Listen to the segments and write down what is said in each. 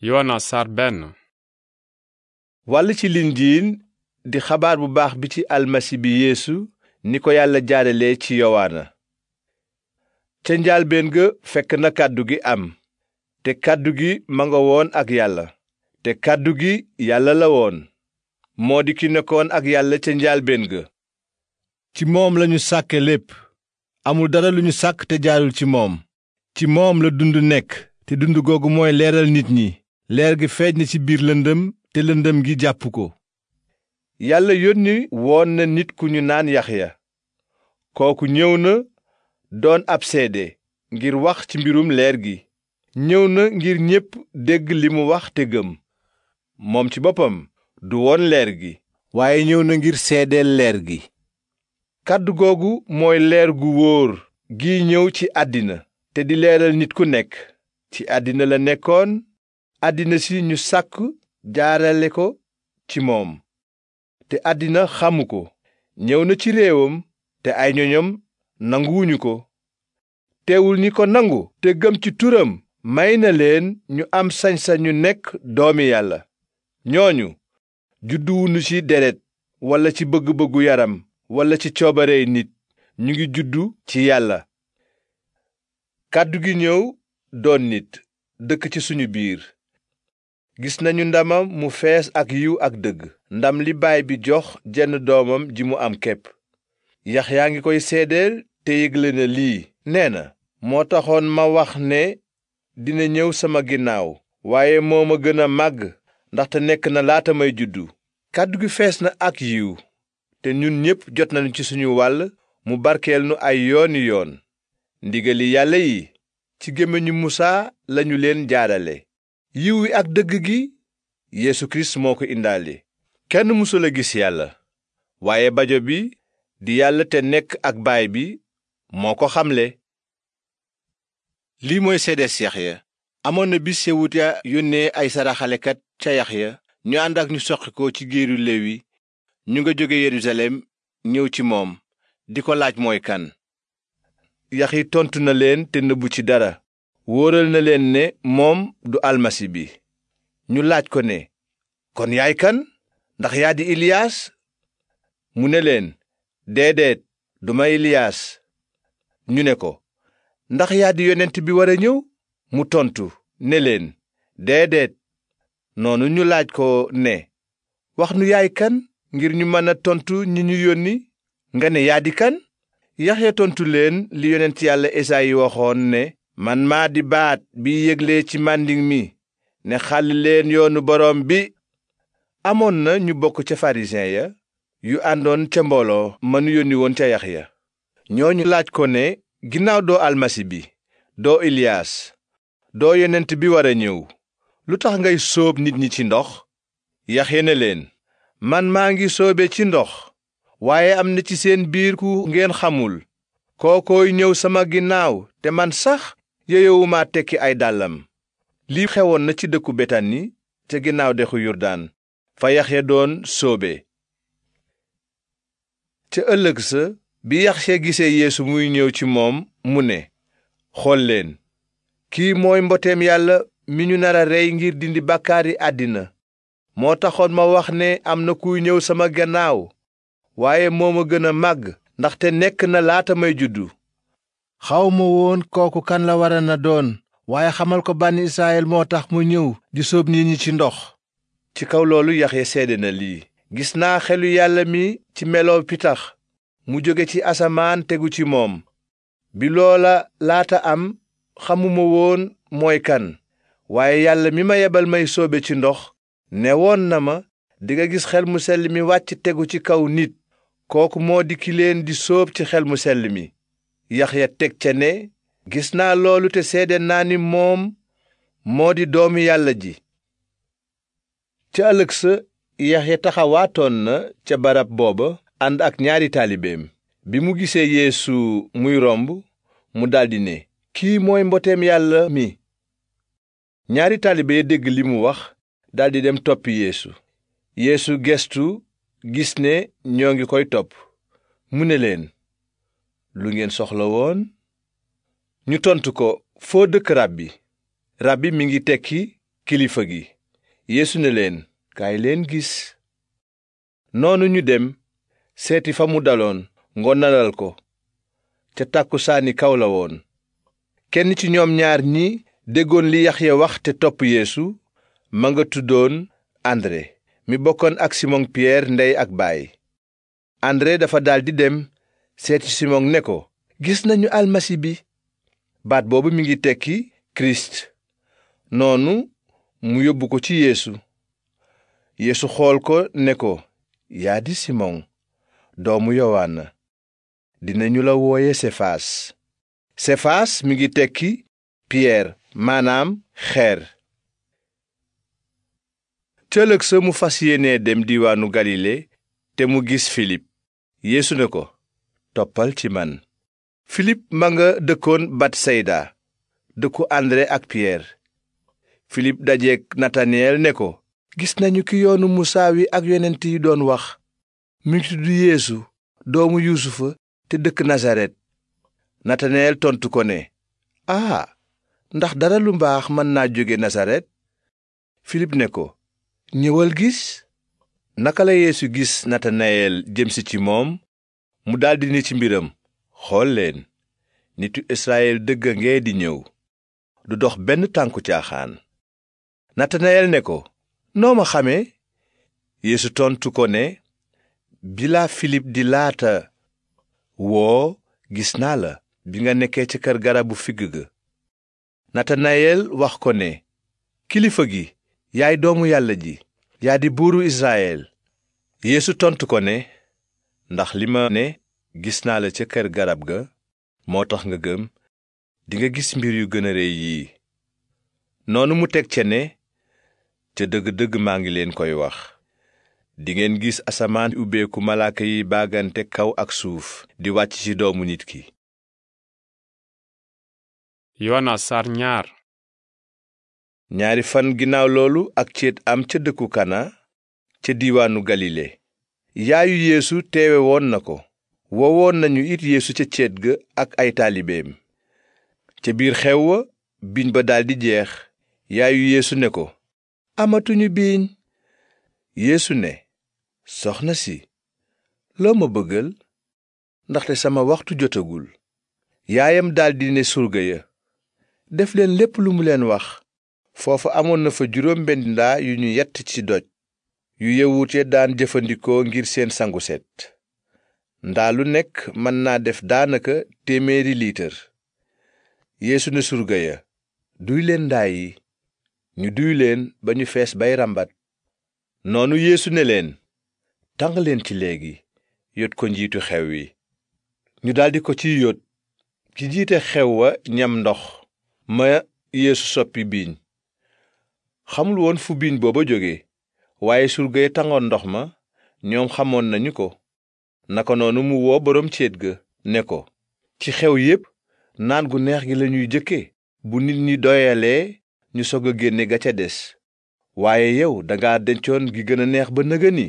yoona sar benn wàll ci lindiin di xabaar bu baax bi ci almasi bi yéesu ni ko yàlla jaarale ci yowaana ca njaalbeen ga fekk na kàddu gi am te kàddu gi ma nga woon ak yàlla te kàddu gi yàlla la woon moo di ki nekkoon ak yàlla ca njaalbeen ga ci moom lañu sàkke lépp amul dara lu ñu sàkk te jaarul ci moom ci moom la dund nekk te dund googu mooy leeral nit ñi leer gi feeñ na ci biir lëndëm te lëndëm gi jàpp ko yàlla yónni woon na nit ku ñu naan yaxya kooku ñëw na doon ab seede ngir wax ci mbirum leer gi ñëw na ngir ñépp dégg li mu wax te gëm moom ci boppam du woon leer gi waaye ñëw na ngir seedeel leer gi kàddu googu mooy leer gu wóor gi ñëw ci àddina te di leeral nit ku nekk ci àddina la nekkoon àddina si ñu sàkk jaarale ko ci moom te àddina xamu ko ñëw na ci réewam te ay ñoñom nanguwuñu ko teewul ñi ko nangu te gëm ci turam may na leen ñu am sañ-sañu nekk doomi yàlla ñooñu judduwuñu ci deret walla ci bëgg-bëggu yaram walla ci coobarey nit ñu ngi juddu ci yàlla kàddu gi ñëw doon nit dëkk ci suñu biir gis nañu ndamam mu fees ak yiw ak dëgg ndam li baay bi jox jenn doomam ji mu am képp yaa ngi koy seede te yégle na lii nee na moo taxoon ma wax ne dina ñëw sama ginnaaw waaye moo ma gën a màgg ndaxte nekk na laata may juddu kàddu gi fees na ak yiw te ñun ñépp jot nañu ci suñu wàll mu barkeel nu ay yooni yoon li yàlla yi ci gémmiñu musaa lañu leen jaarale yiw wi ak dëgg gi yéesu Kirist moo ko indaale kenn mësul a gis yàlla waaye bajo bi di yàlla te nekk ak baay bi moo ko xamle lii mooy seedees Yaxya amoon na bis sewut ya yónnee ay saraxalekat ca ya ñu ànd ak ñu soqi ci géeru Léwi ñu nga jóge Yerusalem ñëw ci moom di ko laaj mooy kan yi tontu na leen te nëbbu ci dara wóoral na leen ne moom du almasi bi ñu laaj ko ne kon yaay kan ndax yaa di iliyaas mu ne leen déedéet duma iliyaas ñu ne ko ndax yaadi di yonent bi war a ñëw mu tontu ne leen déedéet noonu ñu laaj ko ne wax nu yaay kan ngir ñu mën a tontu ñi ñu yónni nga ne yaa di kan yaxya tontu leen li yonent yàlla esaayi waxoon ne man maa di baat bi yëgle ci màndiŋ mi ne xàll yoonu boroom bi amoon na ñu bokk ca farisiyen ya yu àndoon ca mbooloo mën yónni woon ca yax ya ñooñu laaj ko ne ginnaaw doo almasi bi doo iliyaas doo yonent bi war ñëw lu tax ngay soob nit ñi ci ndox yaxya ne leen man maa ngi sóobe ci ndox waaye am na ci seen biir ku ngeen xamul kookooy ñëw sama ginnaaw te man sax yeyowuma tekki ay dàllam lii na ci dëkku betani ca ginnaaw dexu yurdaan fa yaxya doon sóobe ëllëg sa bi yaxya gisee yéesu muy ñëw ci moom mu ne xool leen kii mooy mboteem yàlla mi ñu nar a rey ngir dindi bàkkaar àddina moo taxoon ma wax ne am na kuy ñëw sama gannaaw waaye moo ma gën a màgg ndaxte nekk na laata may juddu xawma woon kooku kan la wara na doon waaye xamal ko bànni israyil moo tax mu ñëw di sóob nit ñi ci ndox ci kaw loolu yaxya seede na lii gis naa xelu yàlla mi ci meloo pitax mu jóge ci asamaan tegu ci moom bi loola laata am xamuma woon mooy kan waaye yàlla mi ma yebal may sóobe ci ndox ne woon na ma dinga gis xel mu selli mi wàcc tegu ci kaw nit kooku moo di ki leen di sóob ci xel mu selli mi yaxya teg ca ne gis naa loolu te seede naa ni moom moo di doomu yàlla ji ca ëllëg sa yaxya taxawaatoon na ca barab booba ànd ak ñaari taalibeem bi mu gisee yeesu muy romb mu daldi ne kii mooy mboteem yàlla mi ñaari taalibe ya dégg li mu wax daldi dem toppi yeesu yéesu gestu gis ne ñoo ngi koy topp mu ne leen lu ngeen soxla ñu tontu ko foo dëkk rabbi rabbi mi ngi tekki kilifa gi yeesu ne leen kaay leen gis noonu ñu dem seeti fa mu daloon ngonalal ko ca tàkkusaani kaw la woon kenn ci ñoom ñaar ñi déggoon li Yaxya wax te topp yéesu ma nga tuddoon André mi bokkoon ak Simon Pierre ndey ak baay André dafa daldi dem seeti simon ne ko gis nañu almasi bi baat boobu mi ngi tekki kirist noonu mu yóbbu ko ci yeesu yéesu xool ko ne ko yaa di simon doomu yowaana dinañu la wooye sefaas sefaas mi ngi tekki piyeer maanaam xeer cëlëg fas yéene dem diiwaanu galile te mu gis filip yeesu ne ko toppal ci man filip ma nga dëkkoon batsayda dëkku andre ak piyeer filip dajeek nataniyel ne ko gis nañu ki yoonu musaa wi ak yonent yi doon wax mi ngi tudd yeesu doomu yuusufa te dëkk nasaret nataniyel tontu ko ne aa ndax dara lu mbaax mën naa jóge nasaret filip ne ko ñëwal gis naka la yéesu gis natanayel jëmsi ci moom mu daldi ni ci mbiram xool leen nitu Israyel dëgg a ngee di ñëw du dox benn tànku caaxaan Natanayel ne ko noo ma xamee Yeesu tontu ko ne bilaa Filip di laata woo gis naa la bi nga nekkee ci kër garabu figg ga Natanayel wax ko ne kilifa gi yaay doomu yàlla ji yaa di buuru Israyel Yeesu tontu ko ne ndax li ma ne gis naa la ca kër garab ga moo tax nga gëm dinga gis mbir yu gëna a rëy yii noonu mu teg ca ne ca dëgg-dëgg maa ngi leen koy wax dingeen gis asamaan ubbeeku malaaka yi baggante kaw ak suuf di wàcc ci doomu nit ki yoona fan ginnaaw loolu ak am ca kana ca diiwaanu galile yaayu yéesu teewe woon na ko wowoon nañu it yéesu ca ceet ga ak ay taalibeem ca biir xew wa biiñ ba daldi jeex yaayu yéesu ne ko amatuñu biiñ yéesu ne soxna si loo ma bëggal ndaxte sama waxtu jotagul yaayam daldi ne surga ya def leen lépp lu mu leen wax foofu amoon na fa juróom benn ndaa yu ñu yett ci doj yu yawut ya daan jëfandikoo ngir seen sangu set ndaa lu nekk mën naa def daanaka téeméeri liitar yéesu ne surga ya duy leen ndaa yi ñu duy leen ba ñu fees bay rambat noonu yéesu ne leen tanq leen ci léegi yot ko njiitu xew wi ñu daldi ko ci yot ci jiite xew wa ñam ndox ma yéesu soppi biiñ xamul woon fu biiñ booba jóge waaye surga ya ndox ma ñoom xamoon nañu ko naka noonu mu woo boroom céet ga ne ko ci xew yépp naan gu neex gi lañuy jëkke bu nit ñi doyalee ñu sog a génne ga ca des waaye yow danga dencoon gi gën a neex ba nëga ni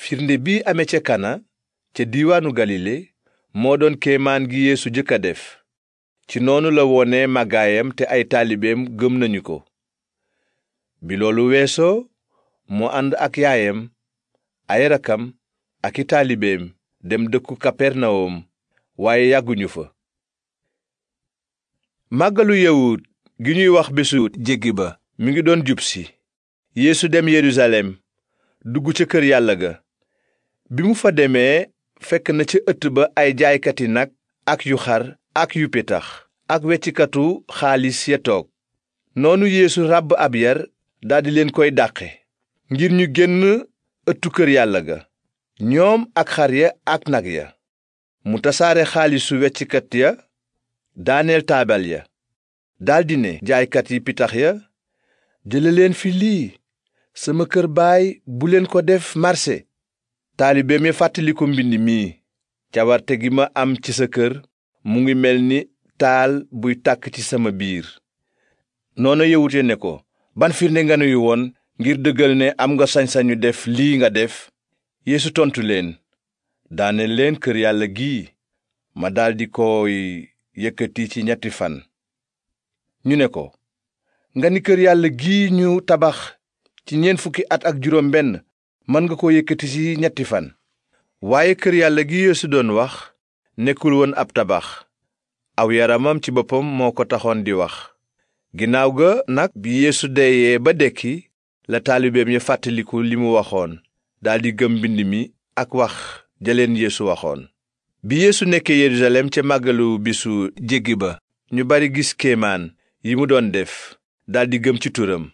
firnde bi ame ca kana ca diiwaanu galile moo doon kéemaan gi yéesu jëkk a def ci noonu la wone màggaayam te ay taalibeem gëm nañu ko bi loolu weesoo moo ànd ak yaayam ay rakam ak i taalibeem dem dëkku kapernawum waaye yàgguñu fa màggalu yawut gi ñuy wax bésu jéggi ba mu ngi doon jub si yéesu dem yerusalem dugg ca kër yàlla ga bi mu fa demee fekk na ca ëtt ba ay jaaykati nag ak yu xar ak yu pitax ak wecckatu xaalis ya toog noonu yéesu ràbb ab yar daldi leen koy dàqe ngir ñu génn ëttu kër yàlla ga ñoom ak xar ya ak nag ya mu tasaare xaalisu weccikat ya daaneel taabal ya daldi ne jaaykat yi pitax ya jële leen fi lii sama kër baay bu ko def marse taalibeem ya fàttaliku mbind mi mii cawarte gi ma am ci sa kër mu ngi mel ni taal buy takk ci sama biir noona yëwute ne ko ban firnde nga woon ngir dëggal ne am nga sañ-sañu def lii nga def yéesu tontu leen daane leen kër yàlla gii ma daldi koy yëkkati ci ñetti fan ñu ne ko nga ni kër yàlla gii ñu tabax ci ñeent fukki at ak juróom benn mën nga ko yëkkati ci ñetti fan waaye kër yàlla gi yeesu doon wax nekkul woon ab tabax aw yaramam ci boppam moo ko taxoon di wax ginnaaw ga nag bi yeesu deyee ba dekki la taalibeem ya fàttaliku li mu waxoon daldi gëm mbind mi ak wax jaleen yeesu waxoon bi yeesu nekkee yerusalem ca màggalu bisu jéggi ba ñu bari gis kemaan yi mu doon def daldi gëm ci turam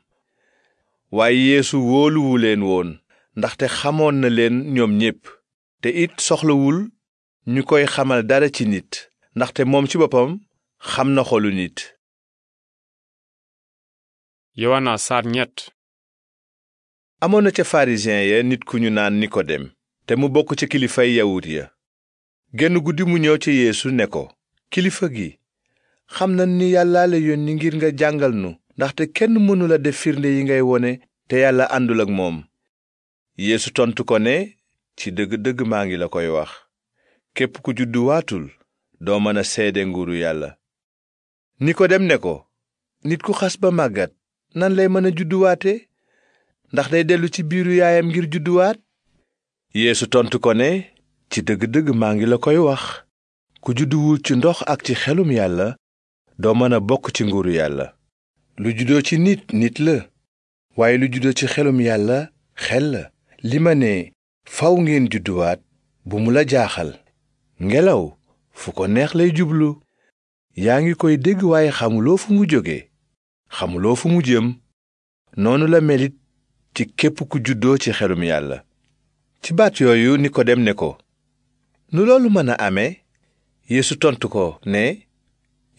waaye yéesu wóoluwu leen woon ndaxte xamoon na leen ñoom ñépp te it soxlawul ñu koy xamal dara ci nit ndaxte moom ci boppam xam na xolu nit amoon na ca farisiyen ya nit ku ñu naan ni ko dem te mu bokk ci kilifay yawut ya genn guddi mu ñëw ci yeesu ne ko kilifa gi xam na ni yàlla la ni ngir nga jàngal nu ndaxte kenn mënula def firnde yi ngay wone te yàlla àndul ak moom yéesu tontu ko ne ci dëgg-dëgg maa ngi la koy wax képp ku judduwaatul doo mën a seede nguuru yàlla ni ko dem ne ko nit ku xas ba màggat nan lay mën a judduwaate ndax day dellu ci biiru yaayam ngir judduwaat yéesu tontu ko ne ci dëgg-dëgg maa ngi la koy wax ku judduwul ci ndox ak ci xelum yàlla doo mën a bokk ci nguuru yàlla lu juddoo ci nit nit la waaye lu juddoo ci xelum yàlla xel la li ma ne faw ngeen judduwaat bu mu la jaaxal ngelaw fu ko neex lay jublu yaa ngi koy dégg waaye xamuloo fu mu jóge xamuloo fu mu jëm noonu la melit ci képp ku juddoo ci xelum yàlla ci baat yooyu ni ko dem ne ko nu loolu mën a amee yéesu tontu ko ne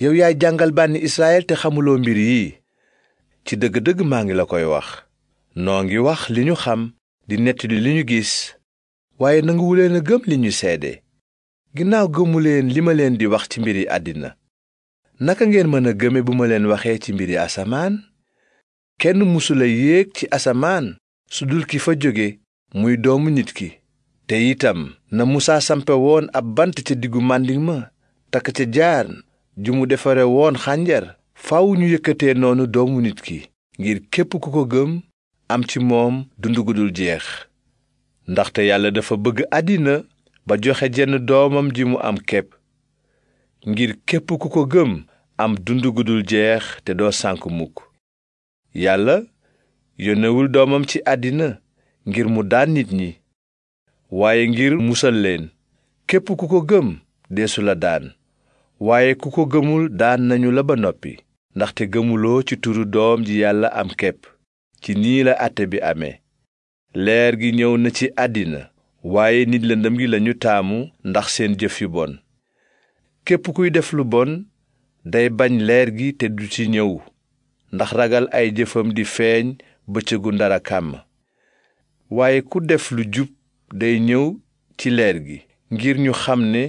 yow yaay jàngal bànni israel te xamuloo mbir yi ci dëgg-dëgg maa ngi la koy wax noo ngi wax li ñu xam di nettali li ñu gis waaye nanguwuleen leen gëm li ñu seede ginnaaw gëmuleen li ma leen di wax ci mbir yi àddina naka ngeen mën a gëme bu ma leen waxee ci mbir mbiri asamaan kenn musula yéeg ci asamaan su dul ki fa jóge muy doomu nit ki te itam na musaa sampe woon ab bant ca diggu màndiŋ ma takk ca jaar ju mu defare woon xànjar faw ñu yëkkatee noonu doomu nit ki ngir képp ku ko gëm am ci moom dund gu jeex ndaxte yàlla dafa bëgg àddina ba joxe jenn doomam ji mu am képp ngir képp ku ko gëm am dund gu jeex te doo sànk mukk yàlla yónnewul doomam ci àddina ngir mu daan nit ñi waaye ngir musal leen képp ku ko gëm deesu la daan waaye ku ko gëmul daan nañu la ba noppi ndaxte gëmuloo ci turu doom ji yàlla am képp ci nii la àtte bi amee leer gi ñëw na ci àddina waaye nit lëndëm gi lañu taamu ndax seen jëf yu bon képp kuy def lu bon day bañ leer gi te du ci ñëw ndax ragal ay jëfam di feeñ bëccëgu ndara kàmm waaye ku def lu jub day ñëw ci leer gi ngir ñu xam ne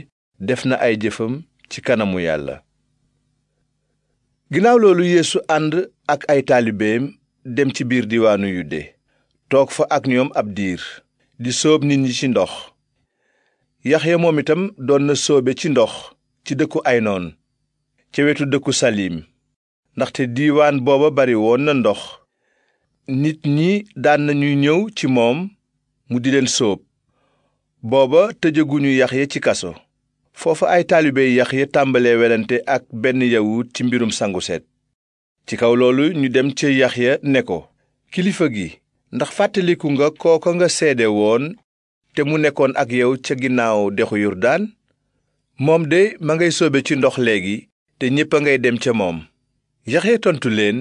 def na ay jëfam ci kanamu yàlla ginnaaw loolu yéesu ànd ak ay taalibeem dem ci biir diwaanu yude toog fa ak ñoom ab diir di soob nit ñi ci ndox yaxya moom itam doon na sóobe ci ndox ci dëkku aynoon ca wetu dëkku salim ndaxte diiwaan booba bari woon na ndox nit ñi daan nañu ñëw ci moom mu di leen soob booba tëjaguñu Yaxya ci kaso foofa ay taalibe ya tàmbalee welante ak benn yawut ci mbirum sangu set ci kaw loolu ñu dem ca ya ne ko kilifa gi ndax fàttaliku nga kooko nga seede woon te mu nekkoon ak yow ca ginnaaw dexu Yordaan moom de ma ngay soobe ci ndox léegi te ñépp a ngay dem ca moom yaxee tontu leen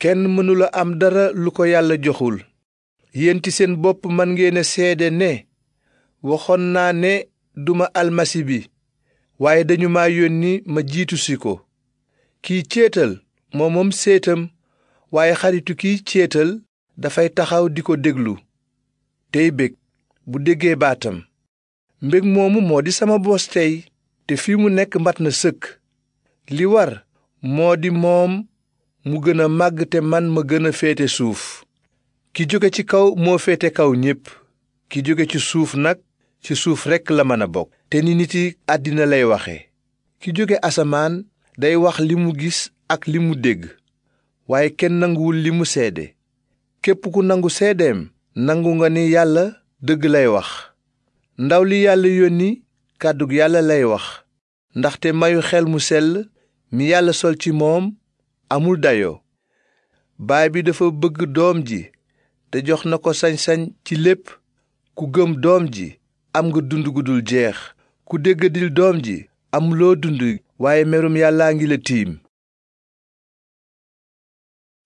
kenn mënula am dara lu ko yàlla joxul yéen ci seen bopp man ngeen seede ne waxoon naa ne duma almasi bi waaye dañu ma yónni ma jiitu si ko kiy céetal moomoom moom séetam waaye xaritu kiy céetal dafay taxaw di ko déglu tey bég bu déggee baatam mbég moomu moo di sama bos tey te fii mu nekk mat na sëkk li war moo di moom mu gën a màgg te man ma gën a féete suuf ki jóge ci kaw moo féete kaw ñépp ki jóge ci suuf nag ci suuf rekk la mën a bokk te ni niti àddina lay waxe ki jóge asamaan day wax li mu gis ak li mu dégg waaye kenn nanguwul li mu seede képp ku nangu seedeem nangu nga ni yàlla dëgg lay wax ndaw li yàlla yónni kàddu yàlla lay wax ndaxte mayu xel mu sell mi yàlla sol ci moom amul dayoo baay bi dafa bëgg doom ji te jox na ko sañ-sañ ci lépp ku gëm doom ji am nga dund gu dul jeex ku déggadil doom ji am loo dund waaye merum yàllaa ngi la tiim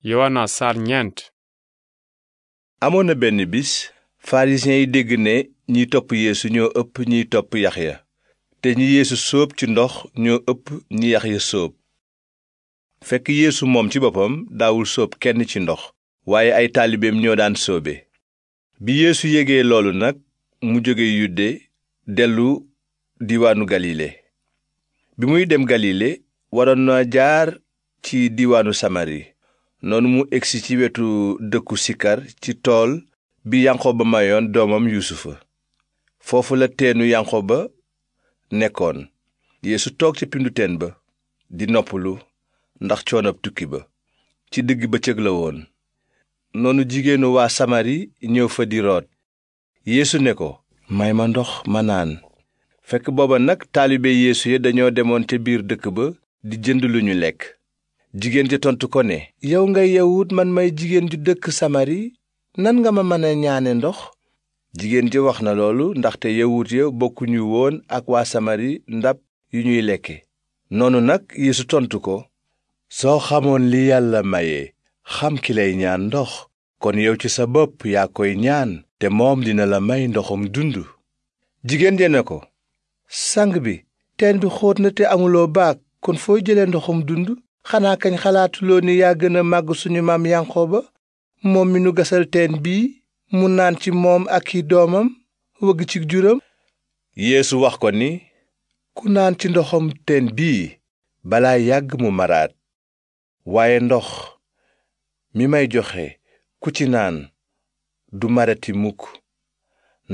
yowaana saar amoon na benn bis farisiyen yi dégg ne ñiy topp yeesu ñoo ëpp ñiy topp yaxya te ñi yeesu sóob ci ndox ñoo ëpp ñi yaxya sóob fekk yéesu moom ci boppam daawul soob kenn ci ndox waaye ay taalibeem ñoo daan soobe bi yéesu yégee loolu nag mu jóge yudde dellu diiwaanu galile bi muy dem galile waroon na jaar ci diiwaanu samari noonu mu egsi ci wetu dëkku sikar ci tool bi ba mayoon doomam yuusufa foofu la teenu ba nekkoon yéesu toog ca pindu teen ba di noppalu ndax coonab tukki ba ci digg bëccëg la woon noonu jigéenu waa samari ñëw fa di root yeesu ne ko may ma ndox ma naan fekk booba nag taalibe yeesu ya dañoo demoon ca biir dëkk ba di jënd lu ñu lekk jigéen ja tontu ko ne yow ngay yawut man may jigéen ju dëkk samari nan nga ma mën ñaane ndox jigéen ji wax na loolu ndaxte yawut ya bokkuñu woon ak waa samari ndab yu ñuy lekke noonu nag yéesu tontu ko soo xamoon li yàlla maye xam ki lay ñaan ndox kon yow ci sa bopp yaa koy ñaan te moom dina la may ndoxum dund jigéen ja ne ko sang bi teen bi xóot na te amuloo baag kon foo jëlee ndoxum dund xanaa kañ xalaatuloo ni yaa gën a màgg suñu maam yanqooba moom mi nu gasal teen bii mu naan ci moom ak i doomam wëgg ci juram yéesu wax ko ni ku naan ci ndoxum teen bii balaa yàgg mu maraat waaye ndox mi may joxe ku ci naan du marati mukk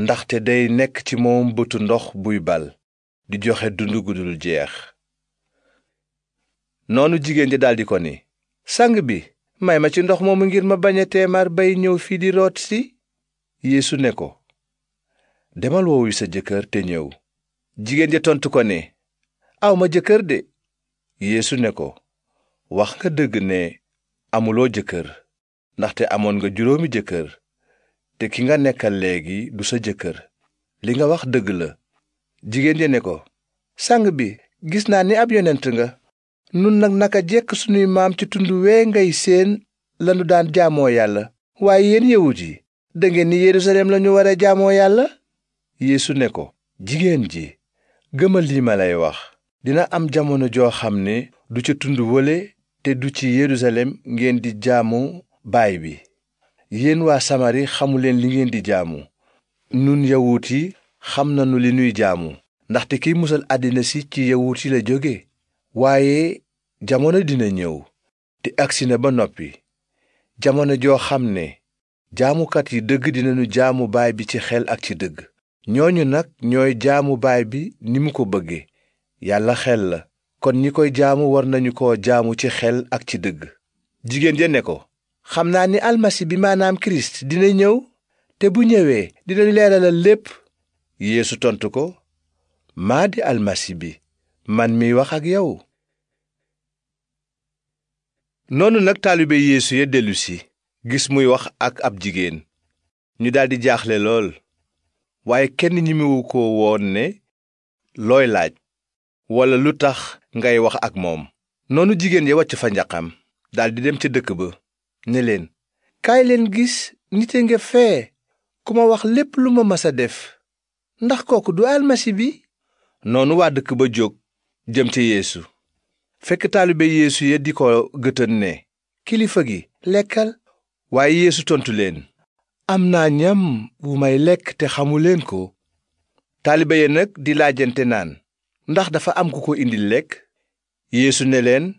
ndaxte day nekk ci moom bëtu ndox buy bal di joxe dund gudul jeex noonu jigéen ji daldi ko ni sang bi may ma ci ndox moomu ngir ma bañ a teemar bay ñëw fii di root si yéesu ne ko demal woowu sa jëkkër te ñëw jigéen ja tontu ko ne ma jëkkër de yéesu ne ko wax nga dëgg ne amuloo jëkkër ndaxte amoon nga juróomi jëkkër te ki nga nekkal léegi du sa jëkkër li nga wax dëgg la jigéen ja ne ko sang bi gis naa ni ab yonent nga nun nag naka jekk sunuy maam ci tund wee ngay séen lanu daan jaamoo yàlla waaye yéen yawut yi dangeen ni yerusalem lañu wara jaamoo yàlla yéesu ne ko jigéen ji gëmal li ma lay wax dina am jamono joo xam ne du ca tund wële te du ci yerusalem ngeen di jaamu baay bi yéen waa samari xamuleen li ngeen di jaamu nun yawut yi xam nanu li nuy jaamu ndaxte kiy musal àddina si ci yawut yi la jóge waaye jamono dina ñëw te agsi na ba noppi jamono joo xam ne jaamukat yi dëgg dinañu jaamu baay bi ci xel ak ci dëgg ñooñu nag ñooy jaamu baay bi ni mu ko bëgge yàlla xel la kon ñi koy jaamu war nañu ko jaamu ci xel ak ci dëgg jigéen ja ne ko xam naa ni almasi bi maanaam kirist dina ñëw te bu ñëwee dinañ leeralal lépp yéesu tontu ko maa di almasi bi man miy wax ak yow noonu nag taalibe yeesu ya dellusi gis muy wax ak ab jigéen ñu daldi jaaxle lool waaye kenn ñimiwu ko woon ne looy laaj lu tax ngay wax ak moom noonu jigéen ya wàcc fa njaqam daldi dem ca dëkk ba ne leen kaay leen gis nite nga fee ku ma wax lépp lu ma mës a def ndax kooku du almasi bi noonu waa dëkk ba jóg jëm ca yeesu fekk taalibe yeesu ya di ko gëtën ne kilifa gi lekkal waaye yéesu tontu leen am naa ñam bu may lekk te leen ko taalibe ya nag di laajante naan ndax dafa am ku ko indil lekk yeesu ne leen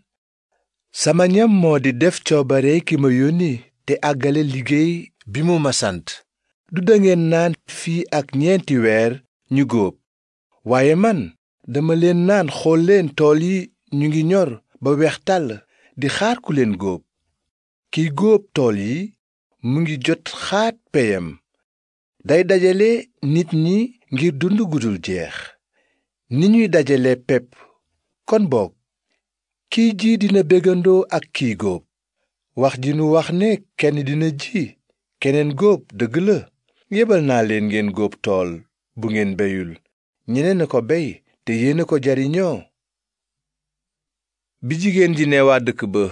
sama ñam moo di def coobare ki ma yónni te àggale liggéey bi mu ma sant du dangeen naan fii ak ñeenti weer ñu góob waaye man dama leen naan xool leen tool yi ñu ngi ñor ba weex tàll di xaar ku leen góob kiy góob tool yi mu ngi jot xaat peyam day dajale nit ñi ngir dund gudul jeex ni ñuy dajale pepp kon boog kii jii dina bégandoo ak kiy góob wax ji nu wax ne kenn dina ji keneen góob dëgg la yebal naa leen ngeen góob tool bu ngeen beyul ñeneen a ko bey te yéen a ko jariñoo bi jigéen ji ne waa dëkk ba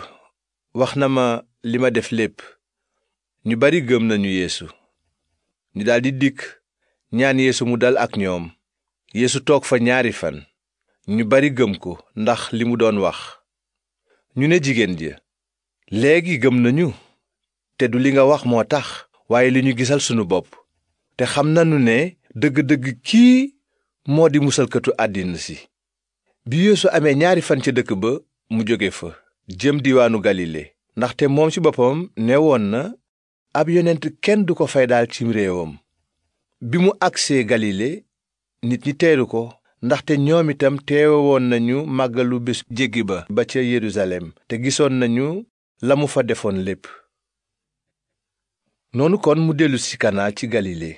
wax na ma li ma def lépp ñu bari gëm nañu yeesu ñu daldi dikk ñaan yeesu mu dal ak ñoom yéesu toog fa ñaari fan ñu bari gëm ko ndax li mu doon wax ñu ne jigéen ji léegi gëm nañu te du li nga wax moo tax waaye li ñu gisal sunu bopp te xam nanu ne dëgg-dëgg kii moo di musalkatu àddina si bi yeesu amee ñaari fan ca dëkk ba mu jóge fa jëm diwaanu galile ndaxte moom ci boppam ne woon na ab yonent kenn du ko fay daal cim réewam bi mu agsee galile nit ñi teeru ko ndaxte ñoom itam teewoon nañu màggalu bés jéggi ba ba ca Yerusalem te gisoon nañu la mu fa defoon lépp noonu kon mu dellusi si ci Galile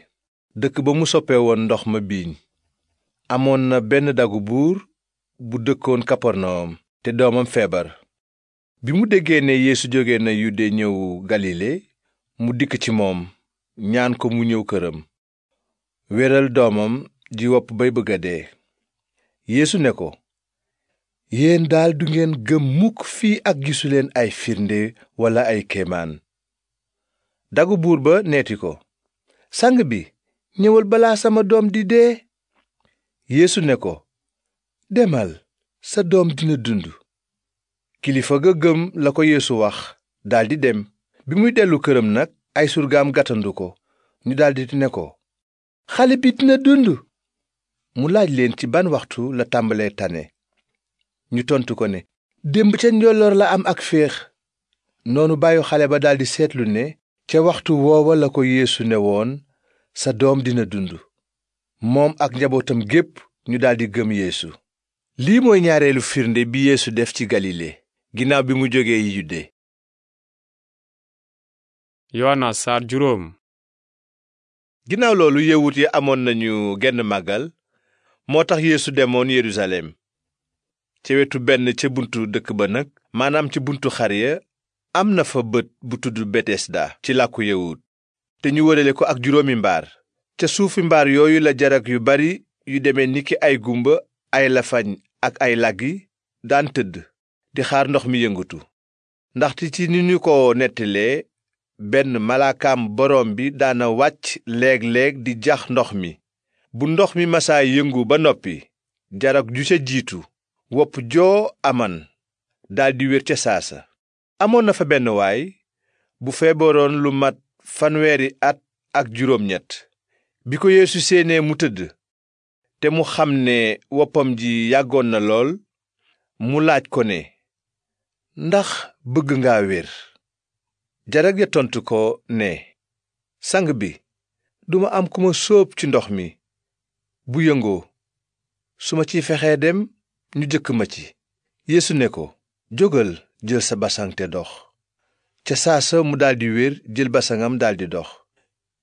dëkk ba mu soppee woon ndox ma biiñ amoon na benn dagu buur bu dëkkoon Kapernaum te doomam feebar bi mu déggee ne Yeesu jóge na Yude ñëw Galile mu dikk ci moom ñaan ko mu ñëw këram wéral doomam ji wopp bay bëgg a dee yeesu ne ko yéen daal du ngeen gëm mukk fii ak gisuleen ay firnde walla ay kéemaan dagu buur ba neeti ko sang bi ñëwal balaa sama doom di dee yeesu ne ko demal sa doom dina dund kilifa ga gëm la ko yéesu wax daldi dem bi muy dellu këram nag ay surgaam gàttandu ko ñu daldi ne ko xale bi dina dund mu laaj leen ci ban waxtu la tàmbalee tane ñu tontu ko ne démb ca njolloor la am ak féex noonu bàyyu xale ba daldi seetlu ne ca waxtu woowa la ko yéesu ne woon sa doom dina dund moom ak njabootam gépp ñu daldi gëm yéesu lii mooy ñaareelu firnde bi yéesu def ci galile ginnaaw bi mu jógee yi yudde juróom ginnaaw loolu yewut yi amoon nañu genn màggal moo tax yéesu demoon yerusalem ca wetu benn ca buntu dëkk ba nag maanaam ci buntu xar ya am na fa bët bu tudd betesda ci làkku yawut te ñu wërale ko ak juróomi mbaar ca suufi mbaar yooyu la jarag yu bari yu deme niki ay gumba ay lafañ ak ay laggi daan tëdd di xaar ndox mi yëngatu ndaxte ci ni ñu ko nettalee benn malaakaam borom bi daana wàcc leeg-leeg di jax ndox mi bu ndox mi masaa yëngu ba noppi jarag ju ca jiitu wopp joo aman daldi wér ca saasa amoon na fa benn waay bu feebaroon lu mat fanweeri at ak juróom ñett bi ko yeesu séenee mu tëdd te mu xam ne woppam ji yàggoon na lool mu laaj ko ne ndax bëgg nga wér jarag ya tontu ko ne sang bi duma am ku ma sóob ci ndox mi bu yëngoo su ma ci fexee dem ñu jëkk ma ci yeesu ne ko jógal jël sa basaŋ te dox ca saa sa mu daldi wér jël basaŋam daldi dox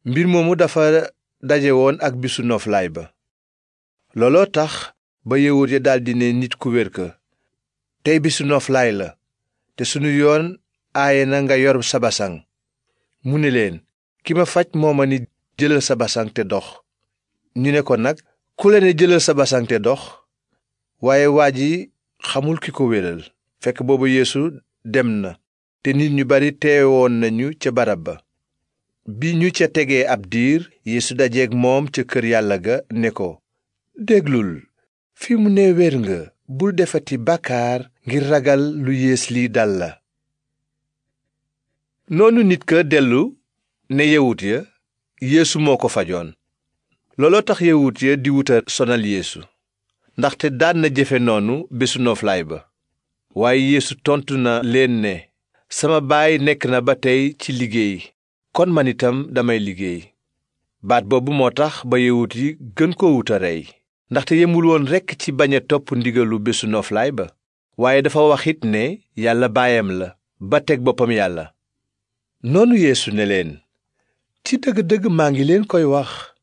mbir moomu dafa daje woon ak bisu noflaay ba looloo tax ba yëwut ya daldi ne nit ku wér ka tey bisu noflaay la te sunu yoon aaye na nga yor sa basaŋ mu ne leen ki ma faj moo ma jëlal sa basaŋ te dox ñu ne ko nag ku la ne jëlal sa basang dox waaye waa ji xamul ki ko wéral fekk boobu yéesu dem na te nit ñu bari teewoon nañu ca barab ba bi ñu ca tegee ab diir yeesu dajeeg moom ca kër yàlla ga ne ko déglul fi mu ne wér nga bul defati bàkkaar ngir ragal lu yées lii dal la noonu nit ka dellu ne yawut ya fajoon looloo tax yawut ya di wuta sonal yeesu ndaxte daan na jëfe noonu bésu nooflaay ba waaye yeesu tontu na leen ne sama baay nekk na ba tey ci liggéey kon man itam damay liggéey baat boobu moo tax ba yawut yi gën koo wuta rey ndaxte yëmul woon rekk ci bañ a topp ndigalu bésu nooflaay ba waaye dafa wax it ne yàlla baayam la ba teg boppam yàlla noonu yéesu ne leen ci dëgg-dëgg maa ngi leen koy wax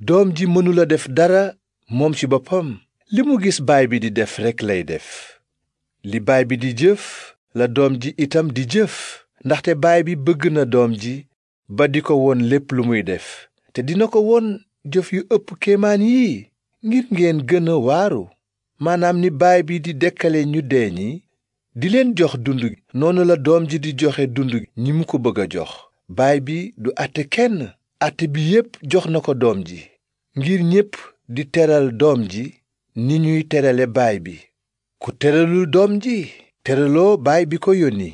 doom ji mënula def dara moom ci boppam li mu gis baay bi di def rekk lay def li baay bi di jëf la doom ji itam di jëf ndaxte baay bi bëgg na doom ji ba di ko won lépp lu muy def te dina ko won jëf yu ëpp kéemaan yii ngir ngeen gën a waaru maanaam ni baay bi di dekkale ñu dee ñi di leen jox dund gi noonu la doom ji di joxe dund gi ñi mu ko bëgg a jox baay bi du àtte kenn àtte bi yépp jox na ko doom ji ngir ñépp di teral doom ji ni ñuy terale baay bi ku teralul doom ji teraloo baay bi ko yónni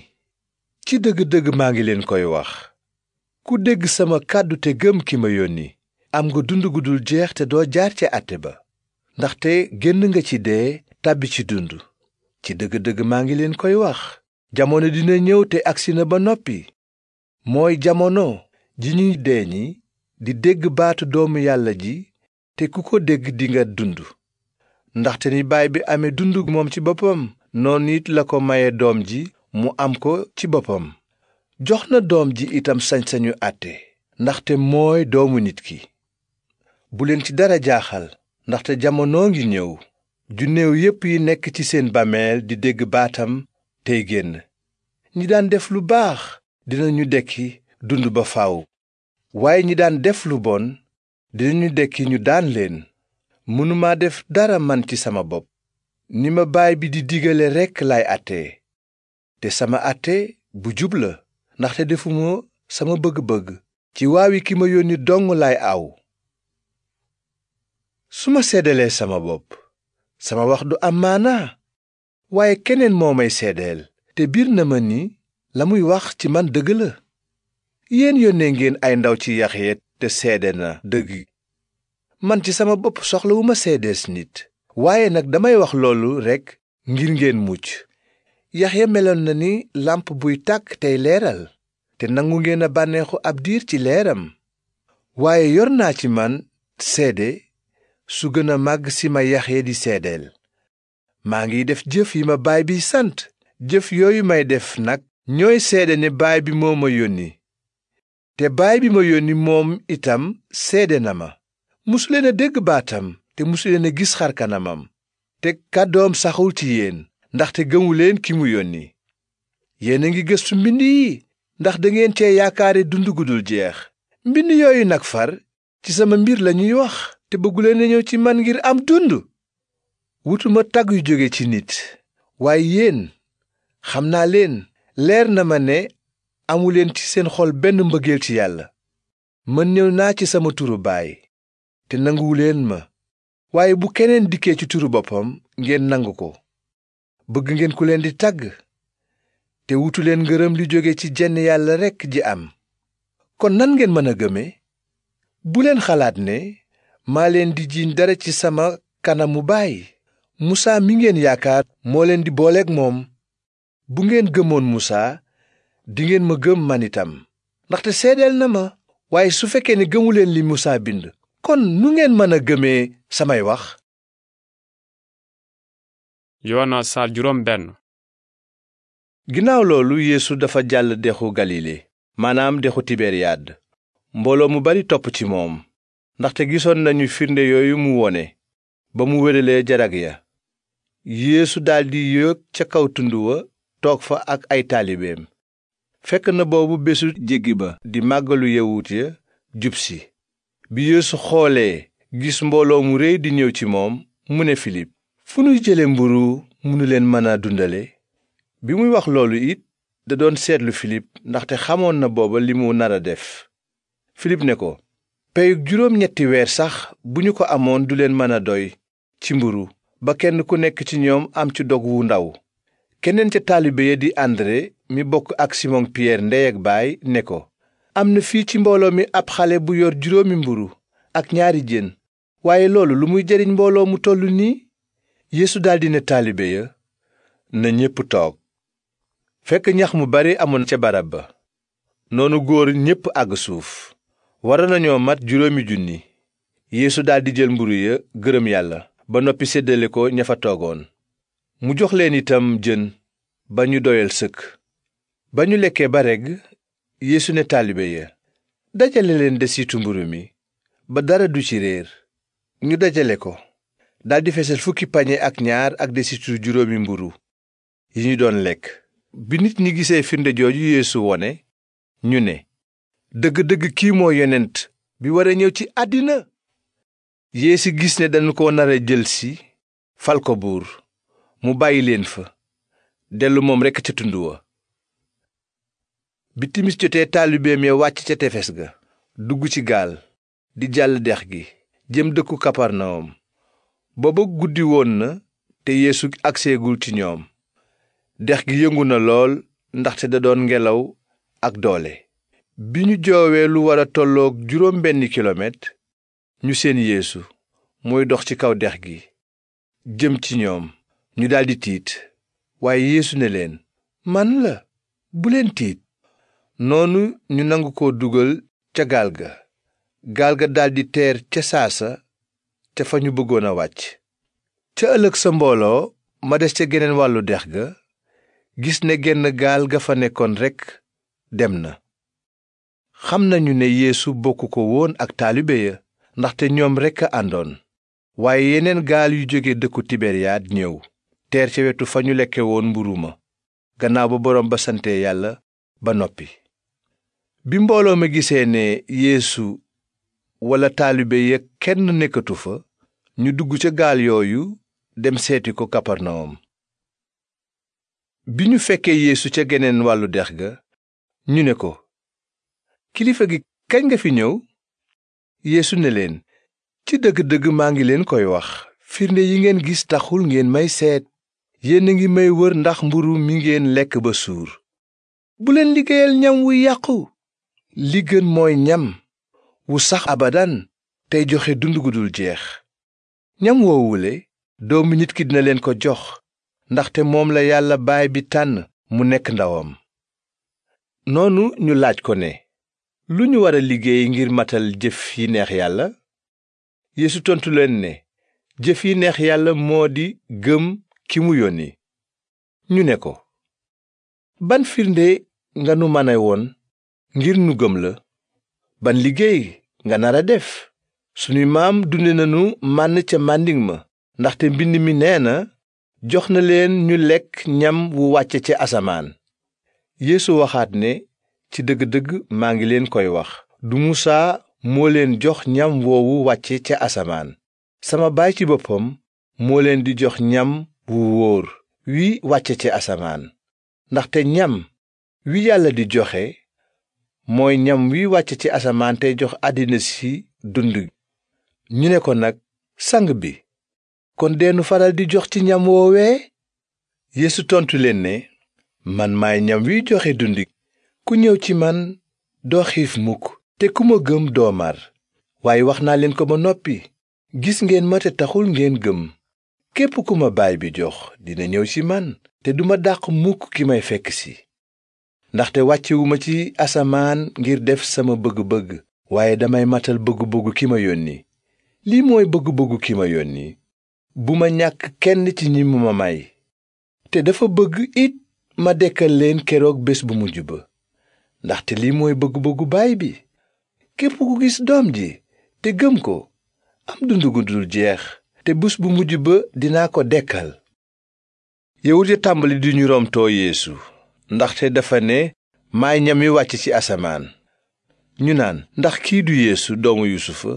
ci dëgg-dëgg maa ngi leen koy wax ku dégg sama kàddu te gëm ki ma yónni am nga dund gu dul jeex te doo jaar ca àtte ba ndaxte génn nga ci dee tàbbi ci dund ci dëgg-dëgg maa ngi leen koy wax jamono dina ñëw te agsi na ba noppi mooy jamono ji ñuy dee ñi di dégg baatu doomu yàlla ji te ku ko dégg dinga dund ndaxte ni baay bi amee dund moom ci boppam noonu it la ko maye doom ji mu am ko ci boppam jox na doom ji itam sañ-sañu àtte ndaxte mooy doomu nit ki bu leen ci dara jaaxal ndaxte jamonoo ngi ñëw ju néew yépp yi nekk ci seen bàmmeel di dégg baatam tey génn ñi daan def lu baax dinañu dekki dund ba faaw waaye ñi daan def lu bon dinañu dekki ñu daan leen mënumaa def dara man ci sama bopp ni ma baay bi di digale rekk laay àttee te sama àtte bu jub la ndaxte defuma sama bëgg-bëgg ci waawi ki ma yónni dong laay aw su ma seddalee sama bopp sama wax du am maanaa waaye keneen moo may seedeel te biir na ma ni la muy wax ci man dëgg la yéen yónnee ngeen ay ndaw ci Yaxya te seede na dëgg man ci sama bopp soxlawuma seedees nit waaye nag damay wax loolu rekk ngir ngeen mucc Yaxya meloon na ni làmp buy tàkk tey leeral te nangu ngeen a bànneexu ab diir ci leeram waaye yor naa ci man seede su gën a màgg si ma Yaxya di seedeel maa ngi def jëf yi ma baay bi sant jëf yooyu may def nag ñooy seede ne baay bi moo ma yónni te baay bi ma yónni moom itam seede na ma musuleen a dégg baatam te musuleen a gis xarkanamam te kàddoom saxul ci yéen ndaxte gëmuleen ki mu yónni yéen a ngi gëstu mbind yi ndax dangeen cee yaakaare dund gudul jeex mbind yooyu nag far ci sama mbir lañuy wax te bëgguleen a ñëw ci man ngir am dund wutuma tagg yu jóge ci nit waaye yéen xam naa leen leer na ma ne amuleen ci seen xol benn mbëggeel ci yàlla mën ñëw naa ci sama turu baay te nanguwuleen ma waaye bu keneen dikkee ci turu boppam ngeen nangu ko bëgg ngeen ku leen di tàgg te wutuleen ngërëm li jóge ci jenn yàlla rekk ji am kon nan ngeen mën a gëme bu leen xalaat ne maa leen di jiiñ dara ci sama kanamu baay musaa mi ngeen yaakaar moo leen di booleeg moom bu ngeen gëmoon musaa dingeen ma gëm man ndaxte seedeel na ma waaye su fekkee ne gëmuleen li Musaa bind kon nu ngeen mën a gëmee samay wax yoona saar juróom benn ginnaaw loolu yéesu dafa jàll dexu galile maanaam dexu tiberiyaad mbooloo mu bari topp ci moom ndaxte gisoon nañu firnde yooyu mu wone ba mu wéralee jarag ya yéesu daldi yéeg ca kaw tund wa toog fa ak ay taalibeem fekk na boobu bésu jéggi ba di màggalu yawut ya jub si bi yeesu xoolee gis mbooloo mu réy di ñëw ci moom mu ne filip fu nuy jële mburu munu leen mën a dundale bi muy wax loolu it da doon seetlu filip ndaxte xamoon na booba li mu nar a def filip ne ko peyug juróom ñetti weer sax bu ñu ko amoon du leen mën a doy ci mburu ba kenn ku nekk ci ñoom am ci dog wu ndaw keneen ca taalibe ya di André mi bokk ak Simon Pierre ndey ak baay ne ko am na fii ci mbooloo mi ab xale bu yor juróomi mburu ak ñaari jën waaye loolu lu muy jariñ mbooloo mu toll nii yéesu daldi ne taalibe ya na ñépp toog fekk ñax mu bari amoon ca barab ba noonu góor ñépp àgg suuf wara nañoo mat juróomi junni Yeesu daldi jël mburu ya gërëm yàlla ba noppi séddale ko ña fa toogoon mu jox leen itam jën ba ñu doyal sëkk ba ñu lekkee ba regg yeesu ne taalibe ya dajale leen desitu mburu mi ba dara du ci réer ñu dajale ko daldi fesal fukki pañe ak ñaar ak desitu juróomi mburu yi ñu doon lekk bi nit ñi gisee firnde jooju yeesu wone ñu ne dëgg-dëgg kii moo yonent bi war a ñëw ci àddina yeesu gis ne dañu ko nara jëlsi fal ko buur mu bàyyi leen fa dellu moom rekk ca tund wa bi timis jotee taalibeem ya wàcc ca tefes ga dugg ci gaal di jàll dex gi jëm dëkku kaparnawum booba guddi woon na te yeesu agseegul ci ñoom dex gi yëngu na lool ndaxte da doon ngelaw ak doole bi ñu joowee lu war a tolloog juróom benn kilomètre ñu seen yeesu muy dox ci kaw dex gi jëm ci ñoom ñu daldi tiit waaye yéesu ne leen man la bu leen tiit noonu ñu nangu ko dugal ca gaal ga gaal ga daldi teer ca saasa te fa ñu bëggoon a wàcc ca ëllëg sa mbooloo ma des ca geneen wàllu dex ga gis ne genn gaal ga fa nekkoon rekk dem na xam nañu ne yéesu bokk ko woon ak taalibe ya ndaxte ñoom rekk a àndoon waaye yeneen gaal yu jóge dëkku tiberiyaad ñëw teer ca wetu fa ñu lekke woon mburu ma gannaaw ba boroom ba sante yàlla ba noppi bi mbooloo ma gisee ne yéesu walla taalibe ya kenn nekkatu fa ñu dugg ca gaal yooyu dem seeti ko kaparnawum bi ñu fekkee yéesu ca geneen wàllu dex ga ñu ne ko kilifa gi kañ nga fi ñëw yéesu ne leen ci dëgg-dëgg maa ngi leen koy wax firnde yi ngeen gis taxul ngeen may seet yéen a ngi may wër ndax mburu mi ngeen lekk ba suur buleen leen liggéeyal ñam wu yàqu li gën mooy ñam wu sax abadan tey joxe dund gu dul jeex ñam woowule doomu nit ki dina leen ko jox ndaxte moom la yàlla baay bi tànn mu nekk ndawam noonu ñu laaj ko ne lu ñu war a liggéey ngir matal jëf yi neex yàlla yeesu tontu ne jëf yi neex yàlla moo di gëm ki mu yónni ñu ne ko ban firnde nga nu mane woon ngir nu gëm la ban liggéey nga nar a def sunuy maam dunde nanu mànn ca màndiŋ ma ndaxte mbind mi nee na jox na leen ñu lekk ñam wu wàcce ca asamaan yéesu waxaat ne ci dëgg-dëgg maa ngi leen koy wax du musaa moo leen jox ñam woowu wàcce ca asamaan sama baay ci boppam moo leen di jox ñam wu wóor wi wàcce ci asamaan ndaxte ñam wi yàlla di joxe mooy ñam wi wàcc ci asamaan tey jox àddina si dund ñu ne ko nag sang bi kon deenu faral di jox ci ñam woowee yéesu tontu leen ne man maay ñam wiy joxe dund ku ñëw ci man doo xiif mukk te ku ma gëm doo mar waaye wax naa leen ko ba noppi gis ngeen ma te taxul ngeen gëm képp ku ma baay bi jox dina ñëw ci man te duma dàq mukk ki may fekk si ndaxte wàccewuma ci asamaan ngir def sama bëgg-bëgg waaye damay matal bëgg-bëggu ki ma yónni lii mooy bëgg-bëggu ki ma yónni bu ma ñàkk kenn ci ñi mu ma may te dafa bëgg it ma dekkal leen keroog bés bu mujj ba ndaxte lii mooy bëgg-bëggu baay bi képp ku gis doom ji te gëm ko am dund gu dul jeex te bus bu mujj ba dinaa ko dekkal yawut ya tàmbali di ñu romtoo yeesu ndaxte dafa ne maay ñam wàcc ci asamaan ñu naan ndax kii du yeesu doomu yusufa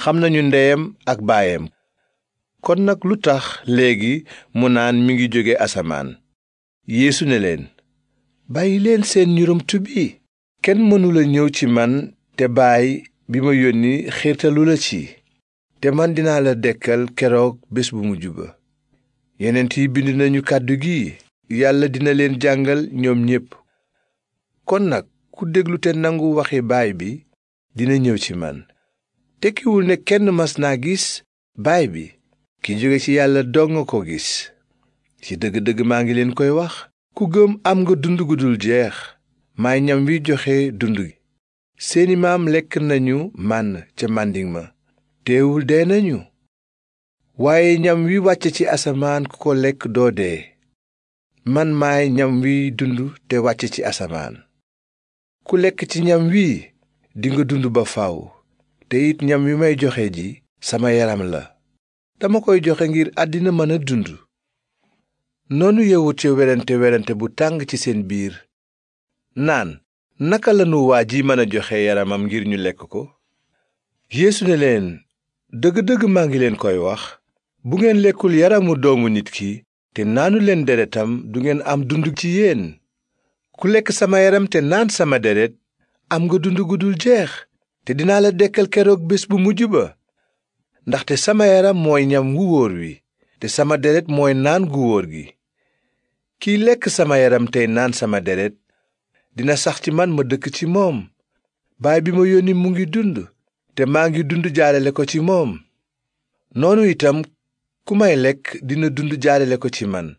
xam nañu ndeyam ak baayam kon nag lu tax léegi mu naan mi ngi jóge asamaan yéesu ne leen bàyyi leen seen ñurumtu bi kenn mënula ñëw ci man te baay bi ma yónni xiirtalu la ci te man dinaa la dekkal keroog bés bu mujj ba yenent yi bind nañu kàddu gi yàlla dina leen jàngal ñoom ñépp kon nag ku déglu te nangu waxi baay bi dina ñëw ci man tekkiwul ne kenn mas naa gis baay bi ki jóge ci yàlla dong nga ko gis ci dëgg-dëgg maa ngi leen koy wax ku gëm am nga dund gu dul jeex maay ñam wi joxe dund gi seeni maam lekk nañu mànn ca màndiŋ ma teewul dee nañu waaye ñam wi wàcc ci asamaan ku ko lekk doo dee man maay ñam wiy dund te wàcc ci asamaan ku lekk ci ñam wii dinga dund ba faw te it ñam wi may joxe ji sama yaram la dama koy joxe ngir àddina mën a dund noonu yewut ca werante werante bu tàng ci seen biir naan naka lanu waa ji mën a joxe yaramam ngir ñu lekk ko yeesu ne leen dëgg-dëgg maa ngi leen koy wax bu ngeen lekkul yaramu doomu nit ki te naanu leen deretam du ngeen am dund ci yéen ku lekk sama yaram te naan sama deret am nga dund gudul jeex te dinaa la dekkal keroog bés bu mujj ba ndaxte sama yaram mooy ñam wu wóor wi te sama deret mooy naan gu wóor gi kiy lekk sama yaram tey naan sama deret dina sax ci man ma dëkk ci moom baay bi ma yónni mu ngi dund te maa ngi dund jaalale ko ci moom noonu itam ku may lekk dina dund jaalale ko ci man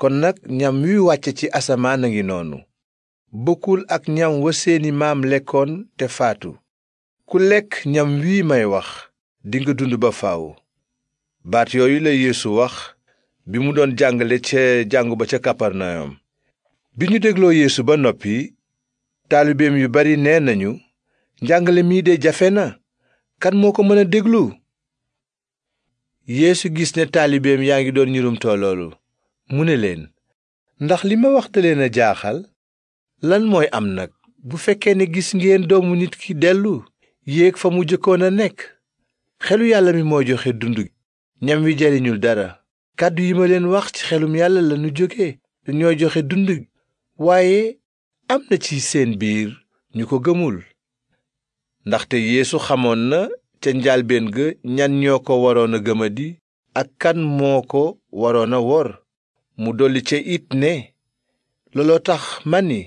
kon nag ñam wi wàcce ci asamaan a ngi noonu bokkul ak ñam wa seeni maam lekkoon te faatu ku lekk ñam wii may wax dinga dund ba faw baat yooyu la yeesu wax bi mu doon jàngale ca jàngu ba ca kaparnayom bi ñu dégloo yéesu ba noppi taalibeem yu bari nee nañu njàngale mii de jafe na kan moo ko mën a déglu yéesu gis ne taalibeem yaa ngi doon ñurumtoo loolu mu ne leen ndax li ma wax da a jaaxal lan mooy am nag bu fekkee ne gis ngeen doomu nit ki dellu yéeg fa mu jëkkoon a nekk xelu yàlla mi moo joxe dund ñam wi jariñul dara kàddu yi ma leen wax ci xelum yàlla lanu jóge ñoo joxe dund waaye am na ci seen biir ñu ko gëmul ndaxte yéesu xamoon na ca njaalbeen ga ñan ñoo ko waroon a gëmadi ak kan moo ko waroon a wor mu dolli ca it ne looloo tax ma ni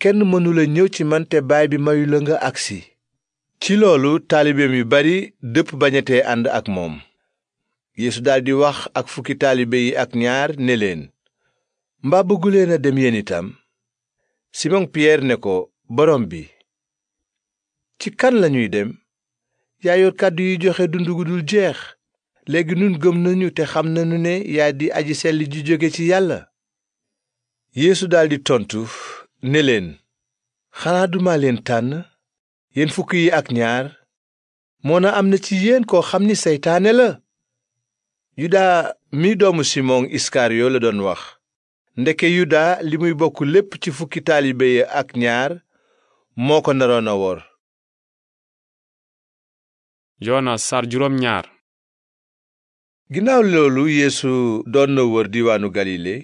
kenn mënula ñëw ci man te baay bi mayu nga agsi ci loolu taalibeem yu bari dëpp bañatee ànd ak moom yéesu daldi wax ak fukki taalibe yi ak ñaar ne leen mbaa bëgguleen dem yéen itam simon piyeer ne ko borom bi ci kan lañuy dem yaa kàddu yi joxe dund gudul jeex léegi nun gëm nañu te xam nañu ne yaa di aji selli ji jóge ci yàlla yéesu daldi tontu ni leen xanaa duma leen tànn yéen fukk yi ak ñaar moo moona am na ci yéen koo xam ni seytaane la yuda mi doomu simon iskariyo la doon wax ndeke yuda li muy bokk lépp ci fukki taalibe yi ak ñaar moo ko naroon a wor yoona sar juróom ñaar ginnaaw loolu yeesu doon na wër diwaanu galile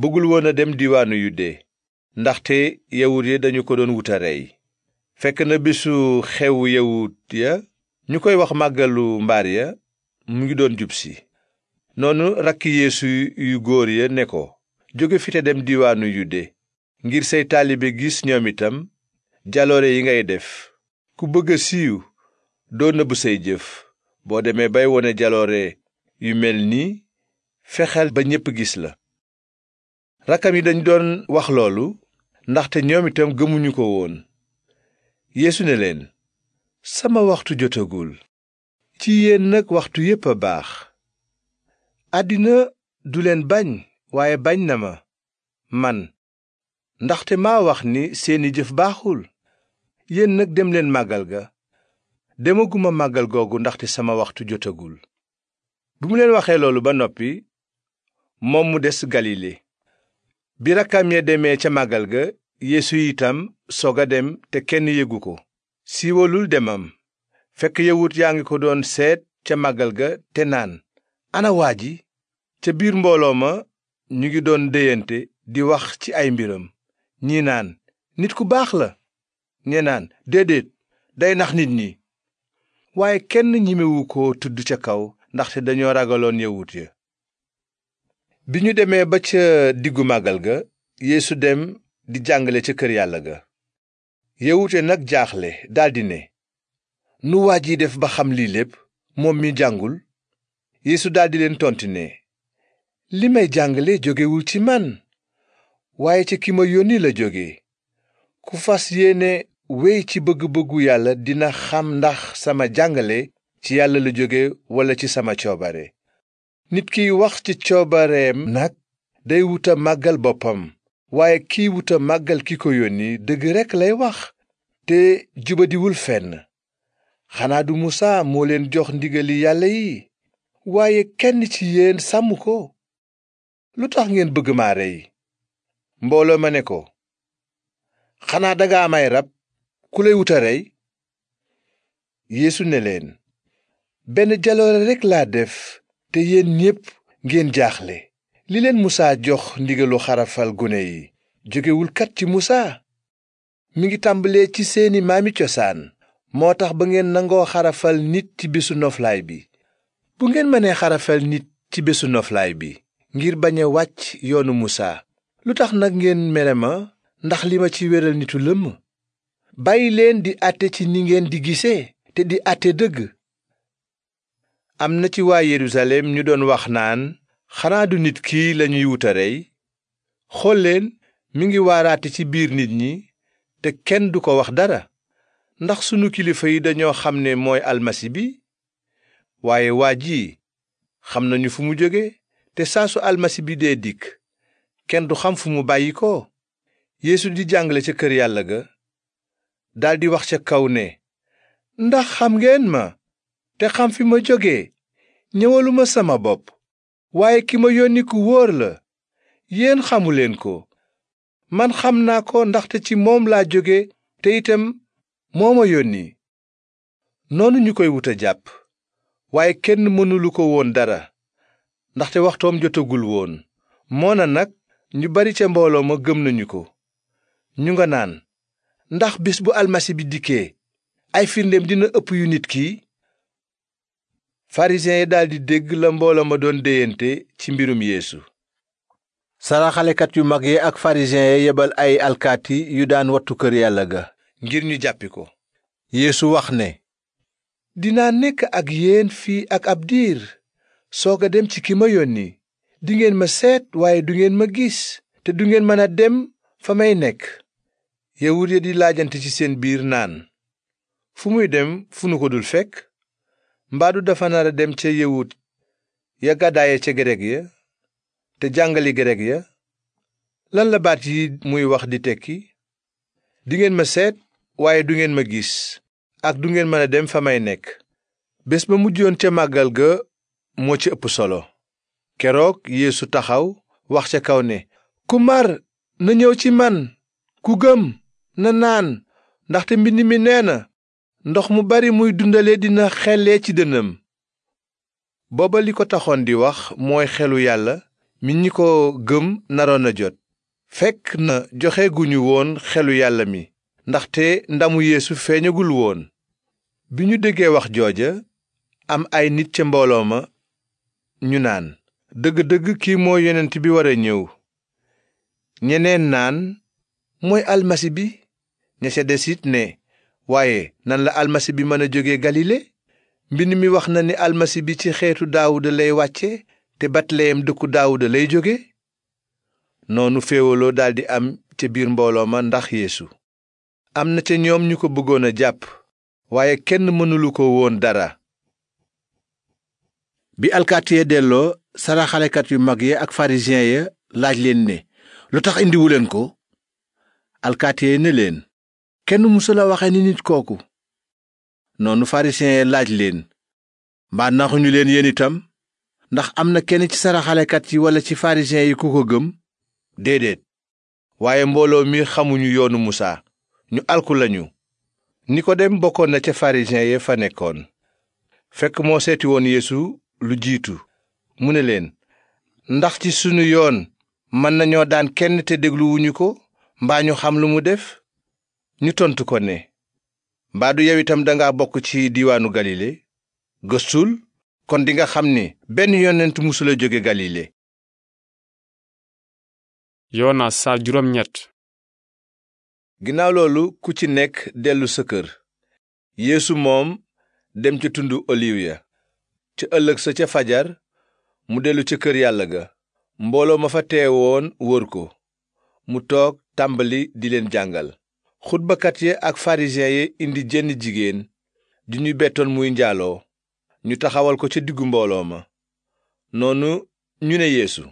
bëggul woon a dem diiwaanu yude ndaxte yawut ya dañu ko doon wuta rey fekk na bisu xewu yawut ya ñu koy wax màggalu mbaar ya mu ngi doon jub si noonu rakki yeesu yu góor ya ne ko jóge fi te dem diiwaanu yude ngir say taalibe gis ñoom itam jaloore yi ngay def ku bëgg a siiw doo nëbb say jëf boo demee bay wone jaloore yu mel nii fexeel ba ñépp gis la rakkam yi dañ doon wax loolu ndaxte ñoom itam gëmuñu ko woon yeesu ne leen sama waxtu jotagul ci yéen nag waxtu yépp a baax àddina du leen bañ waaye bañ na ma man ndaxte maa wax ni seeni jëf baaxul yéen nag demleen màggal ga demaguma màggal googu ndaxte sama waxtu jotagul bi mu leen waxee loolu ba noppi moom mu des galile bi rakkam ya demee ca màggal ga yéesu itam soog a dem te kenn yëgu ko siiwalul demam fekk yawut yaa ngi ko doon seet ca màggal ga te naan ana waa ji ca biir mbooloo ma ñu ngi doon déyante di wax ci ay mbiram ñi naan nit ku baax la ñe naan déedéet day nax nit ñi waaye kenn ñimewu ko tudd ca kaw ndaxte dañoo ragaloon yawut ya bi ñu demee ba ca diggu màggal ga yéesu dem di jàngale ca kër yàlla ga yawut ya nag jaaxle daldi ne nu waa ji def ba xam lii lépp moom mi jàngul yéesu daldi leen tontu ne li may jàngale jógewul ci man waaye ci ki ma yónni la jóge ku fas yéene wéy ci bëgg-bëggu yàlla dina xam ndax sama jàngale ci yàlla la jóge walla ci sama coobare nit kiy wax ci coobareem nag day wuta màggal boppam waaye kiy wuta màggal ki ko yónni dëgg rekk lay wax te jubadiwul fenn xanaa du Musaa moo leen jox ndigali yàlla yi waaye kenn ci yéen sàmm ko lu tax ngeen bëgg maa rey mbooloo ma ne ko xanaa danga am rab ku lay wut a rey leen benn jaloore rekk laa def te yéen ñépp ngeen jaaxle li leen musaa jox ndigalu xarafal gune yi jógewul kat ci musa mi ngi tàmbalee ci seeni maami cosaan moo tax ba ngeen nangoo xarafal nit ci bésu noflaay bi bu ngeen mënee xarafal nit ci bésu noflaay bi ngir bañ a wàcc yoonu musaa lu tax nag ngeen mere ma ndax li ma ci wéral nitu lëmm bàyyi leen di àtte ci ni ngeen di gisee te di àtte dëgg am na ci waa Yerusalem ñu doon wax naan xanaa du nit kii lañuy wutarey xool leen mi ngi waaraate ci biir nit ñi te kenn du ko wax dara ndax sunu kilifa yi dañoo xam ne mooy almasi bi waaye waa ji xam nañu fu mu jóge te saa almasi bi dee dikk kenn du xam fu mu bàyyi ko. Yeesu di jàngale ca kër yàlla ga daldi wax ca kaw ne ndax xam ngeen ma te xam fi ma jóge ñëwaluma sama bopp waaye ki ma yónni ku wóor la yéen xamuleen ko man xam naa ko ndaxte ci moom laa jóge te itam moo ma yónni noonu ñu koy wuta jàpp waaye kenn mënulu ko woon dara ndaxte waxtoom jotagul woon moo na nag ñu bari ca mbooloo ma gëm nañu ko ñu nga naan ndax bés bu almasi bi dikkee ay firndeem dina ëpp yu nit ki farisiyen yi daldi dégg la mbooloo ma doon déyante ci mbirum yéesu saraxalekat yu mag yi ak farisiyen yi yebal ay alkaati yu daan wattu kër yàlla ga ngir ñu jàppi ko yéesu wax ne dinaa nekk ak yéen fii ak ab diir soog a dem ci ki ma yónni dingeen ma seet waaye du ngeen ma gis te du ngeen mën a dem fa may nekk yawut ya di laajante ci seen biir naan fu muy dem fu nu ko dul fekk mbaadu dafa nar dem ca yawut ya gàddaaye ca gereg ya te jàngali gereg ya lan la baat yi muy wax di tekki dingeen ma seet waaye du ngeen ma gis ak du ngeen mën a dem fa may nekk bés ba mujjoon ca màggal ga moo ci ëpp solo keroog yéesu taxaw wax ca kaw ne ku mar na ñëw ci man ku gëm na naan ndaxte mbind mi nee na ndox mu bari muy dundale dina xellee ci dënnam booba li ko taxoon di wax mooy xelu yàlla mi ñi ko gëm naroon a jot fekk na joxe woon xelu yàlla mi ndaxte ndamu yéesu feeñagul woon bi ñu déggee wax jooja am ay nit ca mbooloo ma ñu naan dëgg-dëgg kii moo yonent bi war ñëw ñeneen naan mooy almasi bi ña ca desit ne waaye nan la almasi bi mën a jóge galile mbind mi wax na ni almasi bi ci xeetu daawuda lay wàcce te betleyem dëkku daawuda lay jóge noonu féewaloo daldi am ca biir mbooloo ma ndax yéesu am na ca ñoom ñu ko bëggoon a jàpp waaye kenn mënulu ko woon dara bi alkaati ya delloo saraxalekat yu mag ya ak farisiyen ya laaj leen ne lu tax indiwu leen ko alkaati ya ne leen kenn musula waxe ni nit kooku noonu farisiyen ya laaj leen mbaa naxuñu leen yéen itam ndax am na kenn ci saraxalekat yi walla ci farisiyen yi ku ko gëm déedéet waaye mbooloo mi xamuñu yoonu musaa ñu alku lañu dem bokkoon na ca farisiyen ya fa nekkoon fekk moo seeti woon yéesu lu jiitu mu ne leen ndax ci sunu yoon mën nañoo daan kenn te dégluwuñu ko mbaa ñu xam lu mu def ñu tontu ko ne mbaa du yow itam danga bokk ci diiwaanu galile gëstul kon dinga xam ni benn yonent a jóge galile yoona saar juróom ñett ginnaaw loolu ku ci nekk dellu sa kër yéesu moom dem ca tundu oliw ya ca ëllëg sa ca fajar mu dellu ca kër yàlla ga mbooloo ma fa teewoon wër ko mu toog tàmbali di leen jàngal xutbakat ya ak farisiyen ya indi jenn jigéen ju ñu bettoon muy njaaloo ñu taxawal ko ca diggu mbooloo ma noonu ñu ne yéesu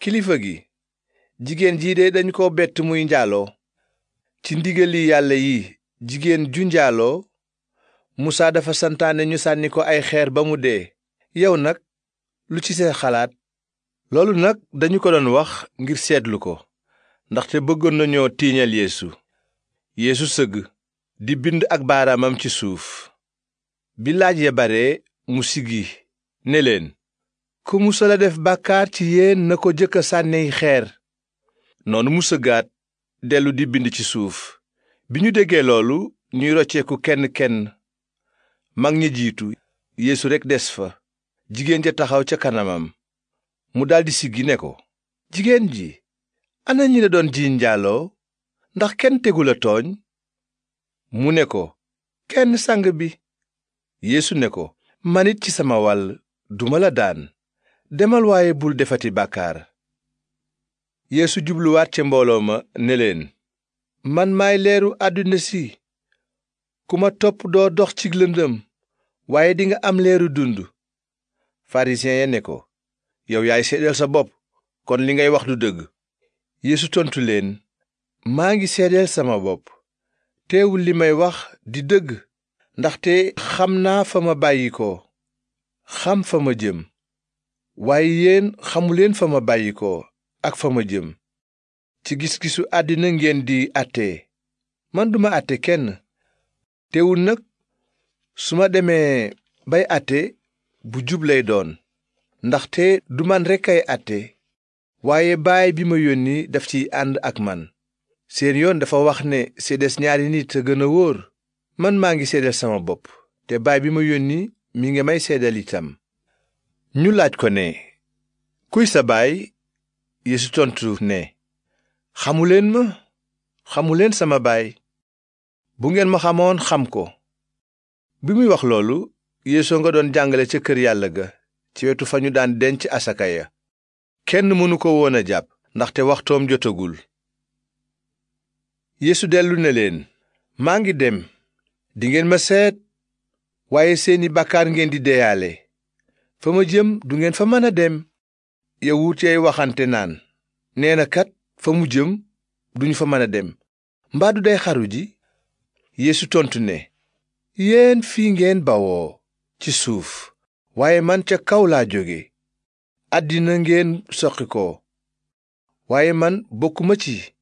kilifa gi jigéen jii de dañu ko bett muy njaaloo ci ndigali yàlla yi jigéen ju njaaloo musaa dafa santaane ñu sànni ko ay xeer ba mu dee yow nag lu ci seen xalaat loolu nag dañu ko doon wax ngir seetlu ko ndaxte bëggoon nañoo tiiñal yéesu yeesu sëgg di bind ak baaraamam ci suuf bi laaj ya bare mu siggi ne leen ku musa la def bàkkaar ci yéen na ko jëkk a sànney xeer noonu mu sëggaat dellu di bind ci suuf bi ñu déggee loolu ñuy rocceeku kenn kenn mag ñi jiitu yéesu rekk des fa jigéen ja taxaw ca kanamam mu daldi siggi ne ko jigéen ji ana ñi la doon jiiñ njaaloo ndax kenn tegula tooñ mu ne ko kenn sang bi yéesu ne ko manit ci sama wàll duma la daan demal waaye bul defati bàkkaar yéesu jubluwaat ca mbooloo ma ne leen man maay leeru àdduna si ku ma topp doo dox ci lëndëm waaye dinga am leeru dund pharisien ya ne ko yow yaay seedeel sa bopp kon li ngay wax du dëgg yéesu tontu leen maa ngi seedeel sama bopp teewul li may wax di dëgg ndaxte xam naa fa ma bàyyi koo xam fa ma jëm waaye yéen xamuleen fa ma bàyyi koo ak fa ma jëm ci gis-gisu àddina ngeen di àtte man duma àtte kenn teewul nag su ma demee bay àtte bu jub lay doon ndaxte du man rekk ay àtte waaye baay bi ma yónni daf ciy ànd ak man seen yoon dafa wax ne seedes ñaari nit a gën a wóor man maa ngi seedal sama bopp te baay bi ma yónni mi ngi may seedal itam ñu laaj ko ne kuy sa baay Yeesu tontu ne xamuleen ma xamuleen sama baay bu ngeen ma xamoon xam ko bi muy wax loolu Yeesu nga doon jàngale ca kër yàlla ga ci wetu fa ñu daan denc asaka ya kenn mënu ko woon a jàpp ndaxte waxtoom jotagul yeesu dellu na leen maa ngi dem dingeen ma seet waaye seeni bàkkaar ngeen di deyaale fa ma jëm du ngeen fa mën a dem yawut yay waxante naan nee na kat fa mu jëm duñu fa mën a dem mbaa du day xaru ji yéesu tontu ne yéen fii ngeen bawoo ci suuf waaye man ca kaw laa jóge àddina ngeen soqi ko waaye man bokkuma ci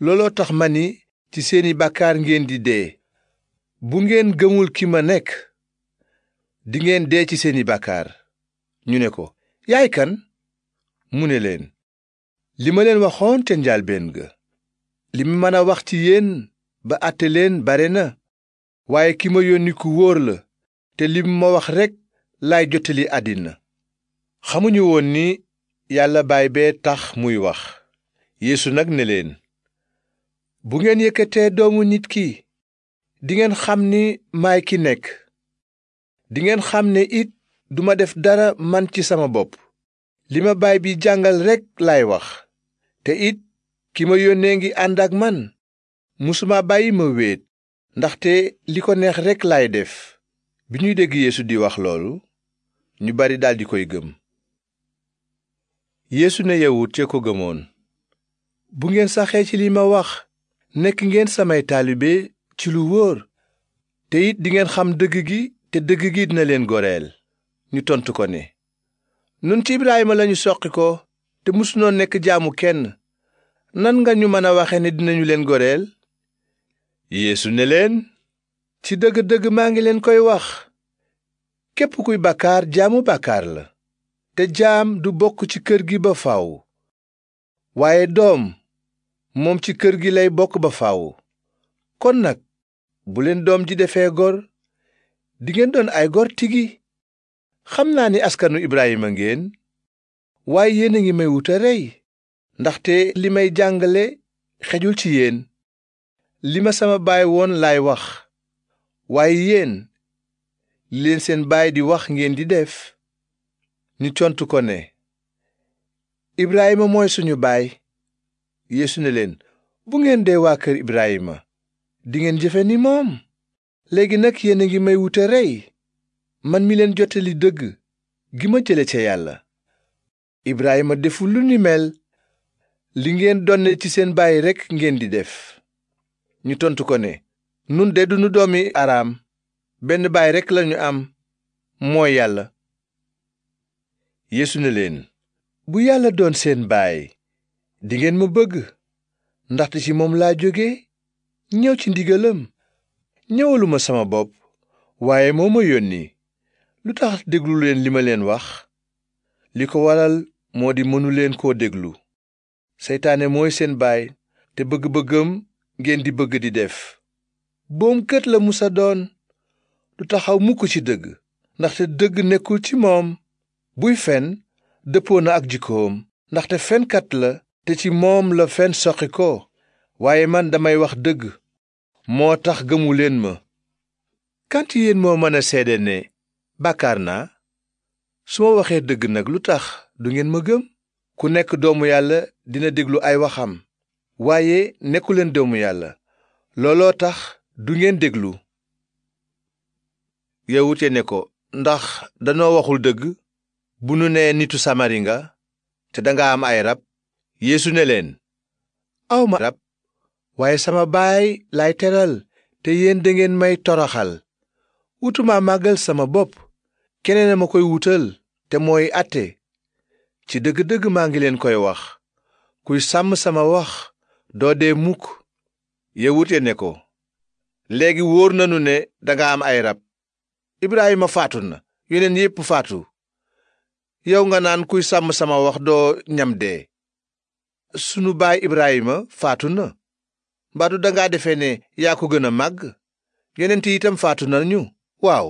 looloo tax ma ni ci seeni bàkkaar ngeen di dee bu ngeen gëmul ki ma nekk dingeen dee ci seeni bàkkaar ñu ne ko yaay kan mu ne leen li ma leen waxoon te njaalbeen ga li ma mën a wax ci yéen ba àtte leen bare na waaye ki ma yónni ku wóor la te li ma wax rekk laay jottali àddina xamuñu woon ni yàlla baay bee tax muy wax yéesu nag ne leen bu ngeen yëkkatee doomu nit ki dingeen xam ni maay ki nekk dingeen xam ne it duma def dara man ci sama bopp li ma baay bi jàngal rekk laay wax te it ki ma yónnee ngi ànd ak man musuma bàyyi ma wéet ndaxte li ko neex rekk laay def bi ñuy dégg yeesu di wax loolu ñu bari daldi koy gëm yéesu na yawut ya ko gëmoon bu ngeen saxee ci li ma wax nekk ngeen samay taalibe ci lu wóor te it dingeen xam dëgg gi te dëgg gi dina leen goreel ñu tontu ko ne nun ci Ibrahima lañu soqi ko te mësunoo nekk jaamu kenn nan nga ñu mën a waxe ni dinañu leen goreel yéesu ne leen ci dëgg-dëgg maa ngi leen koy wax képp kuy bakkaar jaamu bàkkaar la te jaam du bokk ci kër gi ba faw waaye doom moom ci kër gi lay bokk ba faaw kon nag bu leen doom ji defee gor dingeen doon ay gor tigi xam naa ni askanu Ibrahima ngeen waaye yéen a ngi may wuta rey ndaxte li may jàngale xejul ci yéen li ma sama baay woon laay wax waaye yéen li leen seen baay di wax ngeen di def ñu contu ko ne Ibrahima mooy suñu baay yeesu ne leen bu ngeen dee waa kër Ibrahima dingeen jëfe ni moom léegi nag yéen a ngi may wute rey man mi leen jottali dëgg gi ma jële ca yàlla Ibrahima deful lu ni mel li ngeen donne ci seen baay rekk ngeen di def ñu tontu ko ne nun de duñu doomi araam benn baay rekk lañu am mooy yàlla yeesu ne leen bu yàlla doon seen baay dingeen ma bëgg ndaxte ci moom laa jóge ñëw ci ndigalam ñëwaluma sama bopp waaye moo ma yónni lu tax déglu leen li ma leen wax li ko waral moo di mënu leen koo déglu seytaane mooy seen baay te bëgg-bëggam ngeen di bëgg di def boomkët la musa doon lu taxaw mukk ci dëgg ndaxte dëgg nekkul ci moom buy fen dëppoo na ak jikkoom ndaxte fenkat la te ci moom la fen soqi ko waaye man damay wax dëgg moo tax gëmu leen ma kant yéen moo mën a seede ne bàkkaar naa su ma waxee dëgg nag lu tax du ngeen ma gëm ku nekk doomu yàlla dina déglu ay waxam waaye nekkuleen doomu yàlla looloo tax du ngeen déglu yawut ne ko ndax danoo waxul dëgg bu nu nee nitu samari te danga am ay rab yeesu ne leen awma rab waaye sama baay laay teral te yéen dangeen may toroxal wutuma màggal sama bopp keneen a ma koy wutal te mooy àtte ci dëgg-dëgg maa ngi leen koy wax kuy sàmm sama wax doo dee mukk yawut ya ne ko léegi wóor nanu ne danga am ay rab ibraayima faatu na yeneen yépp faatu yow nga naan kuy sàmm sama wax doo ñam dee sunu baay Ibrahima faatu na mbaadu dangaa defe ne yaa ko gën a màgg yonent yi itam faatu nañu waaw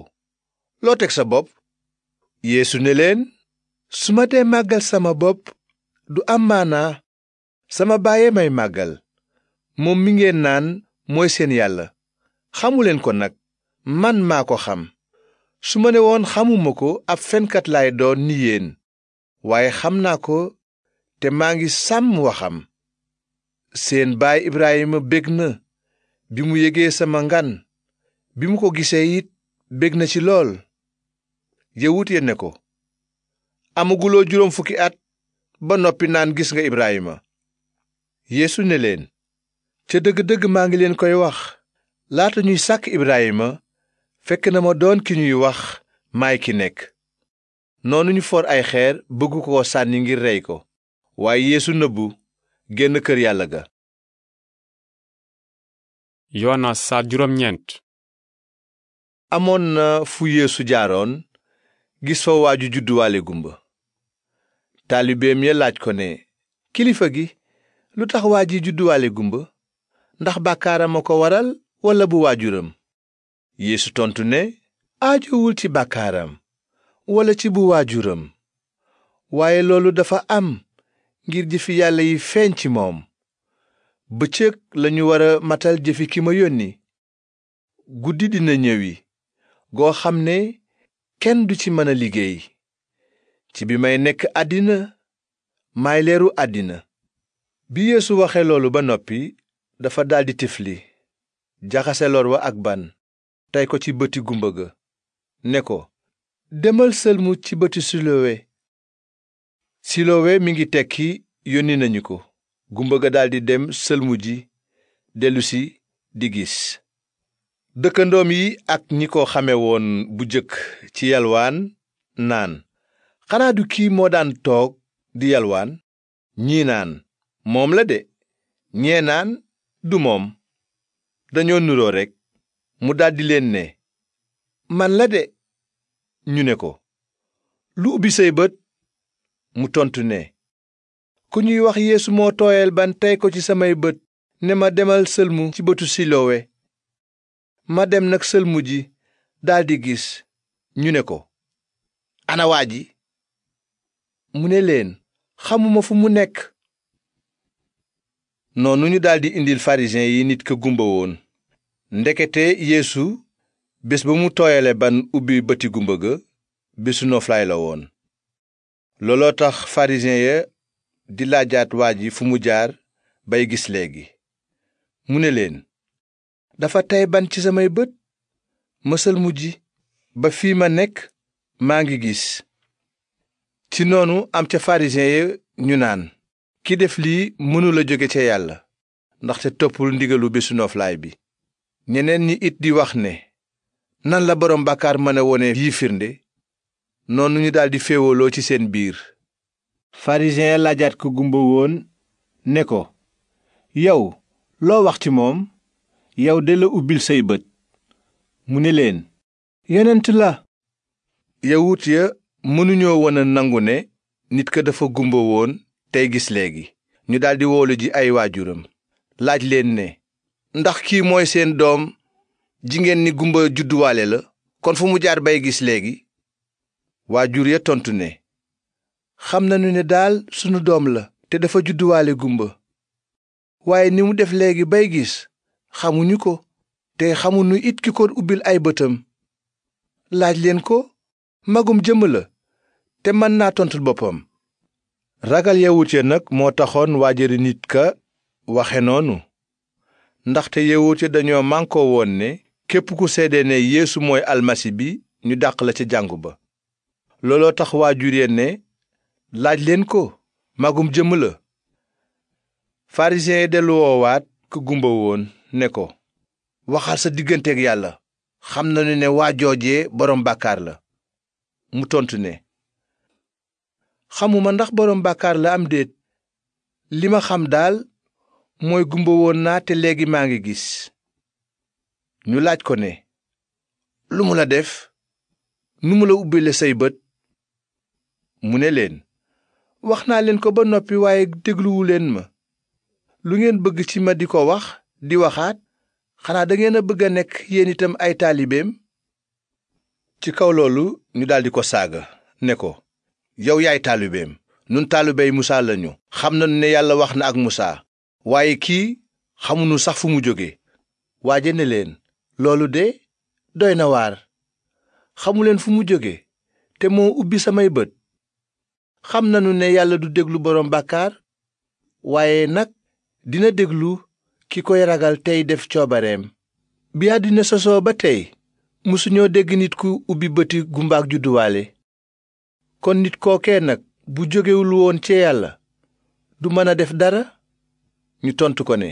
loo teg sa bopp yéesu ne leen su ma dee màggal sama bopp du am sama baaye may màggal moom mi ngeen naan mooy seen yàlla xamuleen ko nag man maa ko xam su ma ne woon xamuma ko ab fenkat lay doon ni yéen waaye xam naa ko te maa ngi sàmm waxam seen baay Ibrahima bég na bi mu yégee sama ngan bi mu ko gisee it bég na ci lool yawut ya ne ko amaguloo juróom fukki at ba noppi naan gis nga Ibrahima yéesu ne leen ca dëgg-dëgg maa ngi leen koy wax laata ñuy sàkk Ibrahima fekk na ma doon ki ñuy wax maay ki nekk noonu ñu for ay xeer bëgg koo sànni ngir rey ko waaye yeesu nëbbu génn kër yàlla ga saa juróom amoon na fu yeesu jaaroon gis fa waaju judduwaale gumba taalibeem ya laaj ko ne kilifa gi lu tax waa ji judduwaale gumba ndax bàkkaaram a ko waral walla bu waajuram yéesu tontu ne aajowul ci bàkkaaram walla ci bu waajuram waaye loolu dafa am ngir jëfi yàlla yi feeñ ci moom bëccëg lañu war a matal jëfi ki ma yónni guddi dina ñëwi goo xam ne kenn du ci mën a liggéey ci bi may nekk àddina maay leeru àddina bi yeesu waxe loolu ba noppi dafa daldi tifli jaxase lor wa ak ban tey ko ci bëti gumba ga ne ko demal sëlmu ci bëti silowe silowe mi ngi tekki yónni nañu ko gumba ga daldi dem sëlmu ji dellusi di gis dëkkandoom yi ak ñi ko xame woon bu jëkk ci yalwaan naan xanaa du kii moo daan toog di yalwaan ñii naan moom la de ñee naan du moom dañoo nuroo rekk mu daldi leen ne man la de ñu ne ko lu ubbi say bët mu tontu ne ku ñuy wax yéesu moo tooyal ban tey ko ci samay bët ne ma demal sëlmu ci bëtu silowe ma dem nag sëlmu ji daldi gis ñu ne ko ana waa ji mu ne leen xamuma fu mu nekk noonu ñu daldi indil farisiyen yi nit ka gumba woon ndekete yéesu bés ba mu tooyale ban ubbi bëti gumba ga bésu noflaay la woon looloo tax pharisiens ya di laajaat waa ji fu mu jaar bay gis léegi mu ne leen dafa tey ban ci samay bët mësal mujj ba fii ma nekk maa ngi gis ci noonu am ca pharisiens ya ñu naan ki def lii mënula jóge ca yàlla ndaxte toppul ndigalu bésu nooflaay bi ñeneen ñi it di wax ne nan la borom bàkkaar mën a wone yii firnde noonu ñu daldi féewaloo ci seen biir pharisien laajaat ko gumba woon ne ko yow loo wax ci moom yow de la ubbil say bët mu ne leen yonent la yawut ya mënuñoo won a nangu ne nit ka dafa gumba woon tey gis léegi ñu daldi woolu ji ay waajuram laaj leen ne ndax kii mooy seen doom ji ngeen ni gumba judduwaale la kon fu mu jaar bay gis léegi waajur ya tontu ne xam nañu ne daal suñu doom la te dafa judduwaale gumba waaye ni mu def léegi bay gis xamuñu ko te xamuñu it ki ko ubbil ay bëtam laaj leen ko magum jëmm la te mën naa tontul boppam ragal yawut ya nag moo taxoon waajari nit ka waxe noonu ndaxte yawut ya dañoo mànkoo woon ne képp ku seede ne yéesu mooy almasi bi ñu dàq la ca jàngu ba looloo tax waajur ya ne laaj leen ko magum jëmm la farisien yi dellu woowaat ku gumba woon ne ko waxal sa digganteeg yàlla xam nañu ne waa joojee boroom bàkkaar la mu tontu ne xamuma ndax boroom bàkkaar la am déet li ma xam daal mooy gumba woon naate léegi maa ngi gis ñu laaj ko ne lu mu la def nu mu la ubbile say bët mu ne leen wax naa leen ko ba noppi waaye dégluwu leen ma lu ngeen bëgg ci ma di ko wax di waxaat xanaa dangeen a bëgg a nekk yéen itam ay taalibeem ci kaw loolu ñu daldi ko saaga ne ko yow yaay taalibeem nun taalibey musaa lañu xam nañu ne yàlla wax na ak musaa waaye kii xamuñu sax fu mu jóge waaje ne leen loolu de doy na waar xamuleen fu mu jóge te moo ubbi samay bët xam nanu ne yàlla du déglu borom bàkkaar waaye nag dina déglu ki koy ragal tey def coobareem bi àddina sosoo ba tey mësuñoo dégg nit ku ubbi bëti gumbaak judduwaale kon nit kooke nag bu jógewul woon cee yàlla du mën a def dara ñu tontu ko ne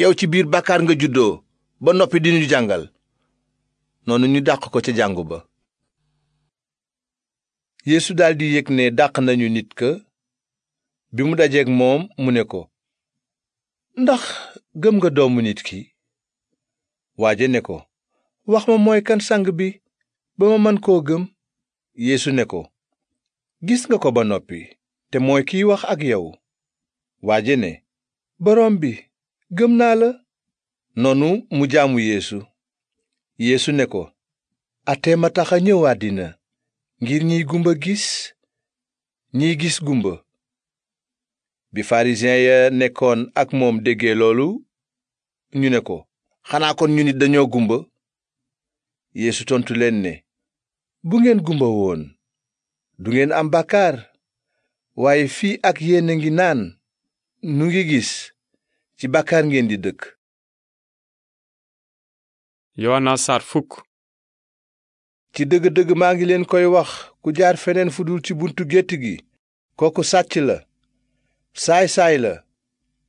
yow ci biir bàkkaar nga juddoo ba noppi di jàngal noonu ñu dàq ko ca jàngu ba yeesu daldi yëg ne dàq nañu nit ka bi mu dajeeg moom mu ne ko ndax gëm nga doomu nit ki waaje ne ko wax ma mooy kan sang bi ba ma mën koo gëm yéesu ne ko gis nga ko ba noppi te mooy kiy wax ak yow waaje ne boroom bi gëm naa la noonu mu jaamu yéesu yéesu ne ko atee ma tax a ñëw àddina ngir ñiy gumba gis ñiy gis gumba bi farisiyen ya nekkoon ak moom dégge loolu ñu ne ko xanaa kon ñu nit dañoo gumba yéesu tontu leen ne bu ngeen gumba woon du ngeen am bàkkaar waaye fii ak yéen ngi naan nu ngi gis ci bàkkaar ngeen di dëkk fukk ci dëgg-dëgg maa ngi leen koy wax ku jaar feneen fu dul ci buntu gétt gi kooku sàcc la saay-saay la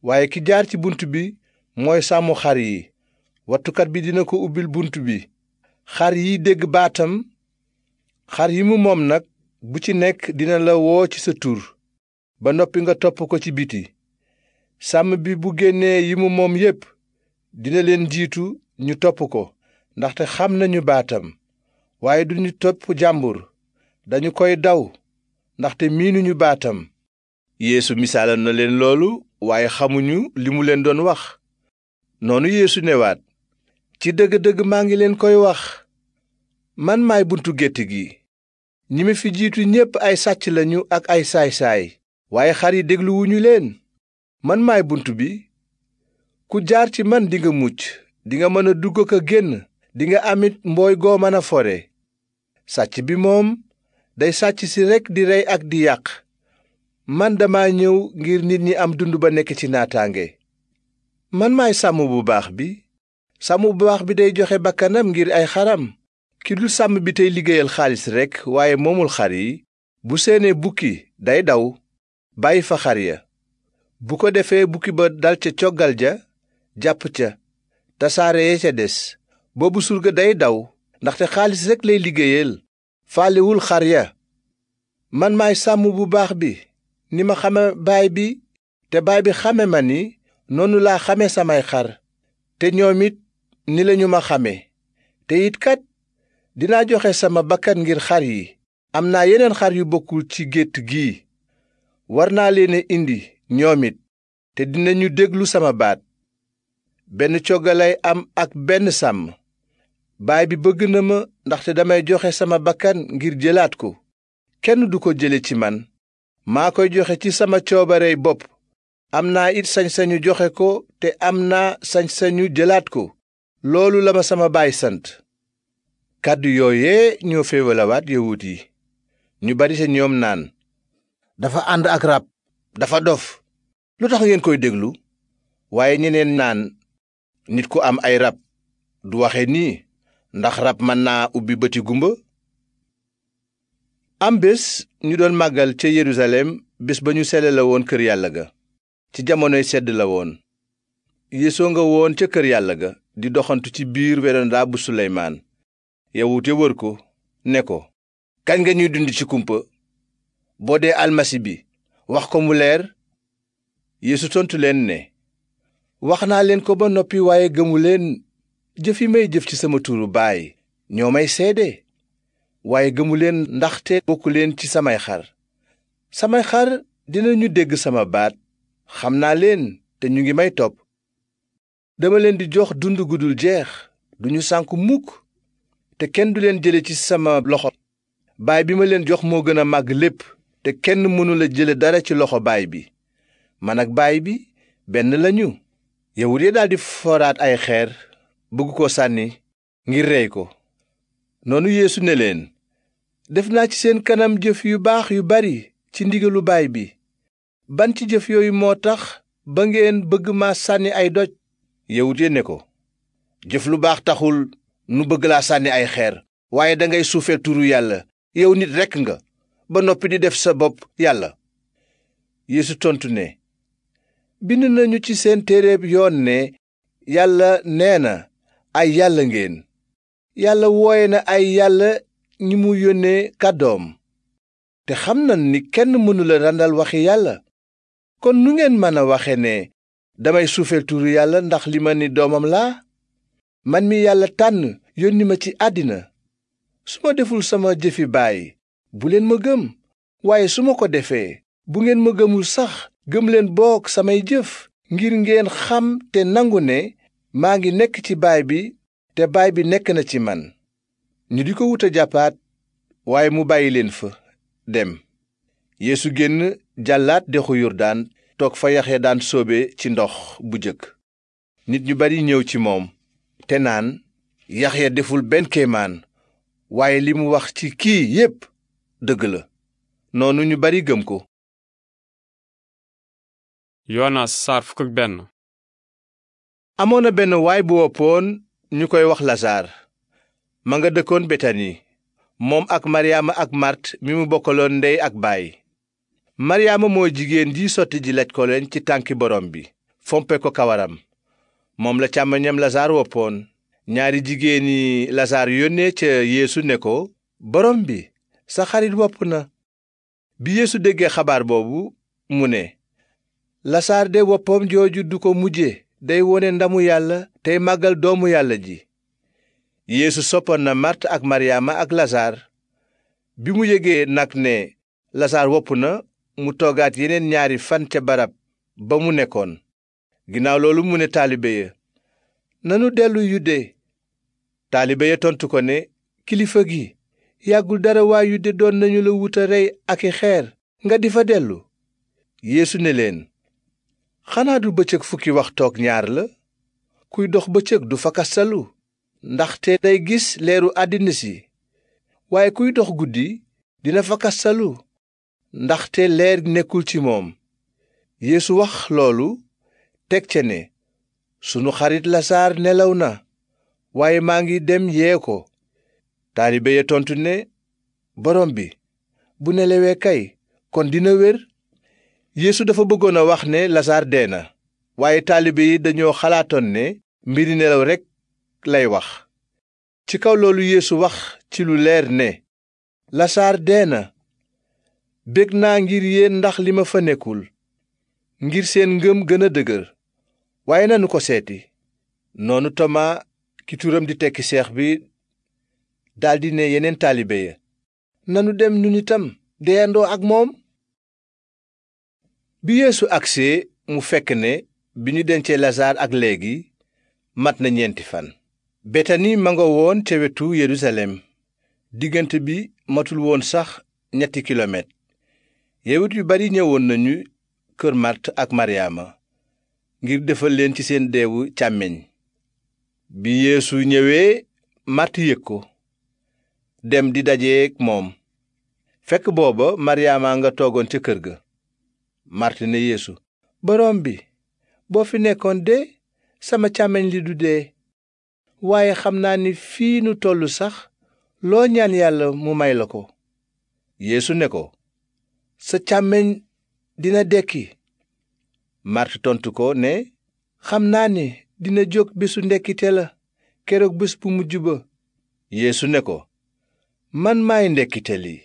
waaye ki jaar ci bunt bi mooy sàmm xar yi wattukat bi dina ko ubbil bunt bi xar yi dégg baatam xar yi mu moom nag bu ci nekk dina la woo ci sa tur ba noppi nga topp ko ci biti sàmm bi bu génnee yi mu moom yépp dina leen jiitu ñu topp ko ndaxte xam nañu baatam waaye duñu topp jàmbur dañu koy daw ndaxte miinuñu baatam yéesu misaalal na leen loolu waaye xamuñu li mu leen doon wax noonu yéesu newaat ci dëgg-dëgg maa ngi leen koy wax man maay buntu gétt gi ñi ma fi jiitu ñépp ay sàcc lañu ak ay saay-saay waaye xar yi dégluwuñu leen man maay bunt bi ku jaar ci man dinga mucc dinga mën a dugg ak a génn dinga amit mbooy goo mën a fore sàcc bi moom day sàcc si rekk di rey ak di yàq man dama ñëw ngir nit ñi am dund ba nekk ci naataange man maay sàmm bu baax bi sàmm bu baax bi day joxe bakkanam ngir ay xaram ki dul sàmm bi tey liggéeyal xaalis rekk waaye moomul xar yi bu seenee bukki day daw bàyyi fa xar ya bu ko defee bukki ba dal ca coggal ja jàpp ca tasaare ya ca des boobu surga day daw ndaxte xaalis rekk lay liggéeyal faalewul xar ya man maay sàmm bu baax bi ni ma xame baay bi te baay bi xame ma ni noonu laa xame samay xar te ñoom it ni lañu ma xame te it kat dinaa joxe sama bakkat ngir xar yi am naa yeneen xar yu bokkul ci gétt gi war naa leen indi ñoom it te dinañu déglu sama baat benn coggalay am ak benn sàmm baay bi bëgg na ma ndaxte damay joxe sama bakkan ngir jëlaat ko kenn du ko jële ci man maa koy joxe ci sama coobarey bopp am naa it sañ-sañu joxe ko te am naa sañ-sañu jëlaat ko loolu la ma sama baay sant kàddu yooyee ñoo féewalawaat yawut yi ñu bari ca ñoom naan dafa ànd ak rab dafa dof lu tax ngeen koy déglu waaye ñeneen naan nit ku am ay rab du waxe nii ndax rab mën naa ubbi bëti gumba am bés ñu doon màggal ca Yerusalem bés ba ñu sele la woon kër yàlla ga ci jamonoy sedd la woon yéesoo nga woon ca kër yàlla ga di doxantu ci biir werandaa bu suleymaan yawut ya wër ko ne ko kañ nga ñuy dund ci kumpa boo dee almasi bi wax ko mu leer yéesu tontu ne wax naa leen ko ba noppi waaye gëmu jëf yi may jëf ci sama tuuru baay ñoo may seede waaye gëmu leen ndaxte bokku leen ci samay xar samay xar dinañu dégg sama baat xam naa leen te ñu ngi may topp dama leen di jox dund gudul jeex duñu sànku mukk te kenn du leen jële ci sama loxo baay bi ma leen jox moo gën a màgg lépp te kenn mënula jële dara ci loxo baay bi man ak baay bi benn lañu yawut ya daldi foraat ay xeer bëgg ko sànni ngir rey ko noonu yeesu ne leen def naa ci seen kanam jëf yu baax yu bari ci ndigalu baay bi ban ci jëf yooyu moo tax ba ngeen bëgg ma sànni ay doj yawut ya ne ko jëf lu baax taxul nu bëgg laa sànni ay xeer waaye dangay suufee turu yàlla yow nit rekk nga ba noppi di def sa bopp yàlla yéesu tontu ne bind nañu ci seen téereb yoon ne yàlla nee na ay yàlla ngeen yàlla wooye na ay yàlla ñi mu yónnee kàddoom te xam na ni kenn mënula randal waxi yàlla kon nu ngeen mën a waxe ne damay suufeel turu yàlla ndax li ma ni doomam la man mi yàlla tànn yónni ma ci àddina su ma deful sama jëfi baay bu leen ma gëm waaye su ma ko defee bu ngeen ma gëmul sax gëm leen boog samay jëf ngir ngeen xam te nangu ne maa ngi nekk ci baay bi te baay bi nekk na ci man ñu di ko wuta jàppaat waaye mu bàyyi leen fa dem yéesu génn jàllaat dexu yurdaan toog fa yaxe daan soobe ci ndox bu jëkk nit ñu bari ñëw ci moom te naan yaxya deful benn kéemaan waaye li mu wax ci kii yépp dëgg la noonu ñu bari gëm ko yonas saar amoon na benn waay bu woppoon ñu koy wax lasaar ma nga dëkkoon betani moom ak maryaama ak màrt mi mu bokkaloon ndey ak baay maryaama moo jigéen ji sotti ji laj koleñ ci tànki borom bi fompe ko kawaram moom la càmmañam lasaar woppoon ñaari jigéeni lasaar yónnee ca yeesu ne ko borom bi sa xarit wopp na bi yeesu déggee xabaar boobu mu ne lasaar de woppam jooju du ko mujje day wone ndamu yàlla tey màggal doomu yàlla ji yéesu soppoon na màrt ak maryaama ak lasaar bi mu yëgee nag ne lasaar wopp na mu toogaat yeneen ñaari fan ca barab ba mu nekkoon ginnaaw loolu mu ne taalibe ya nanu dellu yude taalibe ya tontu ko ne kilifa gi yàggul dara waa yude doon nañu la wuta rey ak i xeer nga di fa dellu yéesu ne leen xanaa du bëccëg fukki waxtoog ñaar la kuy dox bëccëg du fakastalu ndaxte day gis leeru àddina si waaye kuy dox guddi dina fakastalu ndaxte leer nekkul ci moom yéesu wax loolu teg ca ne sunu xarit lasaar nelaw na waaye maa ngi dem yee ko taalibe ya tontu ne borom bi bu nelawee kay kon dina wér yéesu dafa bëggoon a wax ne lasaar dee na waaye taalibe yi dañoo xalaatoon ne mbiri nelaw rekk lay wax ci kaw loolu yéesu wax ci lu leer ne lasaar dee na bég naa ngir yéen ndax li ma fa nekkul ngir seen ngëm gën a dëgër waaye nanu ko seeti noonu tomaa ki turam di tekki seex bi daldi ne yeneen taalibe ya nanu dem ñun itam deyandoo ak moom bi yeesu agsee mu fekk ne bi ñu dencee lasaar ak léegi mat na ñeenti fan betani ma nga ca wetu yerusalem diggant bi matul woon sax ñetti kilomètre yawut yu bari ñëwoon nañu kër màrt ak maryaama ngir defal leen ci seen deewu càmmeñ bi yeesu ñëwee màrt yëg ko dem di dajeek moom fekk booba maryaama nga toogoon ca kër ga màrt ne yeesu boroom bi boo fi nekkoon de sama càmmiñ li du dee waaye xam naa ni fii nu tollu sax loo ñaan yàlla mu may la ko yéesu ne ko sa càmmiñ dina dekki màrt tontu ko ne xam naa ni dina jóg bésu ndekkite la keroog bés bu mujj ba yeesu ne ko man maay ndekkite li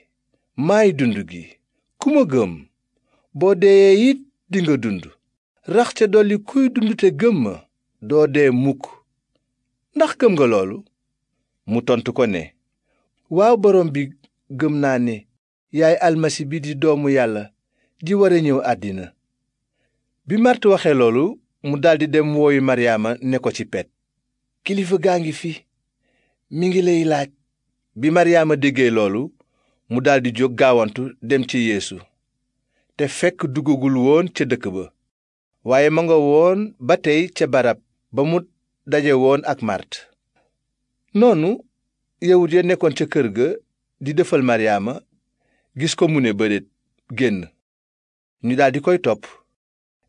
maay dund gi ku ma gëm boo deeyee it dinga dund rax ca dolli kuy dund te gëmma ma doo dee mukk ndax gëm nga loolu mu tontu ko ne waaw borom bi gëm naa ne yaay almasi bi di doomu yàlla ji war a ñëw àddina bi màrt waxee loolu mu daldi dem wooyu maryaama ne ko ci pet kilifa gaa ngi fi mu ngi lay laaj bi maryaama déggee loolu mu daldi jóg gaawantu dem ci yéesu te fekk duggagul woon ca dëkk ba waaye ma nga woon ba tey ca barab ba mu daje woon ak màrt noonu yawut ya nekkoon ca kër ga di defal maryaama gis ko mu ne bëreet génn ñu daldi koy topp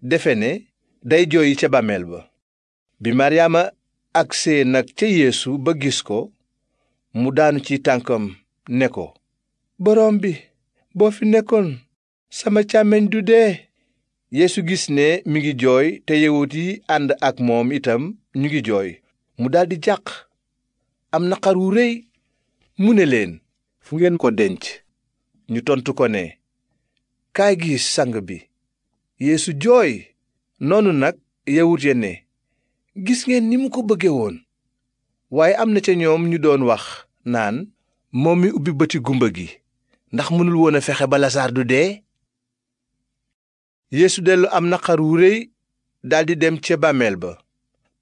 defe ne day jooyi ca bàmmeel ba bi maryaama agsee nag ca yéesu ba gis ko mu daanu ci tànkam ne ko boroom bi boo fi nekkoon sama càmmiñ du dee yéesu gis ne mi ngi jooy te yawut yi ànd ak moom itam ñu ngi jooy mu daldi jàq am naqar wu rëy mu ne leen fu ngeen ko denc ñu tontu ko ne kaay gis sang bi yéesu jooy noonu nag yawut ya gis ngeen ni mu ko bëgge woon waaye am na ca ñoom ñu doon wax naan moom mi ubbi bëti gumba gi ndax mënul woon fexe ba lasaar du dee yéesu dellu am naqar wu rëy daldi dem ca bàmmeel ba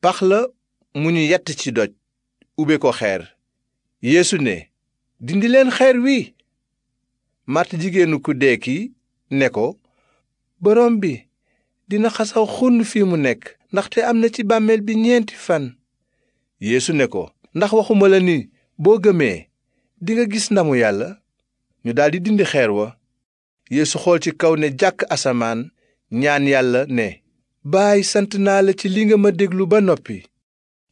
pax la mu ñu yett ci doj ube ko xeer yéesu ne dindi leen xeer wi màrt jigéenu ku dee ki ne ko borom bi dina xasaw xunn fi mu nekk ndaxte am na ci bàmmeel bi ñeenti fan yéesu ne ko ndax waxuma la ni boo gëmee dinga gis ndamu yàlla ñu daldi dindi xeer wa yéesu xool ci kaw ne jàkk asamaan ñaan yàlla ne baay sant naa la ci li nga ma déglu ba noppi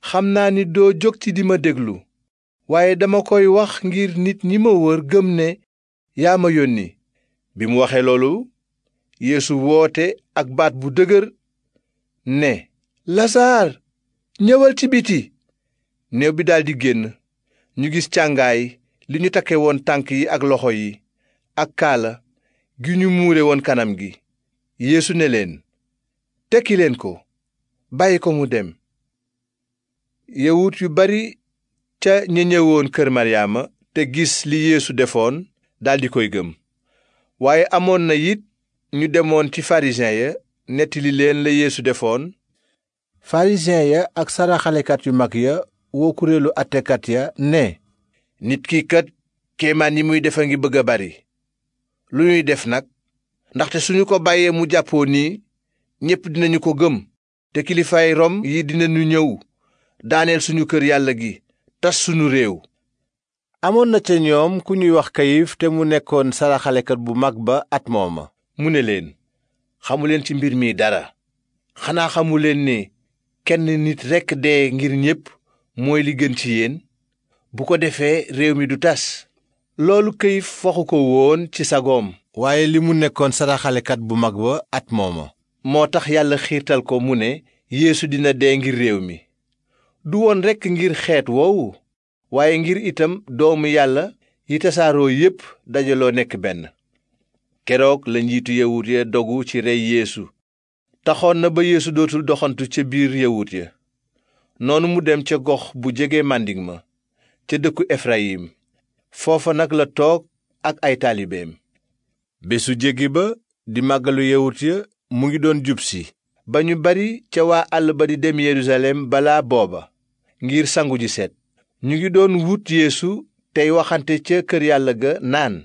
xam naa ni doo jóg ci di ma déglu waaye dama koy wax ngir nit ñi ma wër gëm ne yaa ma yónni bi mu waxee loolu yéesu woote ak baat bu dëgër ne lasaar ñëwal ci biti néew bi daldi génn ñu gis càngaay li ñu takke woon tànk yi ak loxo yi ak kaala gi ñu muure woon kanam gi yeesu ne leen tekki leen ko bàyyi ko mu dem yawut yu bari ca ña ñëwoon kër maryaama te gis li yéesu defoon daldi koy gëm waaye amoon na it ñu demoon ci farisiyen ya nettali leen la yéesu defoon farisiyen ya ak saraxalekat yu mag ya woo kuréelu attekat ya ne nit ki kat yi muy def a ngi bëgg a bari lu ñuy def nag ndaxte suñu ko bàyyee mu jàppoo nii ñépp dinañu ko gëm te kilifaay rom yi dinañu ñëw daaneel suñu kër yàlla gi tas suñu réew amoon na ca ñoom ku ñuy wax kayif te mu nekkoon saraxalekat bu mag ba at mooma mu ne leen xamuleen ci mbir mi dara xanaa xamuleen ne kenn nit rekk dee ngir ñépp mooy li gën ci yéen bu ko defee réew mi du tas loolu këyif waxu ko woon ci sagoom waaye li mu nekkoon saraxalekat bu mag ba at mooma moo tax yàlla xiirtal ko mu ne yéesu dina dee ngir réew mi du woon rekk ngir xeet woowu waaye ngir itam doomu yàlla yi tasaaroo yépp dajaloo nekk benn keroog la njiitu yawut ya dogu ci rey yéesu taxoon na ba yéesu dootul doxantu ca biir yawut ya noonu mu dem ca gox bu jege màndik ma ca dëkku efrayim foofa nag la toog ak ay taalibeem bésu jéggi ba di màggalu yawut ya mu ngi doon jub si ba ñu bari ca waa àll ba di dem yerusalem balaa booba ngir sangu ji seet ñu ngi doon wut yéesu tey waxante ca kër yàlla ga naan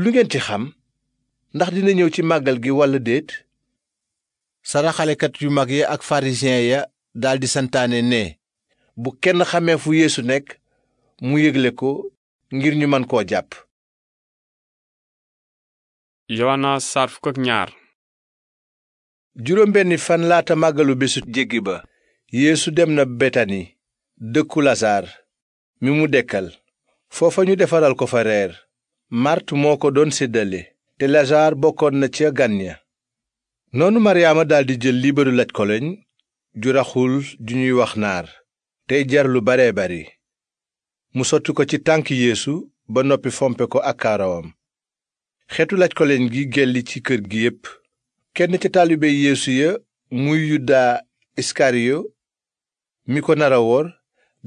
lu ngeen ci xam ndax dina ñëw ci màggal gi walla déet saraxalekat yu mag ya ak farisiyen ya daldi santaane ne bu kenn xamee fu yeesu nekk mu yégle ko ngir ñu mën koo jàpp ñaar juróom benni fan laata màggalu bésu jéggi ba yeesu dem na betani dëkku lasaar mi mu dekkal foofa ñu defaral ko fa reer màrt moo ko doon séddale te lasaar bokkoon na ca gan ya noonu maryaama daldi jël liibaru laj koloñ ju raxul ju ñuy wax naar tey jar lu bare mu sotti ko ci tànk yéesu ba noppi fompe ko ak kaarawam xeetu laj ko leen gi gelli ci kër gi yépp kenn ca taalibe yéesu ya muy yudaa iskariyo mi ko nara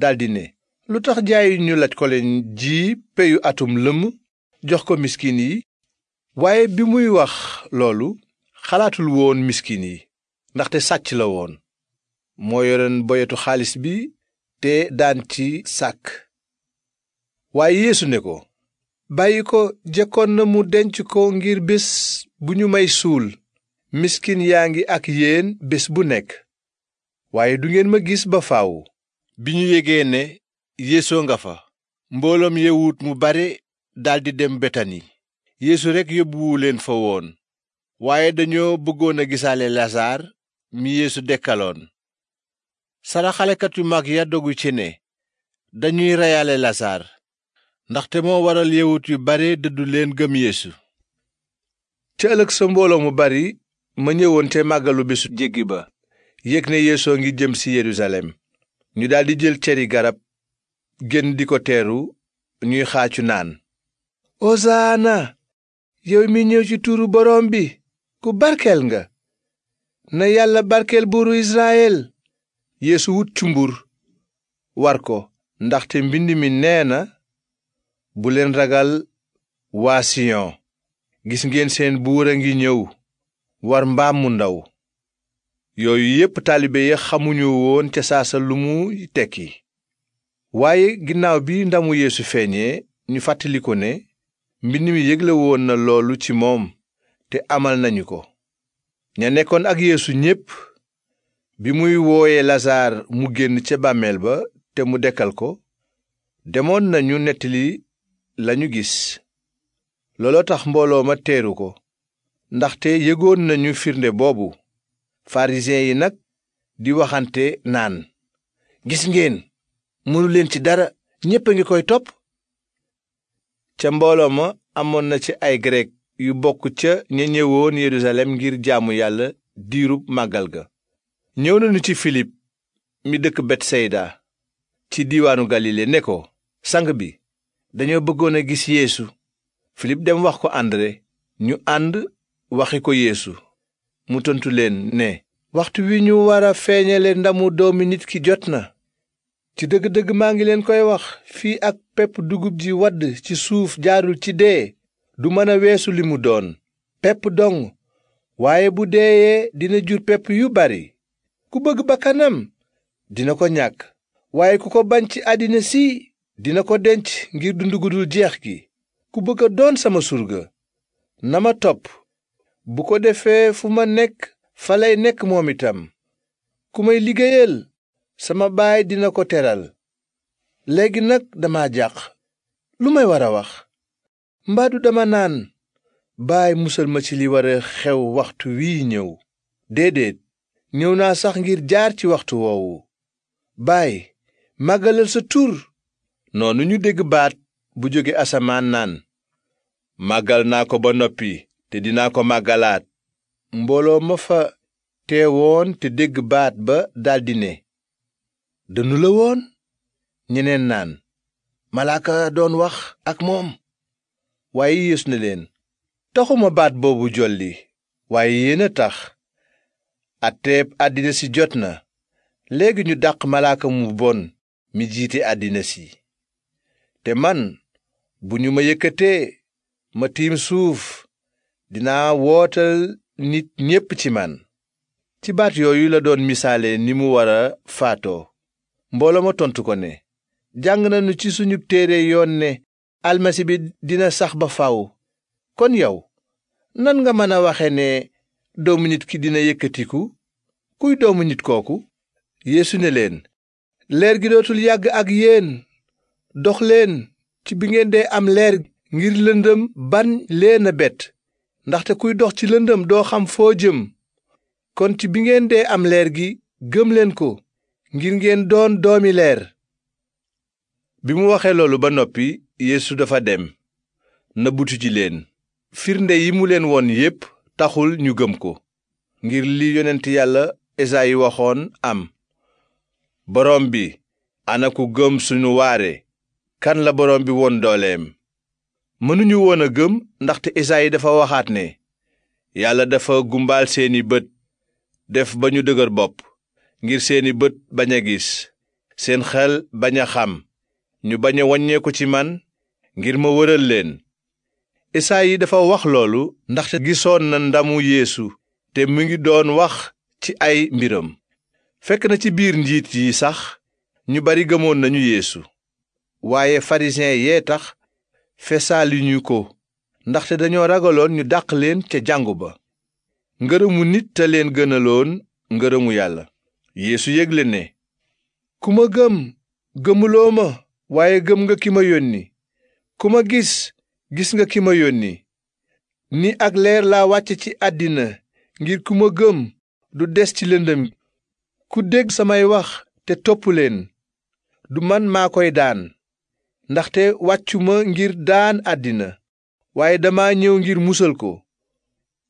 daldi ne lu tax jaayi ñu laj ko leen ji peyu atum lëmm jox ko miskin yi waaye bi muy wax loolu xalaatul woon miskin yi ndaxte sàcc la woon moo yoroon boyetu xaalis bi te daan ci sàkk waaye yeesu ne ko bàyyi ko jekkoon na mu denc ko ngir bés bu ñu may suul miskin yaa ngi ak yéen bés bu nekk waaye du ngeen ma gis ba faw bi ñu yégee ne yeesoo nga fa mbooloom yewut mu bare daldi dem betani yeesu rekk yóbbuwu leen fa woon waaye dañoo bëggoon a gisaale lasaar mi yeesu dekkaloon saraxalekat yu mag ya ci ne dañuy reyaale lasaar ndaxte moo waral yewut yu bare dëddu leen gëm yeesu ca ëllëg sa mbooloo mu bari ma ñëwoon te màggalu bésu jéggi ba yéeg ne yeesoo ngi jëm si yerusalem ñu daldi jël ceri garab génn di ko teeru ñuy xaacu naan osaana yow mi ñëw ci tuuru boroom bi ku barkeel nga na yàlla barkeel buuru israyel yeesu wut cumbur war ko ndaxte mbind mi nee na bu leen ragal waa siyon gis ngeen seen buur a ngi ñëw war mbaam mu ndaw yooyu yépp taalibe ya xamuñu woon ca saasa lu mu tekki waaye ginnaaw bi ndamu yéesu feeñee ñu fàttaliku ne mbind mi yégle woon na loolu ci moom te amal nañu ko ña nekkoon ak yéesu ñépp bi muy wooye lasaar mu génn ca bàmmeel ba te mu dekkal ko demoon nañu nettali lañu gis looloo tax mbooloo ma teeru ko ndaxte yëgoon nañu firnde boobu farisiyen yi nag di waxante naan gis ngeen mënu leen ci dara ñépp a ngi koy topp ca mbooloo ma amoon na ci ay grek yu bokk ca ña ñëwoon yerusalem ngir jaamu yàlla diirub màggal ga ñëw nañu ci filib mi dëkk betsayda ci diiwaanu galile ne ko sang bi dañoo bëggoon a gis yéesu filip dem wax ko andre ñu ànd waxi ko yéesu mu tontu leen ne waxtu wi ñu war a feeñale ndamu doomi nit ki jot na ci dëgg-dëgg maa ngi leen koy wax fii ak pepp dugub ji wadd ci suuf jaarul ci dee du mën a weesu li mu doon pepp dong waaye bu deeyee dina jur pepp yu bari ku bëgg bakkanam dina ko ñàkk waaye ku ko bañ ci àddina si dina ko denc ngir dund gu jeex gi ku bëgg a doon sama surga na ma topp bu ko defee fu ma nekk fa lay nekk moom itam ku may liggéeyal sama baay dina ko teral léegi nag dama jàq lu may war a wax mbaadu dama naan baay musal ma ci li war a xew waxtu wii ñëw déedéet ñëw naa sax ngir jaar ci waxtu woowu baay màggalal sa tur noonu ñu dégg baat bu jóge asamaan naan màggal naa ko ba noppi te dinaa ko màggalaat mbooloo ma fa teewoon te dégg baat ba daldi ne dënnu la woon ñeneen naan malaaka doon wax ak moom waaye yeesu na leen taxuma baat boobu jolli waaye yéen a tax atteeb àddina si jot na léegi ñu daq malaaka mu bon mi jiite àddina si te man bu ñu ma yëkkatee ma tiim suuf dinaa wootal nit ñépp ci man ci baat yooyu la doon misaale ni mu war a faatoo mbooloo ma tontu ko ne jàng nañu ci suñu téere yoon ne almasi bi dina sax ba faw kon yow nan nga mën a waxe ne doomu nit ki dina yëkkatiku kuy doomu nit kooku yeesu ne leen leer gi dootul yàgg ak yéen doxleen ci bi ngeen dee am leer ngir lëndëm ban leen a bett ndaxte kuy dox ci lëndëm doo xam foo jëm kon ci bi ngeen dee am leer gi gëm leen ko ngir ngeen doon doomi leer bi mu waxee loolu ba noppi yéesu dafa dem nëbbutu ji leen firnde yi mu leen woon yépp taxul ñu gëm ko ngir li yonent yàlla esayi waxoon am borom bi ana ku gëm sunu waare kan la borom bi woon dooleem mënuñu woon a gëm ndaxte Esayi dafa waxaat ne yàlla dafa gumbaal seeni bët def ba ñu dëgër bopp ngir seeni bët bañ a gis seen xel bañ a xam ñu bañ a waññeeku ci man ngir ma wëral leen Esayi dafa wax loolu ndaxte gisoon na ndamu yéesu te mu ngi doon wax ci ay mbiram fekk na ci biir njiit yi sax ñu bari gëmoon nañu yéesu waaye farisiyen yee tax fesaaluñu ko ndaxte dañoo ragaloon ñu dàq leen ca jàngu ba ngërëmu nit te leen gënaloon ngërëmu yàlla yéesu yégle ne ku ma gëm gëmuloo ma waaye gëm nga ki ma yónni ku ma gis gis nga ki ma yónni ni ak leer laa wàcc ci àddina ngir ku ma gëm du des ci lëndëm ku dégg samay wax te topp leen du man maa koy daan ndaxte wàccuma ngir daan àddina waaye dama ñëw ngir musal ko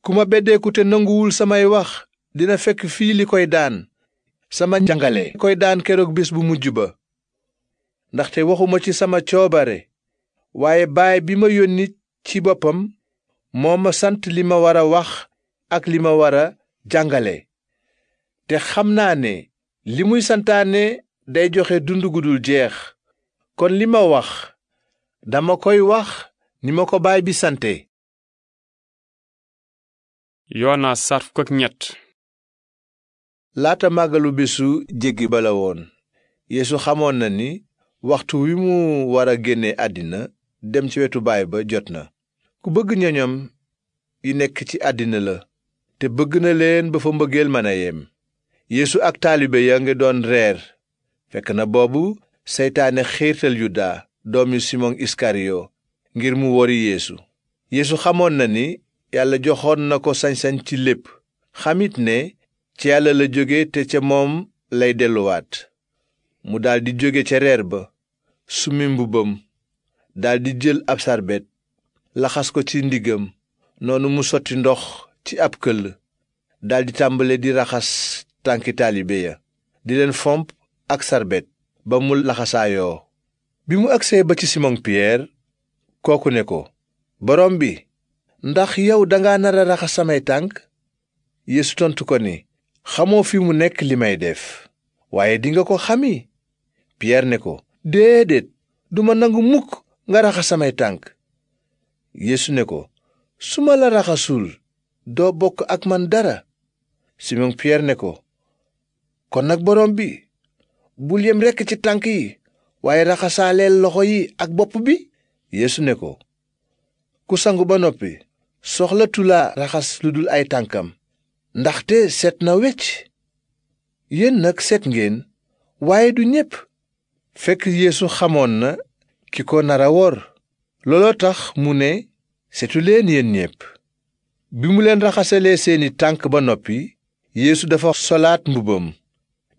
ku ma beddeeku te nanguwul samay wax dina fekk fii li koy daan sama jàngale koy daan keroog bés bu mujj ba ndaxte waxuma ci sama coobare waaye baay bi ma yónni ci boppam moo ma sant li ma war a wax ak li ma war a jàngale te xam naa ne li muy santaane day joxe dund gu jeex kon li ma wax dama koy wax ni ma ko baay bi sante yoona saar fukk ñett laata màggalu bésu jéggi bala woon yéesu xamoon na ni waxtu wi mu war a génne àddina dem ci wetu baay ba jot na ku bëgg ñoñam yi nekk ci àddina la te bëgg na leen ba fa mbëggeel mën a yem yéesu ak taalibe ya ngi doon reer fekk na boobu seytaane xiirtal yuda doomi simon iskariyo ngir mu wori yéesu yeesu xamoon na ni yàlla joxoon na ko sañ ci lépp xam it ne ci yàlla la jóge te ca moom lay delluwaat mu daldi jóge ca reer ba summi mbubbam daldi jël ab sarbet laxas ko ci ndigam noonu mu sotti ndox ci ab këll daldi tàmbale di raxas tànki taalibe ya di leen fomp ak sarbet ba mu laxasaayoo bi mu agsee ba ci simon piyeer kooku ne ko borom bi ndax yow danga nar a raxas samay tànk yéesu tontu ko ni xamoo fi mu nekk li may def waaye dinga ko xami piyeer ne ko déedéet duma nangu mukk nga raxas samay tànk yéesu ne ko su ma la raxasul doo bokk ak man dara simon piyeer ne ko kon nag borom bi bul yem rekk ci tànk yi waaye raxasaaleel loxo yi ak bopp bi yéesu ne ko ku sangu ba noppi soxlatu la raxas lu dul ay tànkam ndaxte seet na wecc yéen nag set ngeen waaye du ñépp fekk yéesu xamoon na ki ko nara wor looloo tax mu ne setu leen yéen ñépp bi mu leen raxasalee seeni tànk ba noppi yéesu dafa solaat mbubbam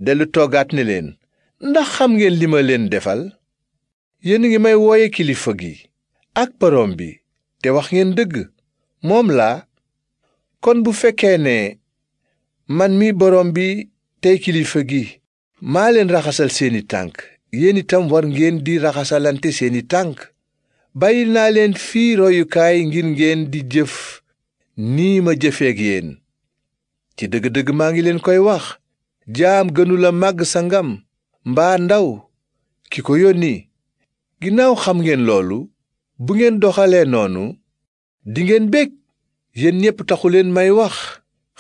dellu toggaat ne leen ndax xam ngeen li ma leen defal yéen ngi may wooye kilifa gi ak boroom bi te wax ngeen dëgg moom laa kon bu fekkee ne man mi boroom bi tey kilifa gi maa leen raxasal seeni tànk yéen itam war ngeen di raxasalante seeni tànk bàyyil naa leen fii royukaay ngir ngeen di jëf nii ma jëfeek yéen ci dëgg-dëgg maa ngi leen koy wax jaam gënula màgg sangam mbaa ndaw ki ko yónni ginnaaw xam ngeen loolu bu ngeen doxalee noonu dingeen bég yéen ñépp taxuleen may wax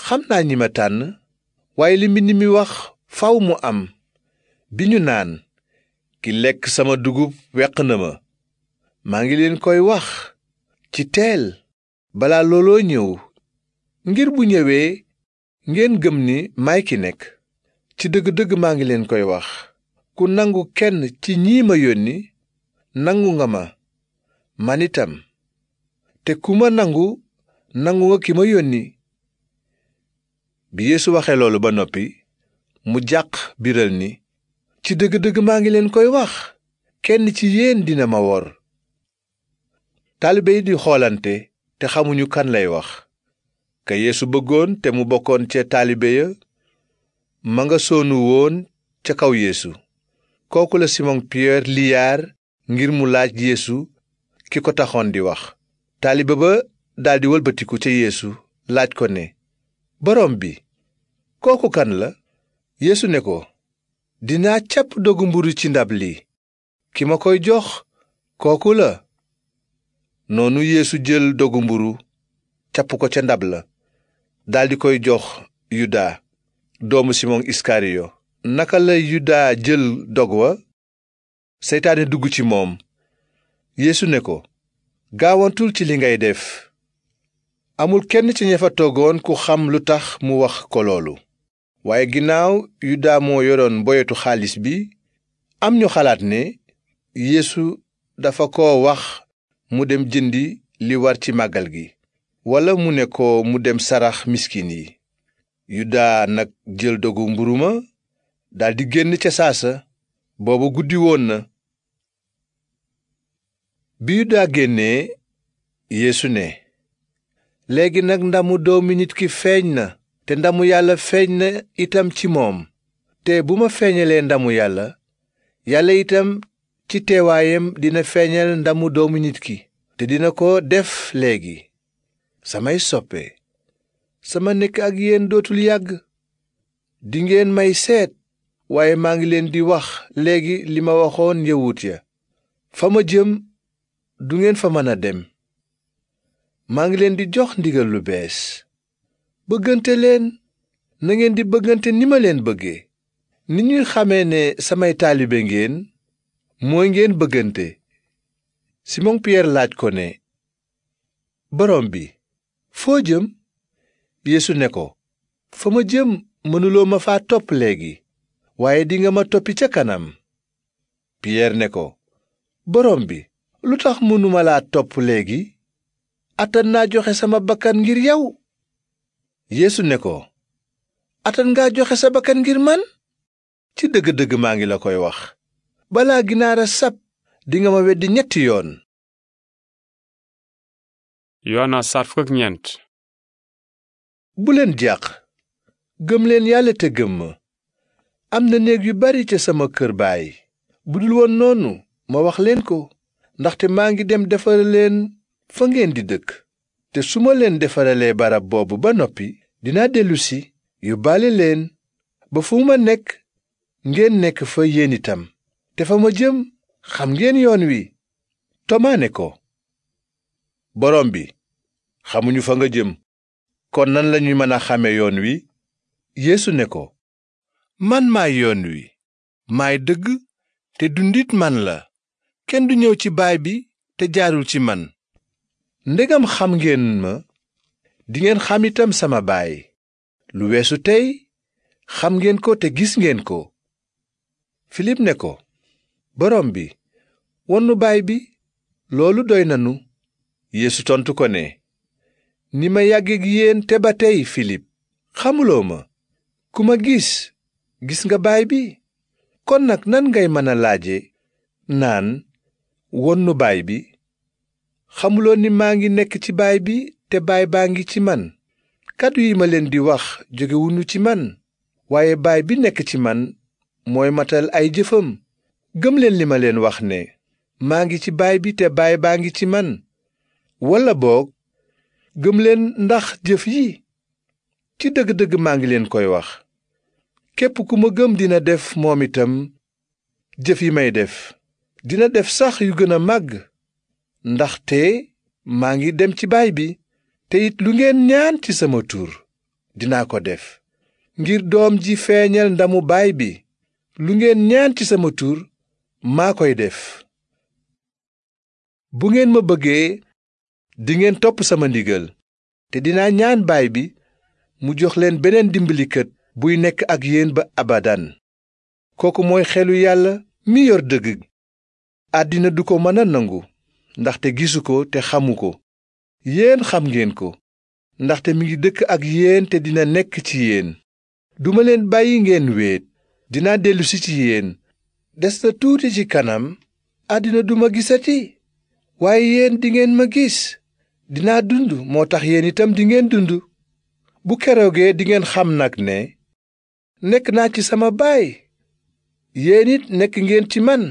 xam naa ñi ma tànn waaye li ni mi wax faw mu am bi ñu naan ki lekk sama dugub weq na ma maa ngi leen koy wax ci teel balaa looloo ñëw ngir bu ñëwee ngeen gëm ni may ki nekk ci dëgg-dëgg maa ngi leen koy wax ku nangu kenn ci ñii ma yónni nangu nga ma man itam te ku ma nangu nangu nga ki ma yónni bi yeesu waxee loolu ba noppi mu jàq biral ni ci dëgg-dëgg maa ngi leen koy wax kenn ci yéen dina ma wor taalibe yi di xoolante te xamuñu kan lay wax ka yeesu bëggoon te mu bokkoon ca taalibe ya ma nga soonu woon ca kaw yéesu kooku la simon piyeer liyaar ngir mu laaj yéesu ki ko taxoon di wax taaliba ba daldi wëlbatiku ca yéesu laaj ko ne boroom bi kooku kan la yeesu ne ko dinaa capp dogu mburu ci ndab li ki ma koy jox kooku la noonu yéesu jël dogu mburu capp ko ca ndab la daldi koy jox yuda doomu simon iskariyo naka la yudaa jël dog wa seytaane dugg ci moom yéesu ne ko gaawantul ci li ngay def amul kenn ci ña fa toogoon ku xam lu tax mu wax ko loolu waaye ginnaaw yudaa moo yoroon boyetu xaalis bi am ñu xalaat ne yéesu dafa ko wax mu dem jëndi li war ci màggal gi walla mu ne ko mu dem sarax miskin yi yudaa nag jël dogu mburu ma daldi génn ca saasa booba guddi woon na bi yudaa génnee yeesu ne léegi nag ndamu doomi nit ki feeñ na te ndamu yàlla feeñ na itam ci moom te bu ma feeñalee ndamu yàlla yàlla itam ci teewaayam dina feeñal ndamu doomu nit ki te dina ko def léegi samay soppe sama nekk ak yéen dootul yàgg dingeen may seet waaye maa ngi leen di wax léegi li ma waxoon yawut ya fa ma jëm du ngeen fa mën a dem maa ngi leen di jox ndigal lu bees bëgganteleen leen na ngeen di bëggante ni ma leen bëggee ni ñuy xamee ne samay taalibe ngeen mooy ngeen bëggante Simon Pierre laaj ko ne borom bi foo jëm yéesu ne ko fa ma jëm mënuloo ma faa topp léegi waaye dinga ma toppi ca kanam piyeer ne ko borom bi lu tax mënuma laa topp léegi attan naa joxe sama bakkan ngir yow yeesu ne ko attan ngaa joxe sa bakkan ngir man ci dëgg-dëgg maa ngi la koy wax balaa ginaara sab dinga ma weddi ñetti yoon yoona saar fukk ak gëm leen yàlla te gëm ma am na néeg yu bari ca sama kër baay bu dul woon noonu ma wax leen ko ndaxte maa ngi dem defara leen fa ngeen di dëkk te su ma leen defaralee barab boobu ba noppi dinaa dellusi yu yóbbaale leen ba fu ma nekk ngeen nekk fa yéen itam te fa ma jëm xam ngeen yoon wi tomaa ko borom bi xamuñu fa nga jëm kon nan lañuy mën a xame yoon wi yéesu ne ko man maay yoon wi maay dëgg te dundit man la kenn du ñëw ci baay bi te jaarul ci man ndegam xam ngeen ma dingeen xam itam sama baay lu weesu tey xam ngeen ko te gis ngeen ko filip ne ko borom bi wonnu baay bi loolu doy nanu yéesu tontu ko ne ni ma yàggeeg yéen te ba tey filip xamuloo ma ku ma gis gis nga baay bi kon nag nan ngay mën a laaje naan won nu baay bi xamuloo ni maa ngi nekk ci baay bi te baay baa ngi ci man kàddu yi ma leen di wax jógewuñu ci man waaye baay bi nekk ci man mooy matal ay jëfam gëm leen li ma leen wax ne maa ngi ci baay bi te baay baa ngi ci man walla boog gëmleen ndax jëf yi ci dëgg-dëgg maa ngi leen koy wax képp ku ma gëm dina def moom itam jëf yi may def dina def sax yu gën a màgg ndaxte maa ngi dem ci baay bi te it lu ngeen ñaan ci sama tur dinaa ko def ngir doom ji feeñal ndamu baay bi lu ngeen ñaan ci sama tur maa koy def bu ngeen ma bëggee dingeen topp sama ndigal te dinaa ñaan baay bi mu jox leen beneen dimbalikat buy nekk ak yéen ba abadan kooku mooy xelu yàlla mi yor dëgg àddina du ko mën a nangu ndaxte gisu ko te xamu ko yéen xam ngeen ko ndaxte mi ngi dëkk ak yéen te dina nekk ci yéen duma leen bàyyi ngeen wéet dinaa dellusi ci yéen des na tuuti ci kanam àddina duma gisati waaye yéen dingeen ma gis dinaa dund moo tax yéen itam dingeen dund bu keroogee dingeen xam nag ne nekk naa ci sama baay yéen it nekk ngeen ci man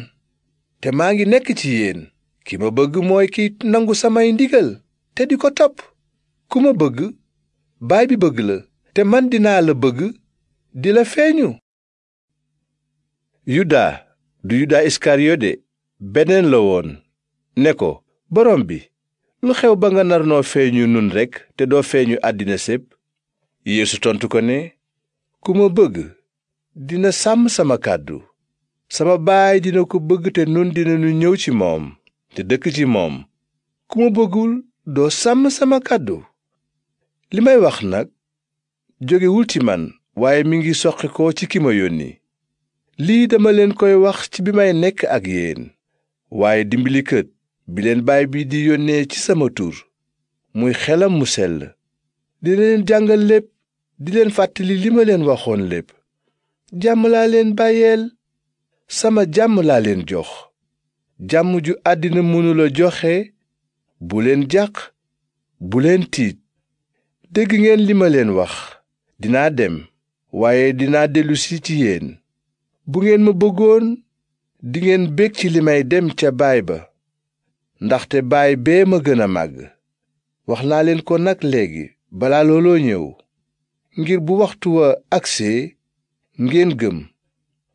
te maa ngi nekk ci yéen ki ma bëgg mooy kiy nangu samay ndigal te di ko topp ku ma bëgg baay bi bëgg la te man dinaa la bëgg di la feeñu yuda du yuda iskariyode beneen la woon ne ko borom bi lu xew ba nga nar noo feeñu nun rekk te doo feeñu àddina sépp yéesu tontu ko ne ku ma bëgg dina sàmm sama kàddu sama baay dina ko bëgg te nun dinañu ñëw ci moom te dëkk ci moom ku ma bëggul doo sàmm sama kàddu li may wax nag jógewul ci man waaye mi ngi soqi ko ci ki ma yónni lii dama leen koy wax ci bi may nekk ak yéen waaye dimbilikat bi leen baay bi di yónnee ci sama tur muy xelam mu sell dina leen jàngal lépp di leen fàttali li ma leen waxoon lépp jàmm laa leen bàyyeel sama jàmm laa leen jox jàmm ju àddina mënula joxe bu leen jàq bu leen tiit dégg ngeen li ma leen wax dinaa dem waaye dinaa dellusi ci yéen bu ngeen ma bëggoon dingeen bég ci li may dem ca baay ba ndaxte baay bee ma gën a màgg wax naa leen ko nag léegi balaa looloo ñëw ngir bu waxtu wa agsee ngeen gëm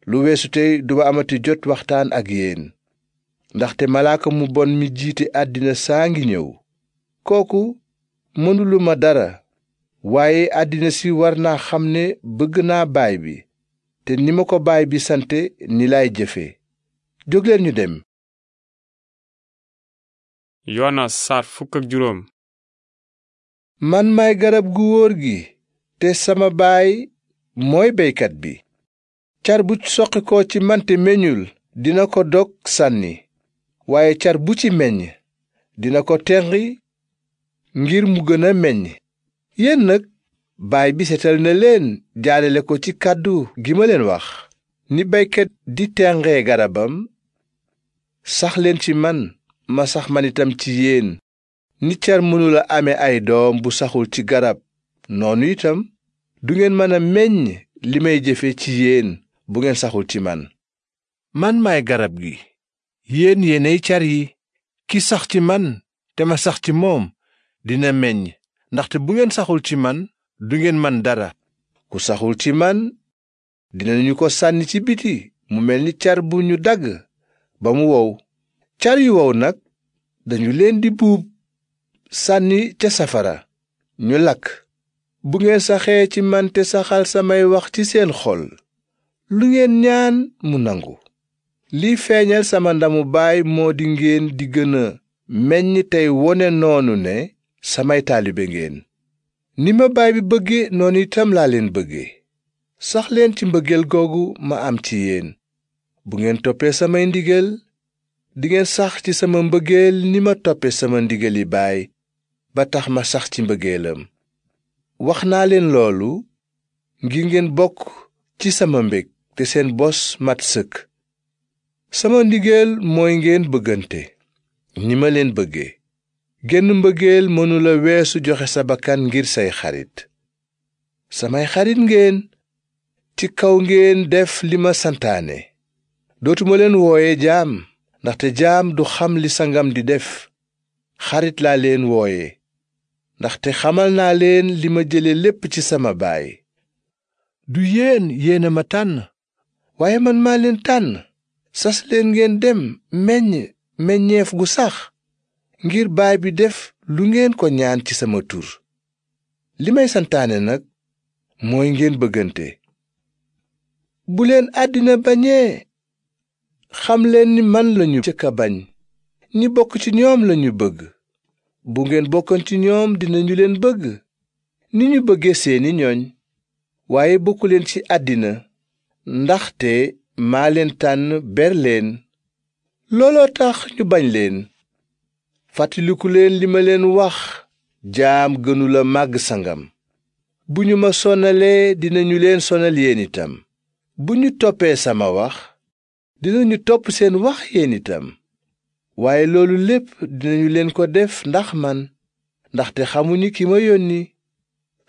lu weesu tey duma amati jot waxtaan ak yéen ndaxte malaaka mu bon mi jiite àddina saa ngi ñëw kooku mënuluma dara waaye àddina si war naa xam ne bëgg naa baay bi te ni ma ko baay bi sante ni laay jëfe jógleen ñu dem yoona saar fukk juróom man maay garab gu gi te sama baay mooy beykat bi car bu soqi ko ci man te dina ko dog sànni waaye car bu ci meññ dina ko tenqi ngir mu gën a meññ yéen nag baay bi setal na leen jaalale ko ci kàddu gi ma leen wax ni baykat di tenqee garabam saxleen ci man ma sax man itam ci yéen ni car mënula ame ay doom bu saxul ci garab noonu itam du ngeen mën a meññ li may jëfe ci yéen bu ngeen saxul ci man man maay garab gi yéen yéenay car yi ki sax ci man te ma sax ci moom dina meññ ndaxte bu ngeen saxul ci man du ngeen man dara ku saxul ci man dinañu ko sànni ci biti mu mel ni car bu ñu dagg ba mu wow car yu wow nag dañu leen di buub sànni ca safara ñu lakk bu ngeen saxee ci mante te saxal samay wax ci seen xol lu ngeen ñaan mu nangu li feeñal sama ndamu baay moo di ngeen di gën a meññ tey wone noonu ne samay taalibe ngeen ni ma baay bi bëgge noonu itam laa leen bëgge sax leen ci mbëggeel googu ma am ci yéen bu ngeen toppee samay ndigal dingeen sax ci sama mbëggeel ni ma toppe sama ndigali baay ba tax ma sax ci mbëggeelam wax naa leen loolu ngir ngeen bokk ci sama mbég te seen bos mat sëkk sama ndigeel mooy ngeen bëggante ni ma leen bëgge genn mbëggeel mënula weesu joxe sa bakkan ngir say xarit samay xarit ngeen ci kaw ngeen def li ma santaane dootuma leen wooye jaam ndaxte jaam du xam li sangam di def xarit laa leen wooye ndaxte xamal naa leen li ma jële lépp ci sama baay du yéen yéena ma tànn waaye man maa leen tànn sas leen ngeen dem meññ meññeef gu sax ngir baay bi def lu ngeen ko ñaan ci sama tur li may santaane nag mooy ngeen bëggante bu leen àddina bañee xam leen ni man lañu jëkk bañ ñi bokk ci ñoom lañu bëgg bu ngeen bokkoon ñoom dinañu leen bëgg ni ñu bëggee seeni ñooñ waaye bokk leen ci àddina ndaxte maa leen tànn ber leen looloo tax ñu bañ leen fàttaliku leen li ma leen wax jaam gënula màgg sangam bu ñu ma sonalee dinañu leen sonal yeen itam bu ñu toppee sama wax dinañu topp seen wax yéen itam waaye loolu lépp dinañu leen ko def ndax man ndaxte xamuñu ki ma yónni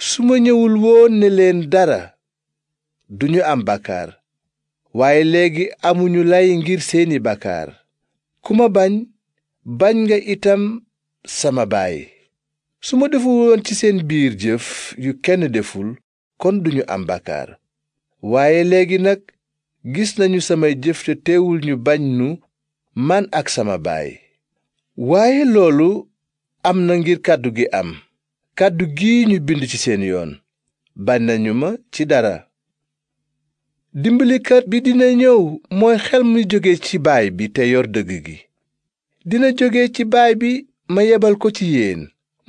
su ma ñëwul woon ne leen dara duñu am bàkkaar waaye léegi amuñu lay ngir seeni bàkkaar ku ma bañ bañ nga itam sama baay su ma deful woon ci seen biir jëf yu kenn deful kon duñu am bàkkaar waaye léegi nag gis nañu samay jëf te teewul ñu bañ nu man ak sama baay waaye loolu am na ngir kàddu gi am kàddu gi ñu bind ci seen yoon bañ nañu ma ci dara dimbalikat bi dina ñëw mooy xel mu jóge ci baay bi te yor dëgg gi dina jóge ci baay bi ma yebal ko ci yéen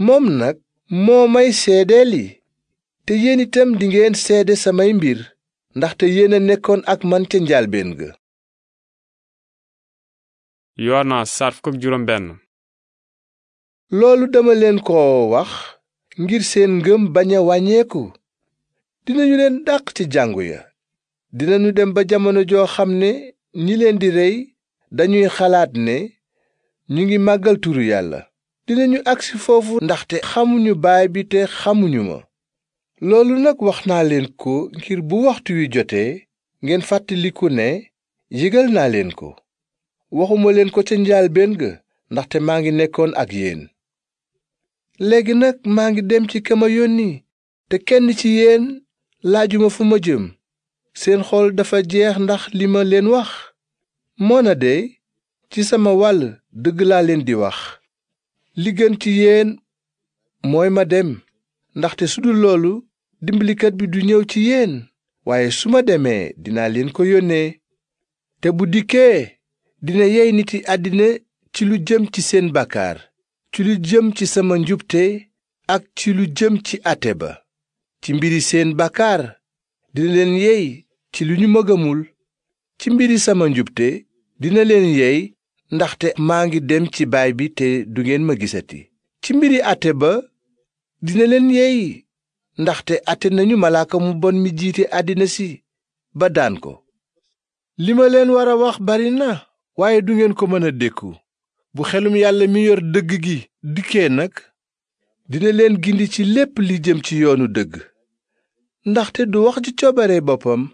moom nag moo may seedeel yi te yéen itam dingeen seede samay mbir ndaxte yéen a nekkoon ak man ca njaalbeen ga yoona saar fukk ak loolu dama leen ko wax ngir seen ngëm bañ a wàññeeku dinañu leen dàq ci jàngu ya dinañu dem ba jamono joo xam ne ñi leen di rey dañuy xalaat ne ñu ngi màggal turu yàlla dinañu agsi foofu ndaxte xamuñu baay bi te xamuñu ma loolu nag wax naa leen ko ngir bu waxtu wi jotee ngeen fàttaliku ne yëgal naa leen ko waxuma leen ko ca njaalbéen ga ndaxte maa ngi nekkoon ak yéen léegi nag maa ngi dem ci ka ma yónni te kenn ci yéen laajuma fu ma jëm seen xool dafa jeex ndax li ma leen wax moo moona de ci sama wàll dëgg laa leen di wax li gën ci yéen mooy ma dem ndaxte su dul loolu dimbalikat bi du ñëw ci yéen waaye su ma demee dinaa leen ko yónnee te bu dikkee dina yey niti àddina ci lu jëm ci seen bàkkaar ci lu jëm ci sama njubte ak ci lu jëm ci àtte ba ci mbiri seen bàkkaar dina leen yey ci lu ñu ma gëmul ci mbiri sama njubte dina leen yey ndaxte maa ngi dem ci baay bi te du ngeen ma gisati ci mbiri àtte ba dina leen yey ndaxte àtte nañu malaaka mu bon mi jiite àddina si ba daan ko li ma leen war a wax bari na waaye du ngeen ko mën a dékku bu xelum yàlla mi yor dëgg gi dikkee nag dina leen gindi ci lépp li jëm ci yoonu dëgg ndaxte du wax ci coobare boppam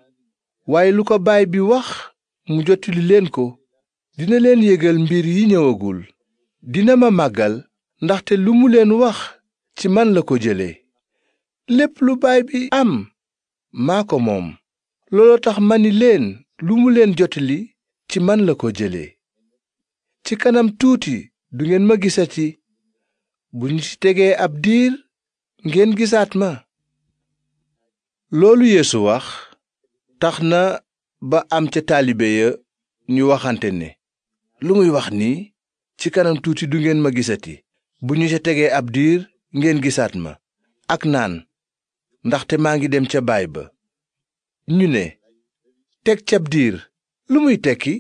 waaye lu ko baay bi wax mu jottali leen ko dina leen yégal mbir yi ñëwagul dina ma màggal ndaxte lu mu leen wax ci man la ko jële lépp lu baay bi am maa ko moom looloo tax ma ni leen lu mu leen jottali ci man la ko jëlee ci kanam tuuti du ngeen ma gisati bu ñu ci tegee ab diir ngeen gisaat ma loolu yéesu wax tax na ba am ca taalibe ya ñu waxante ne lu muy wax nii ci kanam tuuti du ngeen ma gisati bu ñu ca tegee ab diir ngeen gisaat ma ak naan ndaxte maa ngi dem ca baay ba ñu ne teg cab diir lu muy tekki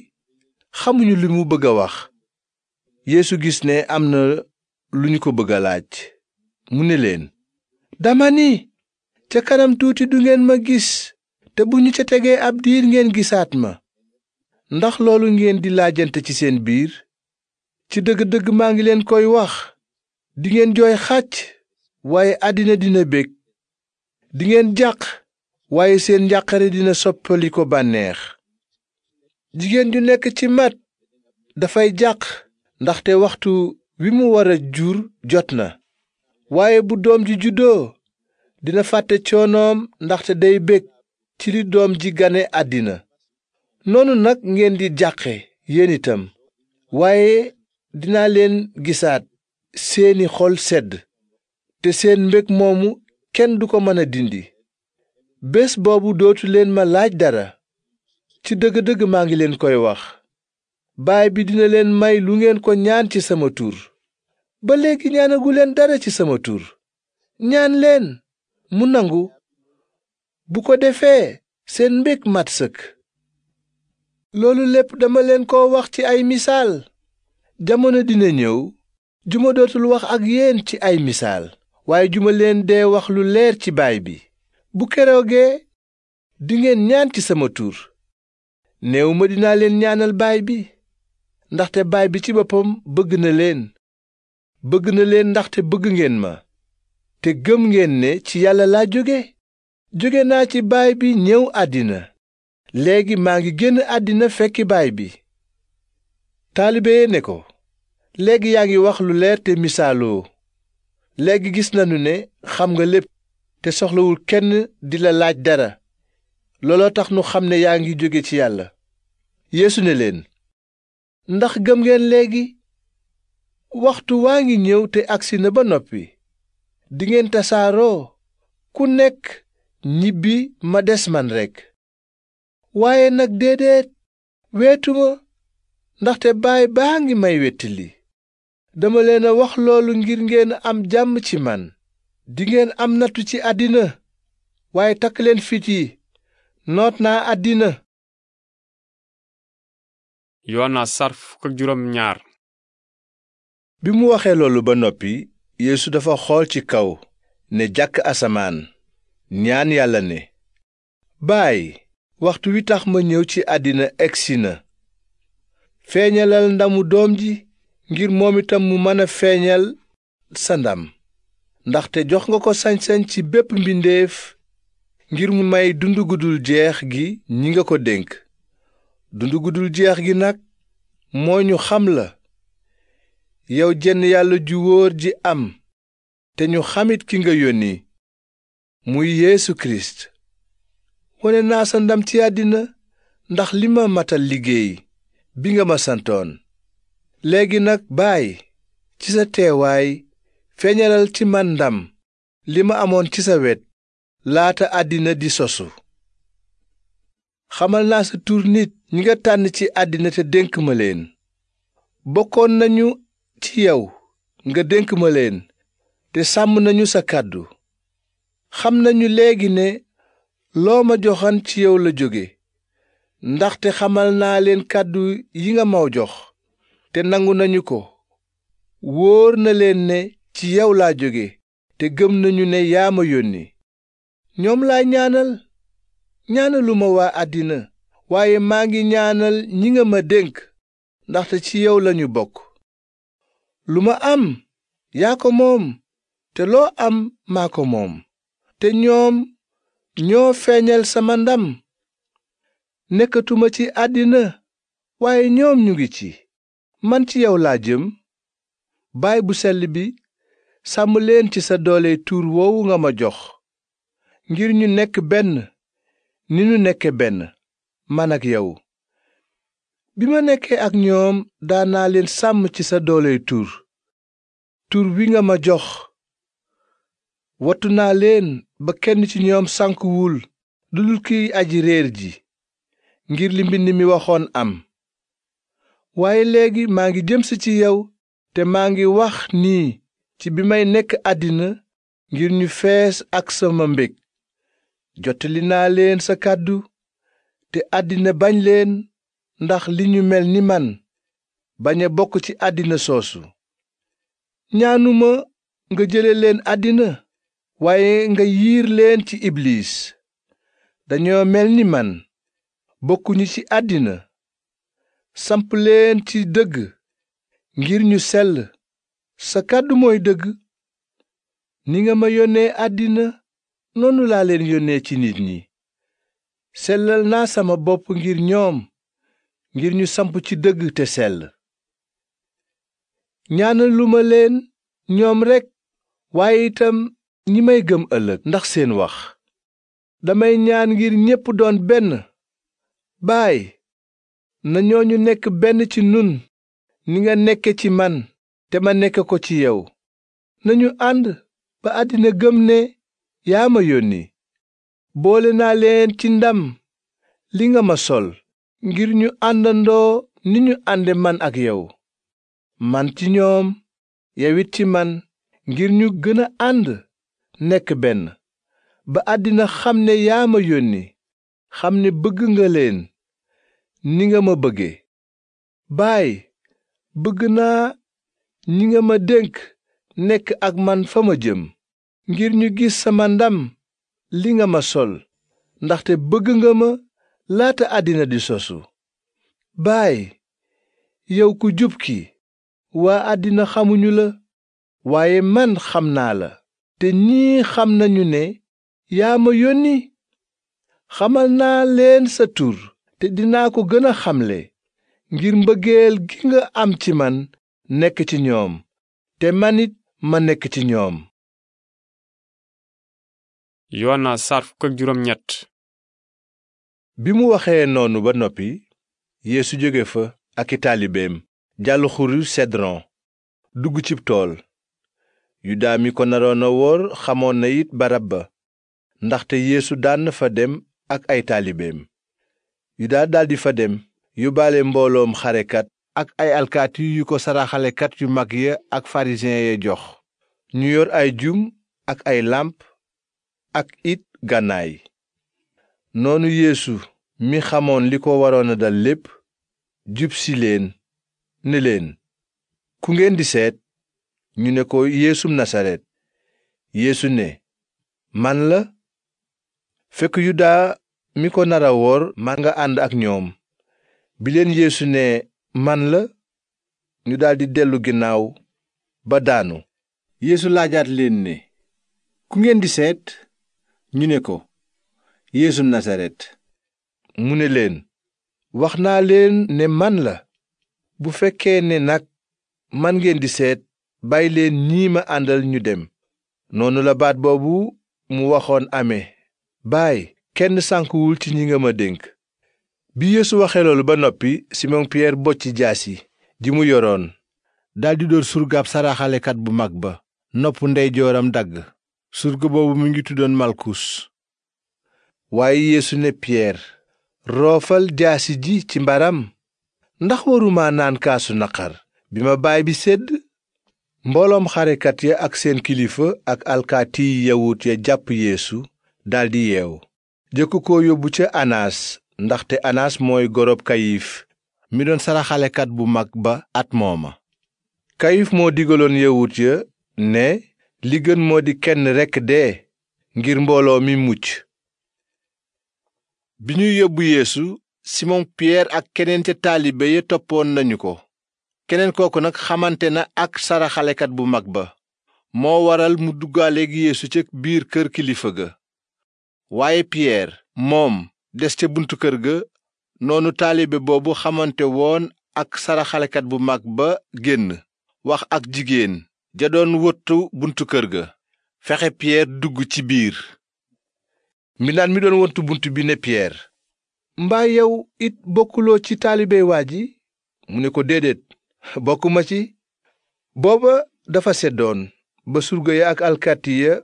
xamuñu li mu bëgg a wax yéesu gis ne am na lu ñu ko bëgg a laaj mu ne leen dama ni ca kanam tuuti du ngeen ma gis te bu ñu ca tegee ab diir ngeen gisaat ma ndax loolu ngeen di laajante ci seen biir ci dëgg-dëgg maa ngi leen koy wax dingeen jooy xàcc waaye àddina dina bég dingeen jàq waaye seen njàqare dina soppali ko bànneex jigéen ju nekk ci mat dafay jàq ndaxte waxtu wi mu wara jur jot na waaye bu doom ji juddoo dina fàtte coonoom ndaxte day bég ci li doom ji gane àddina noonu nag ngeen di jàqe yéen itam waaye dinaa leen gisaat seeni xol sedd te seen mbég moomu kenn du ko mën a dindi bés boobu dootu leen ma laaj dara ci dëgg-dëgg maa ngi leen koy wax baay bi dina leen may lu ngeen ko ñaan ci sama tur ba léegi ñaanagu leen dara ci sama tur ñaan leen mu nangu bu ko defee seen mbég mat loolu lépp dama leen ko wax ci ay misaal jamono dina ñëw ju ma dootul wax ak yéen ci ay misaal waaye ju ma leen dee wax lu leer ci baay bi bu keroogee dingeen ñaan ci sama tur néew ma dinaa leen ñaanal baay bi ndaxte baay bi ci boppam bëgg na leen bëgg na leen ndaxte bëgg ngeen ma te gëm ngeen ne ci yàlla laa jóge jóge naa ci baay bi ñëw àddina léegi maa ngi génn àddina fekki baay bi taalibe ye ne ko léegi yaa ngi wax lu leer te misaaloo léegi gis nanu ne xam nga lépp te soxlawul kenn di la laaj dara looloo tax nu xam ne yaa ngi jóge ci yàlla yeesu ne leen ndax gëm ngeen léegi waxtu waa ngi ñëw te agsi na ba noppi dingeen tasaaroo ku nekk ñibbi ma des man rekk waaye nag déedéet weetuma ndaxte baay baa ngi may li dama leen a wax loolu ngir ngeen am jàmm ci man dingeen am nattu ci àddina waaye takk leen fit yi noot naa àddina yoona sar fukk bi mu waxee loolu ba noppi yéesu dafa xool ci kaw ne jàkk asamaan ñaan yàlla ne baay waxtu wi tax ma ñëw ci àddina egsi na feeñalal ndamu doom ji ngir moom itam mu mën a feeñal sa ndam ndaxte jox nga ko sañsañ ci bépp mbindeef ngir mu may dund jeex gi ñi nga ko dénk dund gudul jeex gi nag moo ñu xam la yow jenn yàlla ju wóor ji am te ñu xamit ki nga yónni muy yéesu Kirist wone naa sa ndam ci àddina ndax li ma matal liggéey bi nga ma santoon léegi nag baay ci sa teewaay feeñalal ci man ndam li ma amoon ci sa wet laata àddina di sosu xamal naa sa tur nit ñi nga tànn ci àddina te dénk ma leen bokkoon nañu ci yow nga dénk ma leen te sàmm nañu sa kàddu xam nañu léegi ne loo ma joxan ci yow la jóge ndaxte xamal naa leen kàddu yi nga maw jox te nangu nañu ko wóor na leen ne ci yow laa jóge te gëm nañu ne yaa ma yónni ñoom laay ñaanal ñaanaluma waa àddina waaye maa ngi ñaanal ñi nga ma dénk ndaxte ci yow lañu bokk lu ma am yaa ko moom te loo am maa ko moom te ñoom ñoo feeñal sama ndam nekkatuma ci àddina waaye ñoom ñu ngi ci man ci yow laa jëm baay bu sell bi sàmm leen ci sa doole tuur woowu nga ma jox ngir ñu nekk benn ni ñu nekke benn man ak yow bi ma nekkee ak ñoom daanaa leen sàmm ci sa dooley tur tur wi nga ma jox wattu naa leen ba kenn ci ñoom sànkuwul lu dul kiy aji réer ji ngir li mbind mi waxoon am waaye léegi maa ngi jëm sa ci yow te maa ngi wax nii ci bi may nekk àddina ngir ñu fees ak sama mbég jottali naa leen sa kàddu te àddina bañ leen ndax li ñu mel ni man bañe bokk ci àddina soosu ñaanuma nga jële leen àddina waaye nga yiir leen ci ibliis dañoo mel ni man bokkuñu ci àddina samp leen ci dëgg ngir ñu sell sa kàddu mooy dëgg ni nga ma yónnee àddina noonu laa leen yónnee ci nit ñi sellal naa sama bopp ngir ñoom ngir ñu samp ci dëgg te sell ñaanal leen ñoom rekk waaye itam ñi may gëm ëllëg ndax seen wax damay ñaan ngir ñépp doon benn baay na ñu nekk benn ci nun ni nga nekke ci man te ma nekk ko ci yow nañu ànd ba àddina gëm ne yaa ma yónni boole naa leen ci ndam li nga ma sol ngir ñu àndandoo ni ñu ànde man ak yow man ci ñoom yow it ci man ngir ñu gën a ànd nekk benn ba àddina xam ne yaa ma yónni xam ne bëgg nga leen ni nga ma bëgge baay bëgg naa ñi nga ma dénk nekk ak man fa ma jëm ngir ñu gis sama ndam li nga ma sol ndaxte bëgg nga ma laata àddina di sosu baay yow ku jub ki waa àddina xamuñu la waaye man xam naa la te ñii xam nañu ne yaa ma yónni xamal naa leen sa tur te dinaa ko gën a xamle ngir mbëggeel gi nga am ci man nekk ci ñoom te manit ma nekk ci ñoom yoona saar fukk ak bi mu waxee noonu ba noppi yéesu jóge fa ak i taalibeem jàll xuru sedron dugg cib tool yudaa mi ko naroon wóor xamoon na it barab ba ndaxte yéesu daan fa dem ak ay taalibeem yudaa daldi fa dem yóbbaale mbooloom xarekat ak ay alkaati yu ko saraxalekat yu mag ya ak farisiyen ya jox ñu yor ay jum ak ay làmp ak it gànnaay noonu yéesu mi xamoon li ko waroon a dal lépp jub si leen ne leen ku ngeen di seet ñu ne ko yeesum nasaret yéesu ne man la fekk yudaa mi ko nara woor ma nga ànd ak ñoom bi leen yeesu ne man la ñu daldi dellu ginnaaw ba daanu yéesu laajaat leen ne ku ngeen di seet ñu ne ko yéesu nasaret mu ne leen wax naa leen ne man la bu fekkee ne nag man ngeen di seet bàyyi leen ñii ma àndal ñu dem noonu la baat boobu mu waxoon ame baay kenn sànkuwul ci ñi nga ma dénk bi yéesu waxee loolu ba noppi simon piyeer bocci yi ji mu yoroon daldi dóor surgaab saraxalekat bu mag ba nopp ndeyjooram dagg surga boobu mu ngi tuddoon malkus waaye yeesu ne piyeer roofal jaasi ji ci mbaram ndax waruma naan kaasu naqar bi ma baay bi sedd mbooloom xarekat ya ak seen kilifa ak alkaati yawut ya jàpp yeesu daldi yeew jëkk ko yóbbu ca anaas ndaxte anaas mooy gorob kayif mi doon saraxalekat bu mag ba at mooma kayif moo digaloon yawut ya ne li gën moo di kenn rekk dee ngir mbooloo mi mucc bi ñuy yóbbu yeesu simon piyeer ak keneen ca taalibe ya toppoon nañu ko keneen kooku nag xamante na ak saraxalekat bu mag ba moo waral mu duggaaleeg yeesu ca biir kër kilifa ga waaye piyeer moom des ca buntu kër ga noonu taalibe boobu xamante woon ak saraxalekat bu mag ba génn wax ak jigéen ja doon wottu buntu kër ga fexe piyeer dugg ci biir mbindaan mi doon wottu bunt bi ne piyeer mbaa yow it bokkuloo ci taalibe waa ji mu ne ko déedéet bokkuma ci booba dafa seddoon ba surga ya ak alkati ya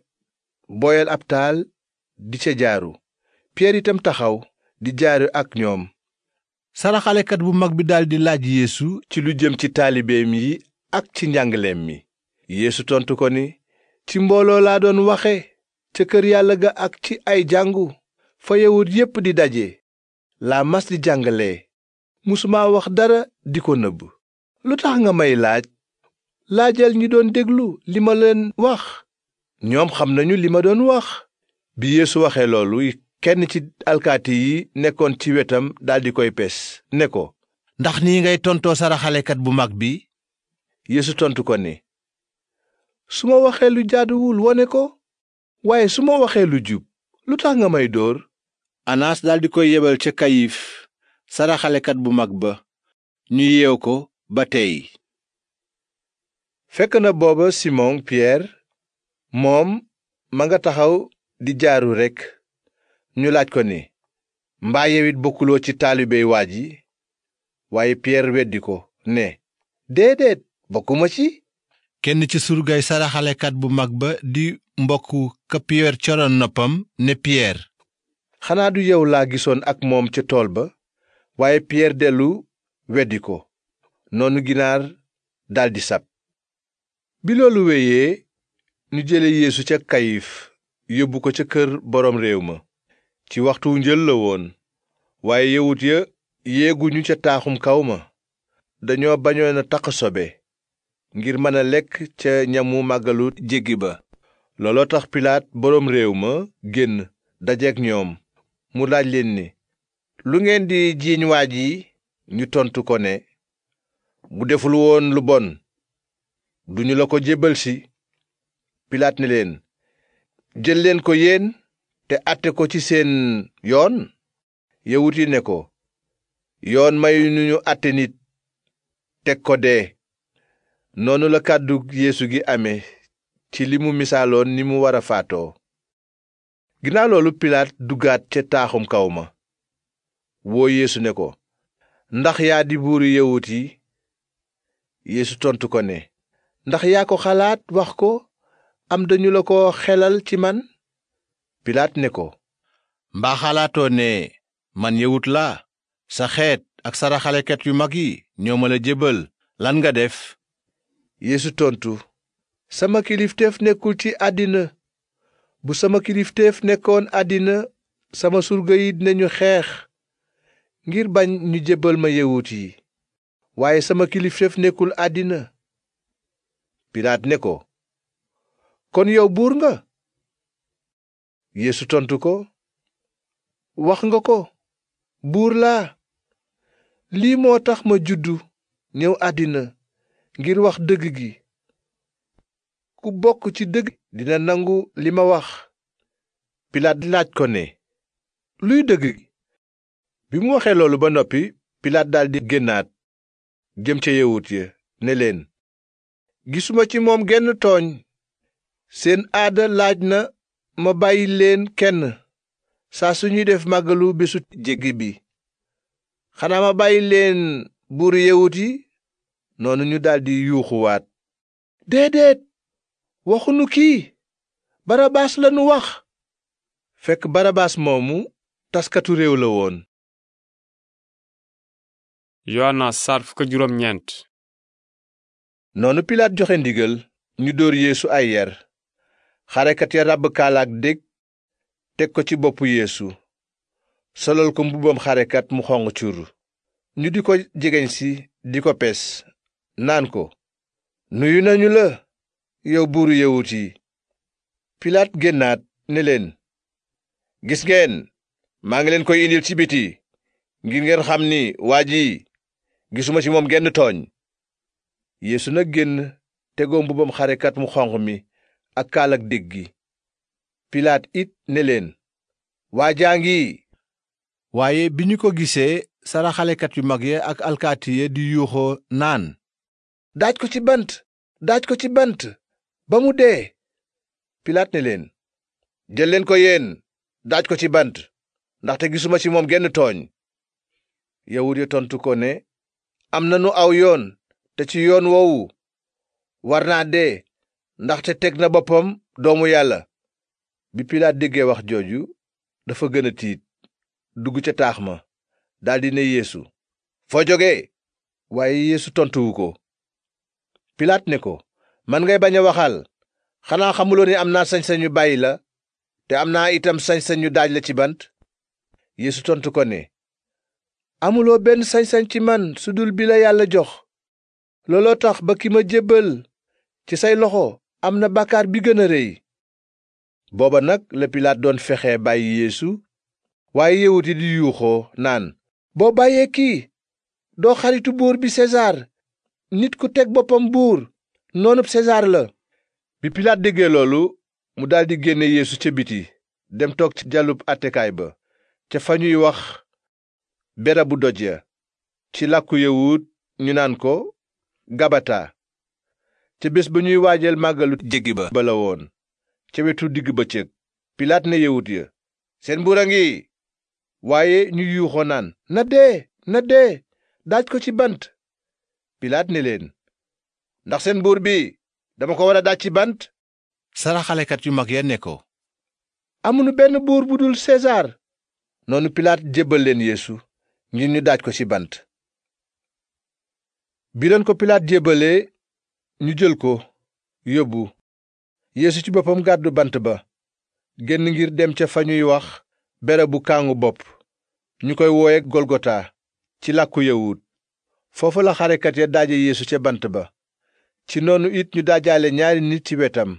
booyal ab taal di ca jaaru piyeer itam taxaw di jaaru ak ñoom saraxalekat bu mag bi daldi laaj yéesu ci lu jëm ci taalibeem yi ak ci njàngaleem mi yéesu tontu ko ni ci mbooloo laa doon waxe ca kër yàlla ga ak ci ay jàngu fa yawut yépp di daje laa mas di jàngale musuma wax dara di ko nëbb lu tax nga may laaj laajal ñi doon déglu li ma leen wax ñoom xam nañu li ma doon wax bi yeesu waxe loolu kenn ci alkaati yi nekkoon ci wetam daldi koy pes ne ko ndax nii ngay tontoo saraxalekat bu mag bi yéesu tontu ko ni su ma waxee lu jaaduwul wone ko waaye su ma waxee lu jub lu tax nga may dóor anaas daldi koy yebal ca kayif saraxalekat bu mag ba ñu yeew ko ba tey fekk na booba simon piyeer moom ma nga taxaw di jaaru rekk ñu laaj ko ne mbaa yewit bokkuloo ci taalibey waa ji waaye piyeer weddi ko ne déedéet bokkuma ci kenn ci surgaay saraxalekat bu mag ba di mbokku ka piyeer coroon noppam ne piyeer xanaa du yow laa gisoon ak moom ca tool ba waaye piyeer dellu weddi ko noonu ginaar daldi sab bi loolu wéyee ñu jële yeesu ca kayif yóbbu ko ca kër boroom réew ma ci waxtu njël la woon waaye yawut ya yéeguñu ca taaxum kaw ma dañoo bañoon a taq sobe ngir mën a lekk ca ñamu màggalu jéggi ba looloo tax pilaat boroom réew ma génn dajeek ñoom mu laaj leen ni lu ngeen di jiiñ waaj yi ñu tontu ko ne bu deful woon lu bon duñu la ko jébbal si pilaat ne leen jël ko yéen te àtte ko ci seen yoon yawut yi ne ko yoon mayuñu ñu àtte nit teg ko dee noonu la kàddu yéesu gi amee ci li mu misaaloon ni mu war a faatoo ginnaaw loolu pilaat duggaat ca taaxum kaw ma woo yeesu ne ko ndax yaa di buuru yawut yi yéesu tontu ko ne ndax yaa ko xalaat wax ko am dañu la ko xelal ci man pilaat ne ko mbaa xalaatoo ne man yawut la sa xeet ak saraxalekat yu mag yi ñoo ma la jébbal lan nga def yeesu tontu sama kilifteef nekkul ci àddina bu sama kilifteef nekkoon àddina sama surga yi dinañu xeex ngir bañ ñu jébbal ma yewut yi waaye sama kilifteef nekkul àddina pilaat ne ko kon yow buur nga yeesu tontu ko wax nga ko buur laa lii moo tax ma juddu ñëw àddina ngir wax dëgg gi ku bokk ci dëgg dina nangu li ma wax pilaat laaj ko ne luy dëgg gi bi mu waxee loolu ba noppi pilaat daldi génnaat jëm ca yawut ya ne leen gisuma ci moom genn tooñ seen aada laaj na ma bàyyi leen kenn saa suñuy def màggalu bésu jégg bi xanaa ma bàyyi leen buuru yawut yi noonu ñu daldi yuuxuwaat déedéet waxunu kii barabaas wax fekk barabaas moomu taskatu réew la woon yowaana saar fukk pilaat joxe ndigal ñu dóor yéesu ay yar xarekat ya ràbb kaalaak dég teg ko ci boppu yéesu solal ko mbubbam xarekat mu xonq cur ñu di ko jegeñ si di ko pes naan ko nuyu nañu la yow buuru yawut yi pilaat génnaat neleen gis ngeen maa ngi leen koy indil ci biti ngir ngeen xam ni waa ji gisuma ci moom genn tooñ yeesu nag génn tegoo mbubbam xarekat mu xonq mi ak kaalak dég gi pilaat it ne leen waa jaa ngi waaye bi ñu ko gisee saraxalekat yu mag ya ak alkaati ya di yuuxoo naan daaj ko ci bant daaj ko ci bant ba mu dee pilaat ne leen jël leen ko yéen daaj ko ci bant ndaxte gisuma ci moom genn tooñ yawut ya tontu ko ne am nanu aw yoon te ci yoon woowu war naa dee ndaxte teg na boppam doomu yàlla bi pilaat déggee wax jooju dafa gën a tiit dugg ca taax ma daldi ne yeesu foo jóge waaye yéesu tontuwu ko pilaat ne ko man ngay bañ a waxal xanaa xamuloo ni am naa sañ-sañu bàyyi la te am naa itam sañ-sañu daaj la ci bant yeesu tontu ko ne amuloo benn sañ-sañ ci man su dul bi yàlla jox looloo tax ba ki ma jébbal ci say loxo am na bakaar bi gën a rëy booba nag la pilaat doon fexe bàyyi yeesu waaye yewut yi di yuuxoo naan boo bàyyee kii doo xaritu buur bi sesaar nit ku teg boppam buur noonub sesaar la bi pilaat déggee loolu mu daldi génne yéesu ca biti dem toog ci jallub atekaay ba ca fa ñuy wax berabu doj ya ci làkku yawut ñu naan ko gabata ca bés ba ñuy waajal màggalu jéggi ba ba ca wetu digg bëccëg pilaat ne yawut ya seen buur a ngi waaye ñu yuuxoo naan na dee na dee daaj ko ci bant pilaat ne leen ndax seen buur bi dama ko war a daaj ci bant saraxalekat yu mag ya ne ko amunu benn buur bu dul sesaar noonu pilaat jébbal leen yeesu ngir ñu daaj ko ci bant bileen ko pilaat jébbalee ñu jël ko yóbbu yéesu ci boppam gàddu bant ba génn ngir dem ca fa ñuy wax bere bu kàngu bopp ñu koy wooye golgota ci làkku yawut foofu la xarekat ya daaje yéesu ca bant ba ci noonu it ñu daajaale ñaari nit ci wetam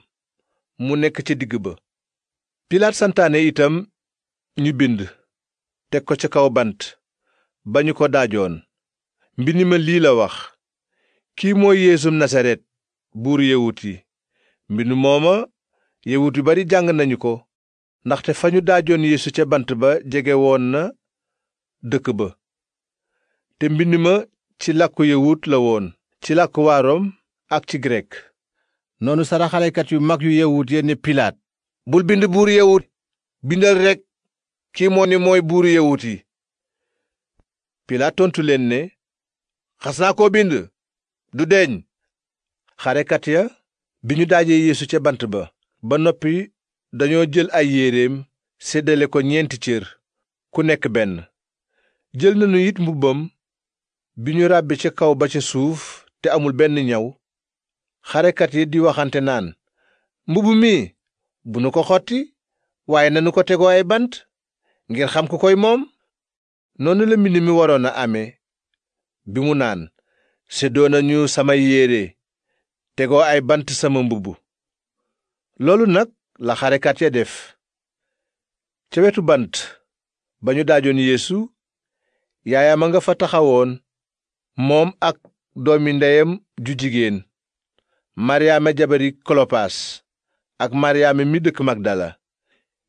mu nekk ca digg ba pilaat santaane itam ñu bind teg ko ca kaw bant ba ñu ko daajoon mbind ma lii la wax kii mooy yeesum nasaret buur yawut yi mbind mooma yawut yu bari jàng nañu ko ndaxte fa ñu daajoon yeesu ca bant ba jege woon na dëkk ba te mbind ma ci làkku yawut la woon ci làkku waa ak ci grek noonu saraxalekat yu mag yu yawut ya ne pilaat bul bind buur yawut bindal rekk kii moo ni mooy buur yawut yi pilaat tontu leen ne xas naa koo bind du deñ xarekat ya bi ñu daajee yeesu ca bant ba ba noppi dañoo jël ay yéeréem seddale ko ñeenti cër ku nekk benn jël na nañu it mbubbam bi ñu ràbbi ca kaw ba ca suuf te amul benn ñaw xarekat yi di waxante naan mbubb mi bu nu ko xotti waaye nanu ko tegoo ay bant ngir xam ku koy moom noonu la mbind mi waroon a amee bi mu naan séddoo nañu sama yéere tegoo ay bant sama mbubb loolu nag laxarekat xarekat def ca wetu bant ba ñu daajoon yaayam a nga fa taxawoon moom ak doomi ndeyam ju jigéen maryaama jabari kolopaas ak maryaama mi dëkk magdala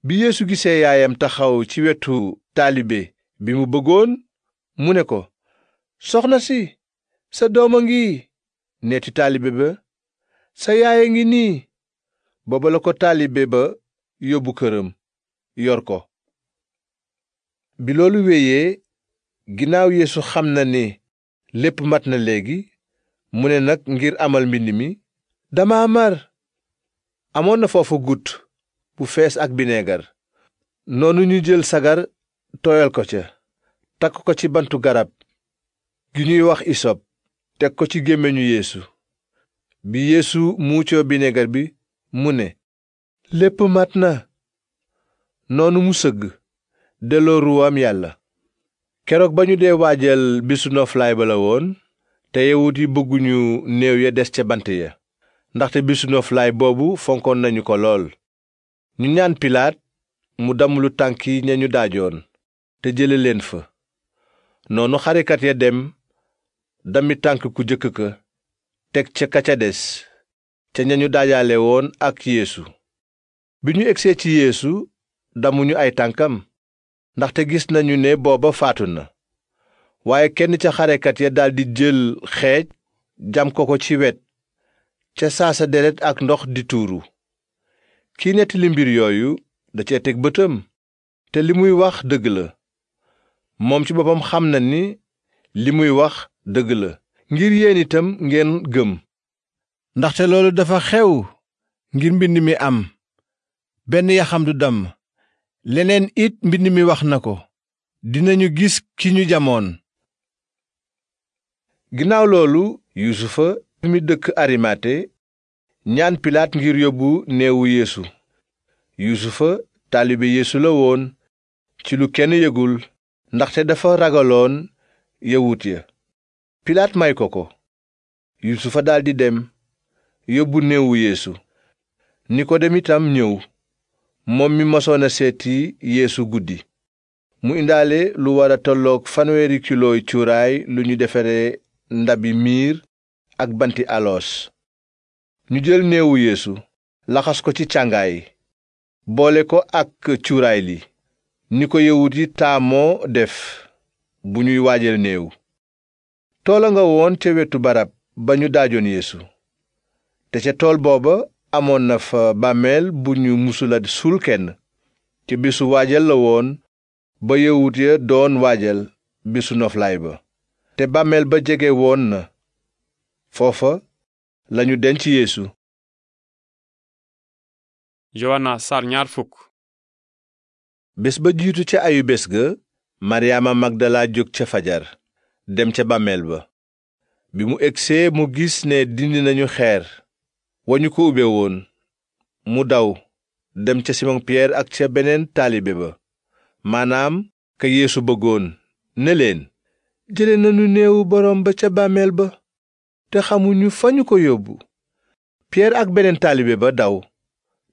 bi yeesu gisee yaayam taxaw ci wetu taalibe bi mu bëggoon mu ne ko soxna si sa doom a ngi neeti taalibe ba sa yaay a ngi nii booba la ko taalibe ba yóbbu këram yor ko bi loolu wéyee ginnaaw yeesu xam na ni lépp mat na léegi mu ne nag ngir amal mbind mi dama mar amoon na foofu gudd bu fees ak bineegar noonu ñu jël sagar tooyal ko ca takk ko ci bantu garab gi ñuy wax isop teg ko ci gémmiñu yéesu bi yeesu muucoo bineegar bi mu ne lépp mat na noonu mu sëgg delloo ruwaam yàlla keroog ba ñu dee waajal bisu noflaay ba la woon te yawut yi bëgguñu néew ya des ca bant ya ndaxte bisu noflaay boobu fonkoon nañu ko lool ñu ñaan pilaat mu damulu tànk yi ña ñu daajoon te jële leen fa noonu xarekat ya dem dami tànk ku jëkk ko teg ca ka ca des ca ña ñu daajaale woon ak yéesu bi ñu egsee ci yéesu damuñu ay tànkam ndaxte gis nañu ne booba faatu na waaye kenn ca xarekat ya daldi jël xeej jam ko ko ci wet ca saasa deret ak ndox di tuuru kii nettali mbir yooyu da cee teg bëtam te li muy wax dëgg la moom ci boppam xam na ni li muy wax dëgg la ngir yéen itam ngeen gëm ndaxte loolu dafa xew ngir mbind mi am benn yaxam du damm leneen it mbind mi wax na ko dinañu gis ki jamoon ginnaaw loolu yuusufa mi dëkk arimate ñaan pilaat ngir yóbbu néewu yéesu yuusufa taalibe yeesu la woon ci lu kenn yëgul ndaxte dafa ragaloon yawut ya pilaat may ko ko yuusufa daldi dem yóbbu ni ko dem itam ñëw moom mi mosoon a seeti yeesu guddi mu indaale lu war a tolloog fanweeri kilooy cuuraay lu ñu defare ndabi miir ak banti aloos ñu jël néewu yéesu laxas ko ci càngaay boole ko ak cuuraay li ni ko yawut yi taamoo def bu ñuy waajal néew toola nga woon ca wetu barab ba ñu daajoon yéesu te ca tool booba amoon na fa bàmmeel bu ñu musula suul kenn bisu waajal la woon ba yawut waajal bisu noflaay ba te bàmmeel ba jege woon na foofa lañu denc yeesu yowaana sar bés ba jiitu ca ayu bés ga maryaama magdala jóg ca fajar dem ca bàmmeel ba bi mu egsee mu gis ne dindi nañu xeer ñu ko ube woon mu daw dem ca Simon Pierre ak ca beneen taalibe ba maanaam ka Yeesu bëggoon ne leen jële nañu néewu borom ba ca bàmmeel ba te xamuñu fa ñu ko yóbbu Pierre ak beneen taalibe ba daw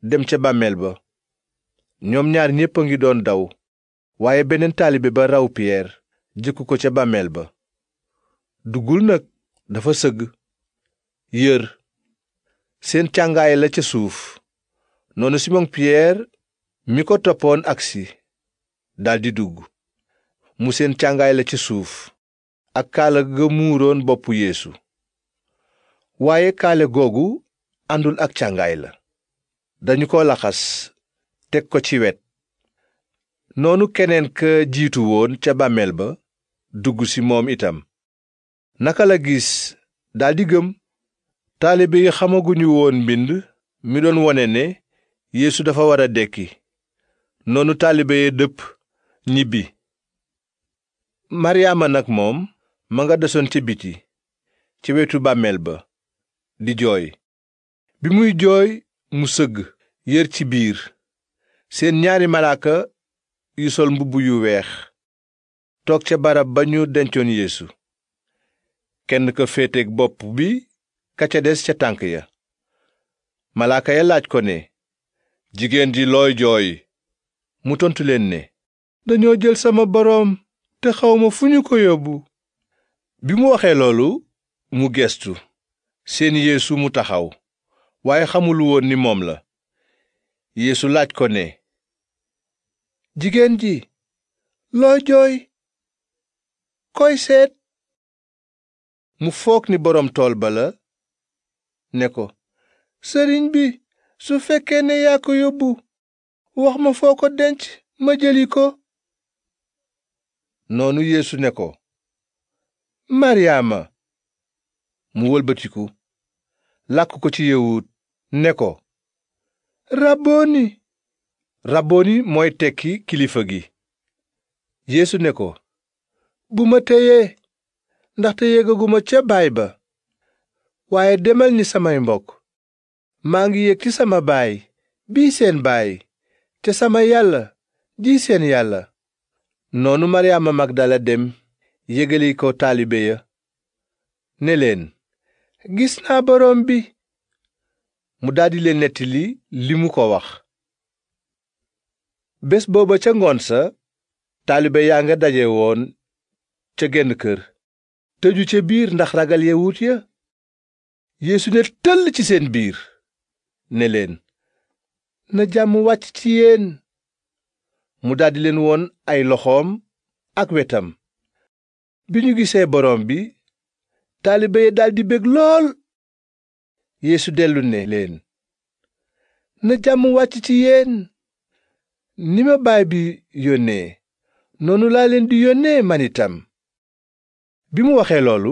dem ca bàmmeel ba ñoom ñaar ñépp a ngi doon daw waaye beneen taalibe ba raw Pierre jëkku ko ca bàmmeel ba duggul nag dafa sëgg yër seen càngaay la ca suuf noonu Simon Pierre mi ko toppoon agsi daldi dugg mu seen càngaay la ca suuf ak kaala ga muuroon boppu yéesu waaye kaale googu àndul ak càngaay la dañu ko laxas teg ko ci wet noonu keneen ka jiitu woon ca bàmmeel ba dugg ci moom itam naka la gis daldi gëm taalibe yi xamaguñu woon mbind mi doon wone ne yéesu dafa war a dekki noonu taalibe ya dëpp ñibbi maryaama nag moom ma nga desoon ci biti ci wetu bàmmeel ba di jooy bi muy jooy mu sëgg yér ci biir seen ñaari malaaka yu sol mbubb yu weex toog ca barab ba ñu dencoon yéesu kenn ka féeteeg bopp bi ka ca des ca tànk ya malaaka ya laaj ko ne jigéen ji looy jooy mu tontu leen ne dañoo jël sama boroom te xawma fu ñu ko yóbbu bi mu waxee loolu mu gestu seen yeesu mu taxaw waaye xamul woon ni moom la yéesu laaj ko ne jigéen ji loo jooy koy seet mu foog ni boroom tool ba ne ko sëriñ bi su fekkee ne yaa ko yóbbu wax ma foo ko denc ma jëli ko noonu yéesu ne ko maryaama mu wëlbatiku làkk ko ci yawut ne ko rabboni ni mooy tekki kilifa gi yéesu ne ko bu ma téyee ndaxte yégaguma ca baay ba waaye demal ni samay mbokk maa ngi yëg ci sama baay bii seen baay te sama yàlla di seen yàlla noonu maryaama magdala dem yëgali ko taalibe ya ne leen gis naa boroom bi mu daldi leen nettali li mu ko wax bés booba ca ngoon sa taalibe yaa nga daje woon ca genn kër tëju ca biir ndax ragal yawut ya yeesu ne tëll ci seen biir ne leen na jàmm wàcc ci yéen mu daldi leen woon ay loxoom ak wetam bi ñu gisee boroom bi taalibe yi daldi bég lool yéesu dellu ne leen na jàmm wàcc ci yéen ni ma baay bi yónnee noonu laa leen di yónnee man itam bi mu waxee loolu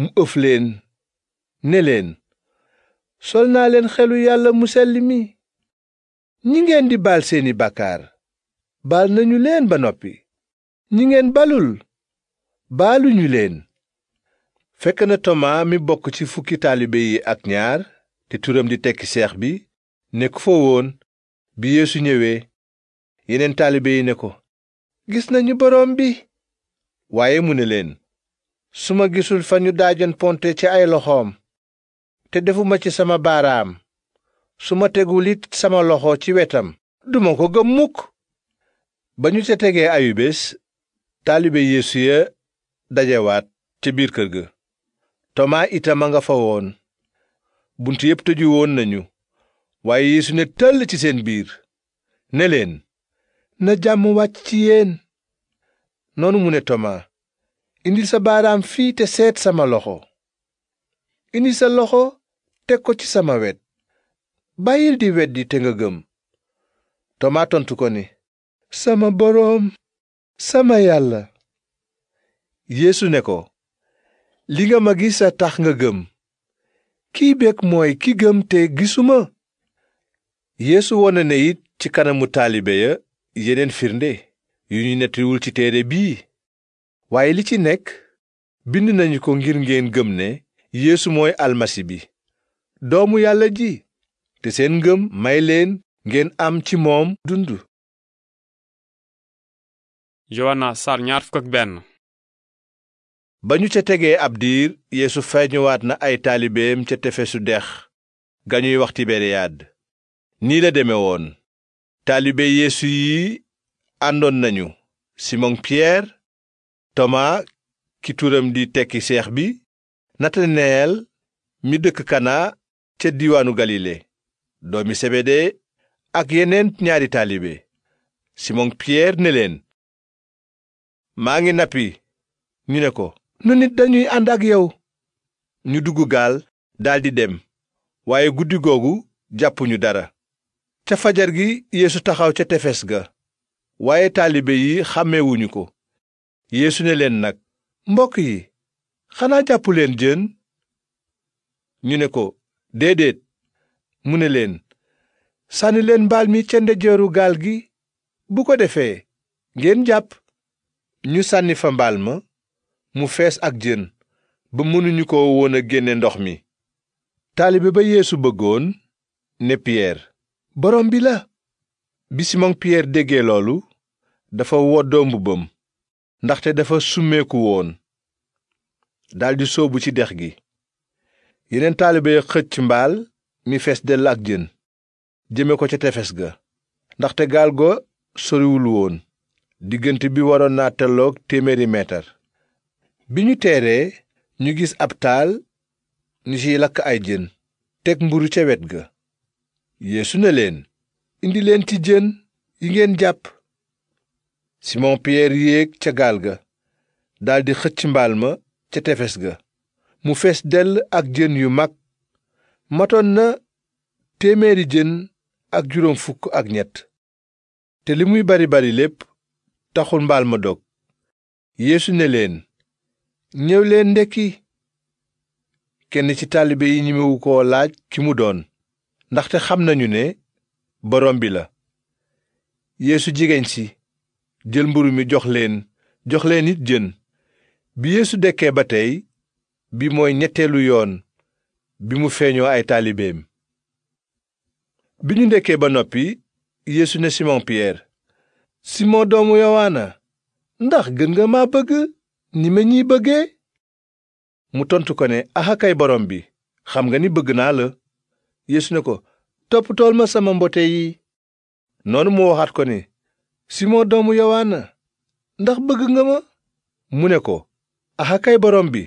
mu ëf leen ne leen sol naa leen xelu yàlla mu sell mi ñi ngeen di baal seeni bàkkaar baal nañu leen ba noppi ñi ngeen balul baaluñu leen fekk na tomaa mi bokk ci fukki taalibe yi ak ñaar te turam di tekki seex bi nekk fa woon bi yeesu ñëwee yeneen taalibe yi ne ko gis nañu boroom bi waaye mu ne leen su ma gisul fa ñu daajoon ponte ci ay loxoom te defuma ci sama baaraam su ma tegul it sama loxo ci wetam duma ko gëm mukk ba ñu ca tegee ayubés taalibe yeesu ya dajewaat ca biir kër ga tomaa itam a nga fa woon bunt yépp tëju woon nañu waaye yeesu ne tëll ci seen biir ne leen na jàmm wàcc ci yéen noonu mu ne tomaa indil sa baaraam fii te seet sama loxo indil sa loxo teg ko ci sama wet bàyyil di wet di te nga gëm tomaa tontu ko ni sama boroom sama yàlla yéesu ne ko li nga ma gis a tax nga gëm kiy bég mooy ki gëm te gisuma yéesu wone na it ci kanamu taalibe ya yeneen firnde yu ñu nettiwul ci téere bii waaye li ci nekk bind nañu ko ngir ngeen gëm ne yéesu mooy almasi bi doomu yàlla ji te seen ngëm may leen ngeen am ci moom dund yowaana ba ñu ca tegee ab diir yéesu feeñuwaat na ay taalibeem ca tefesu dex gañuy wax tiberiyaad nii la deme woon taalibe yeesu yi àndoon nañu simon pierre tomaa ki turam di tekki seex bi nataneyel mi dëkk kana ca diiwaanu galile doomi sebede ak yeneen ñaari taalibe simon piyeer ne leen maa ngi nappi ñu ne ko nu nit dañuy ànd ak yow ñu dugg gaal daldi dem waaye guddi googu jàppuñu dara ca fajar gi yeesu taxaw ca tefes ga waaye taalibe yi xàmmewuñu ko yéesu ne leen nag mbokk yi xanaa jàppu leen jën ñu ne ko déedéet mu ne leen sànni leen mbaal mi ca ndeyjooru gaal gi bu ko defee ngeen jàpp ñu sànni fa mbaal ma mu fees ak jën ba mënuñu ko woon génne ndox mi taalibe ba yeesu bëggoon ne piyeer borom bi la bi simon piyeer déggee loolu dafa woddoo mbubbam ndaxte dafa summeeku woon daldi soobu ci dex gi yeneen taalibe ya xëcc mbaal mi fees dell ak jën jëme ko ca tefes ga ndaxte gaal go soriwul woon diggante bi waroon naa tolloog téeméeri meetar bi ñu teeree ñu gis ab taal ñu ciy lakk ay jën teg mburu ca wet ga yeesu ne leen indi leen ci jën yi ngeen jàpp simon piyeer yéeg ca gaal ga daldi xëcc mbaal ma ca tefes ga mu fees dell ak jën yu mag matoon na téeméeri jën ak juróom fukk ak ñett te li muy bari bari lépp taxul mbaal ma dog yéesu ne leen ñëw leen ndekki kenn ci taalibe yi ñimewu ko laaj ki mu doon ndaxte xam nañu ne borom bi la yéesu jigéen si jël mburu mi jox leen jox leen it jën bi yéesu dekkee ba tey bi mooy ñetteelu yoon bi mu feeñoo ay bi ñu ndekkee ba noppi yeesu ne simon piyeer simon doomu yowaana ndax gën nga ma bëgg ni ma ñiy bëggee mu tontu ko ne axa kay borom bi xam nga ni bëgg naa la yeesu ne ko toppatool ma sama mbote yi noonu mu waxaat ko ne simon doomu yowaana ndax bëgg nga ma mu ne ko axa borom bi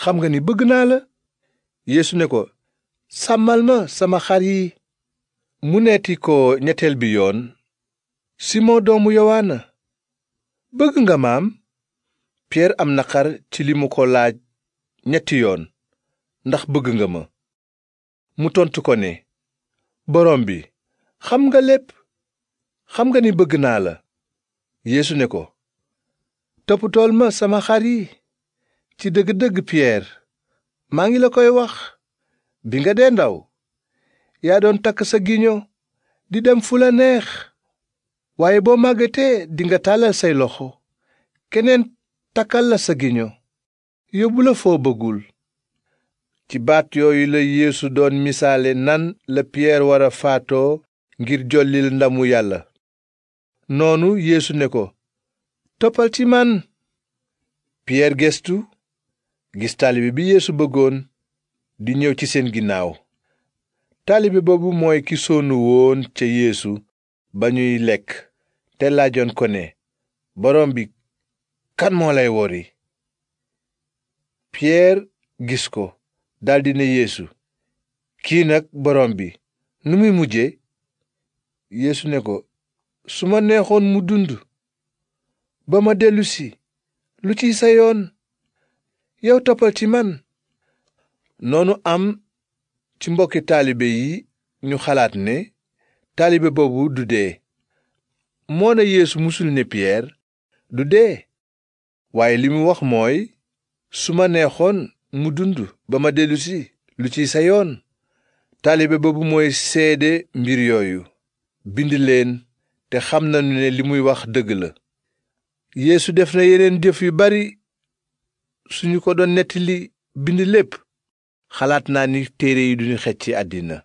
xam nga ni bëgg naa la yéesu ne ko sàmmal ma sama xar yi mu neeti ko ñetteel bi yoon simon doomu yowaana bëgg nga maam piyeer am na naqar ci li mu ko laaj ñetti yoon ndax bëgg nga ma mu tontu ko ne borom bi xam nga lépp xam nga ni bëgg naa la yéesu ne ko toppatool ma sama xar yi ci dëgg-dëgg piyeer maa ngi la koy wax bi nga dee ndaw yaa doon takk sa giño di dem fu la neex waaye boo màggatee dinga tàllal say loxo keneen takkal la sa giño yóbbu la foo bëggul ci baat yooyu la yéesu doon misaale nan la piyeer war faatoo ngir jollil ndamu yàlla noonu yeesu ne ko toppal ci man piyeer gestu gis taalibe bi yeesu bëggoon di ñëw ci seen ginnaaw taalibe boobu mooy ki soonu woon ca yeesu ba ñuy lekk te laajoon ko ne borom bi kan moo lay wori piyeer gis ko daldi ne yéesu kii nag borom bi nu muy mujje yéesu ne ko su ma neexoon mu dund ba ma dellusi lu ci sa yoon yow toppal ci man noonu am ci mbokki taalibe yi ñu xalaat ne taalibe boobu du dee moo na yeesu musul ne piyeer du dee waaye li mu wax mooy su ma neexoon mu dund ba ma dellusi lu ci sa yoon taalibe boobu mooy seede mbir yooyu bind leen te xam nañu ne li muy wax dëgg la suñu ko doon nettali bind lépp xalaat naa ni téere yi duñu xej ci àddina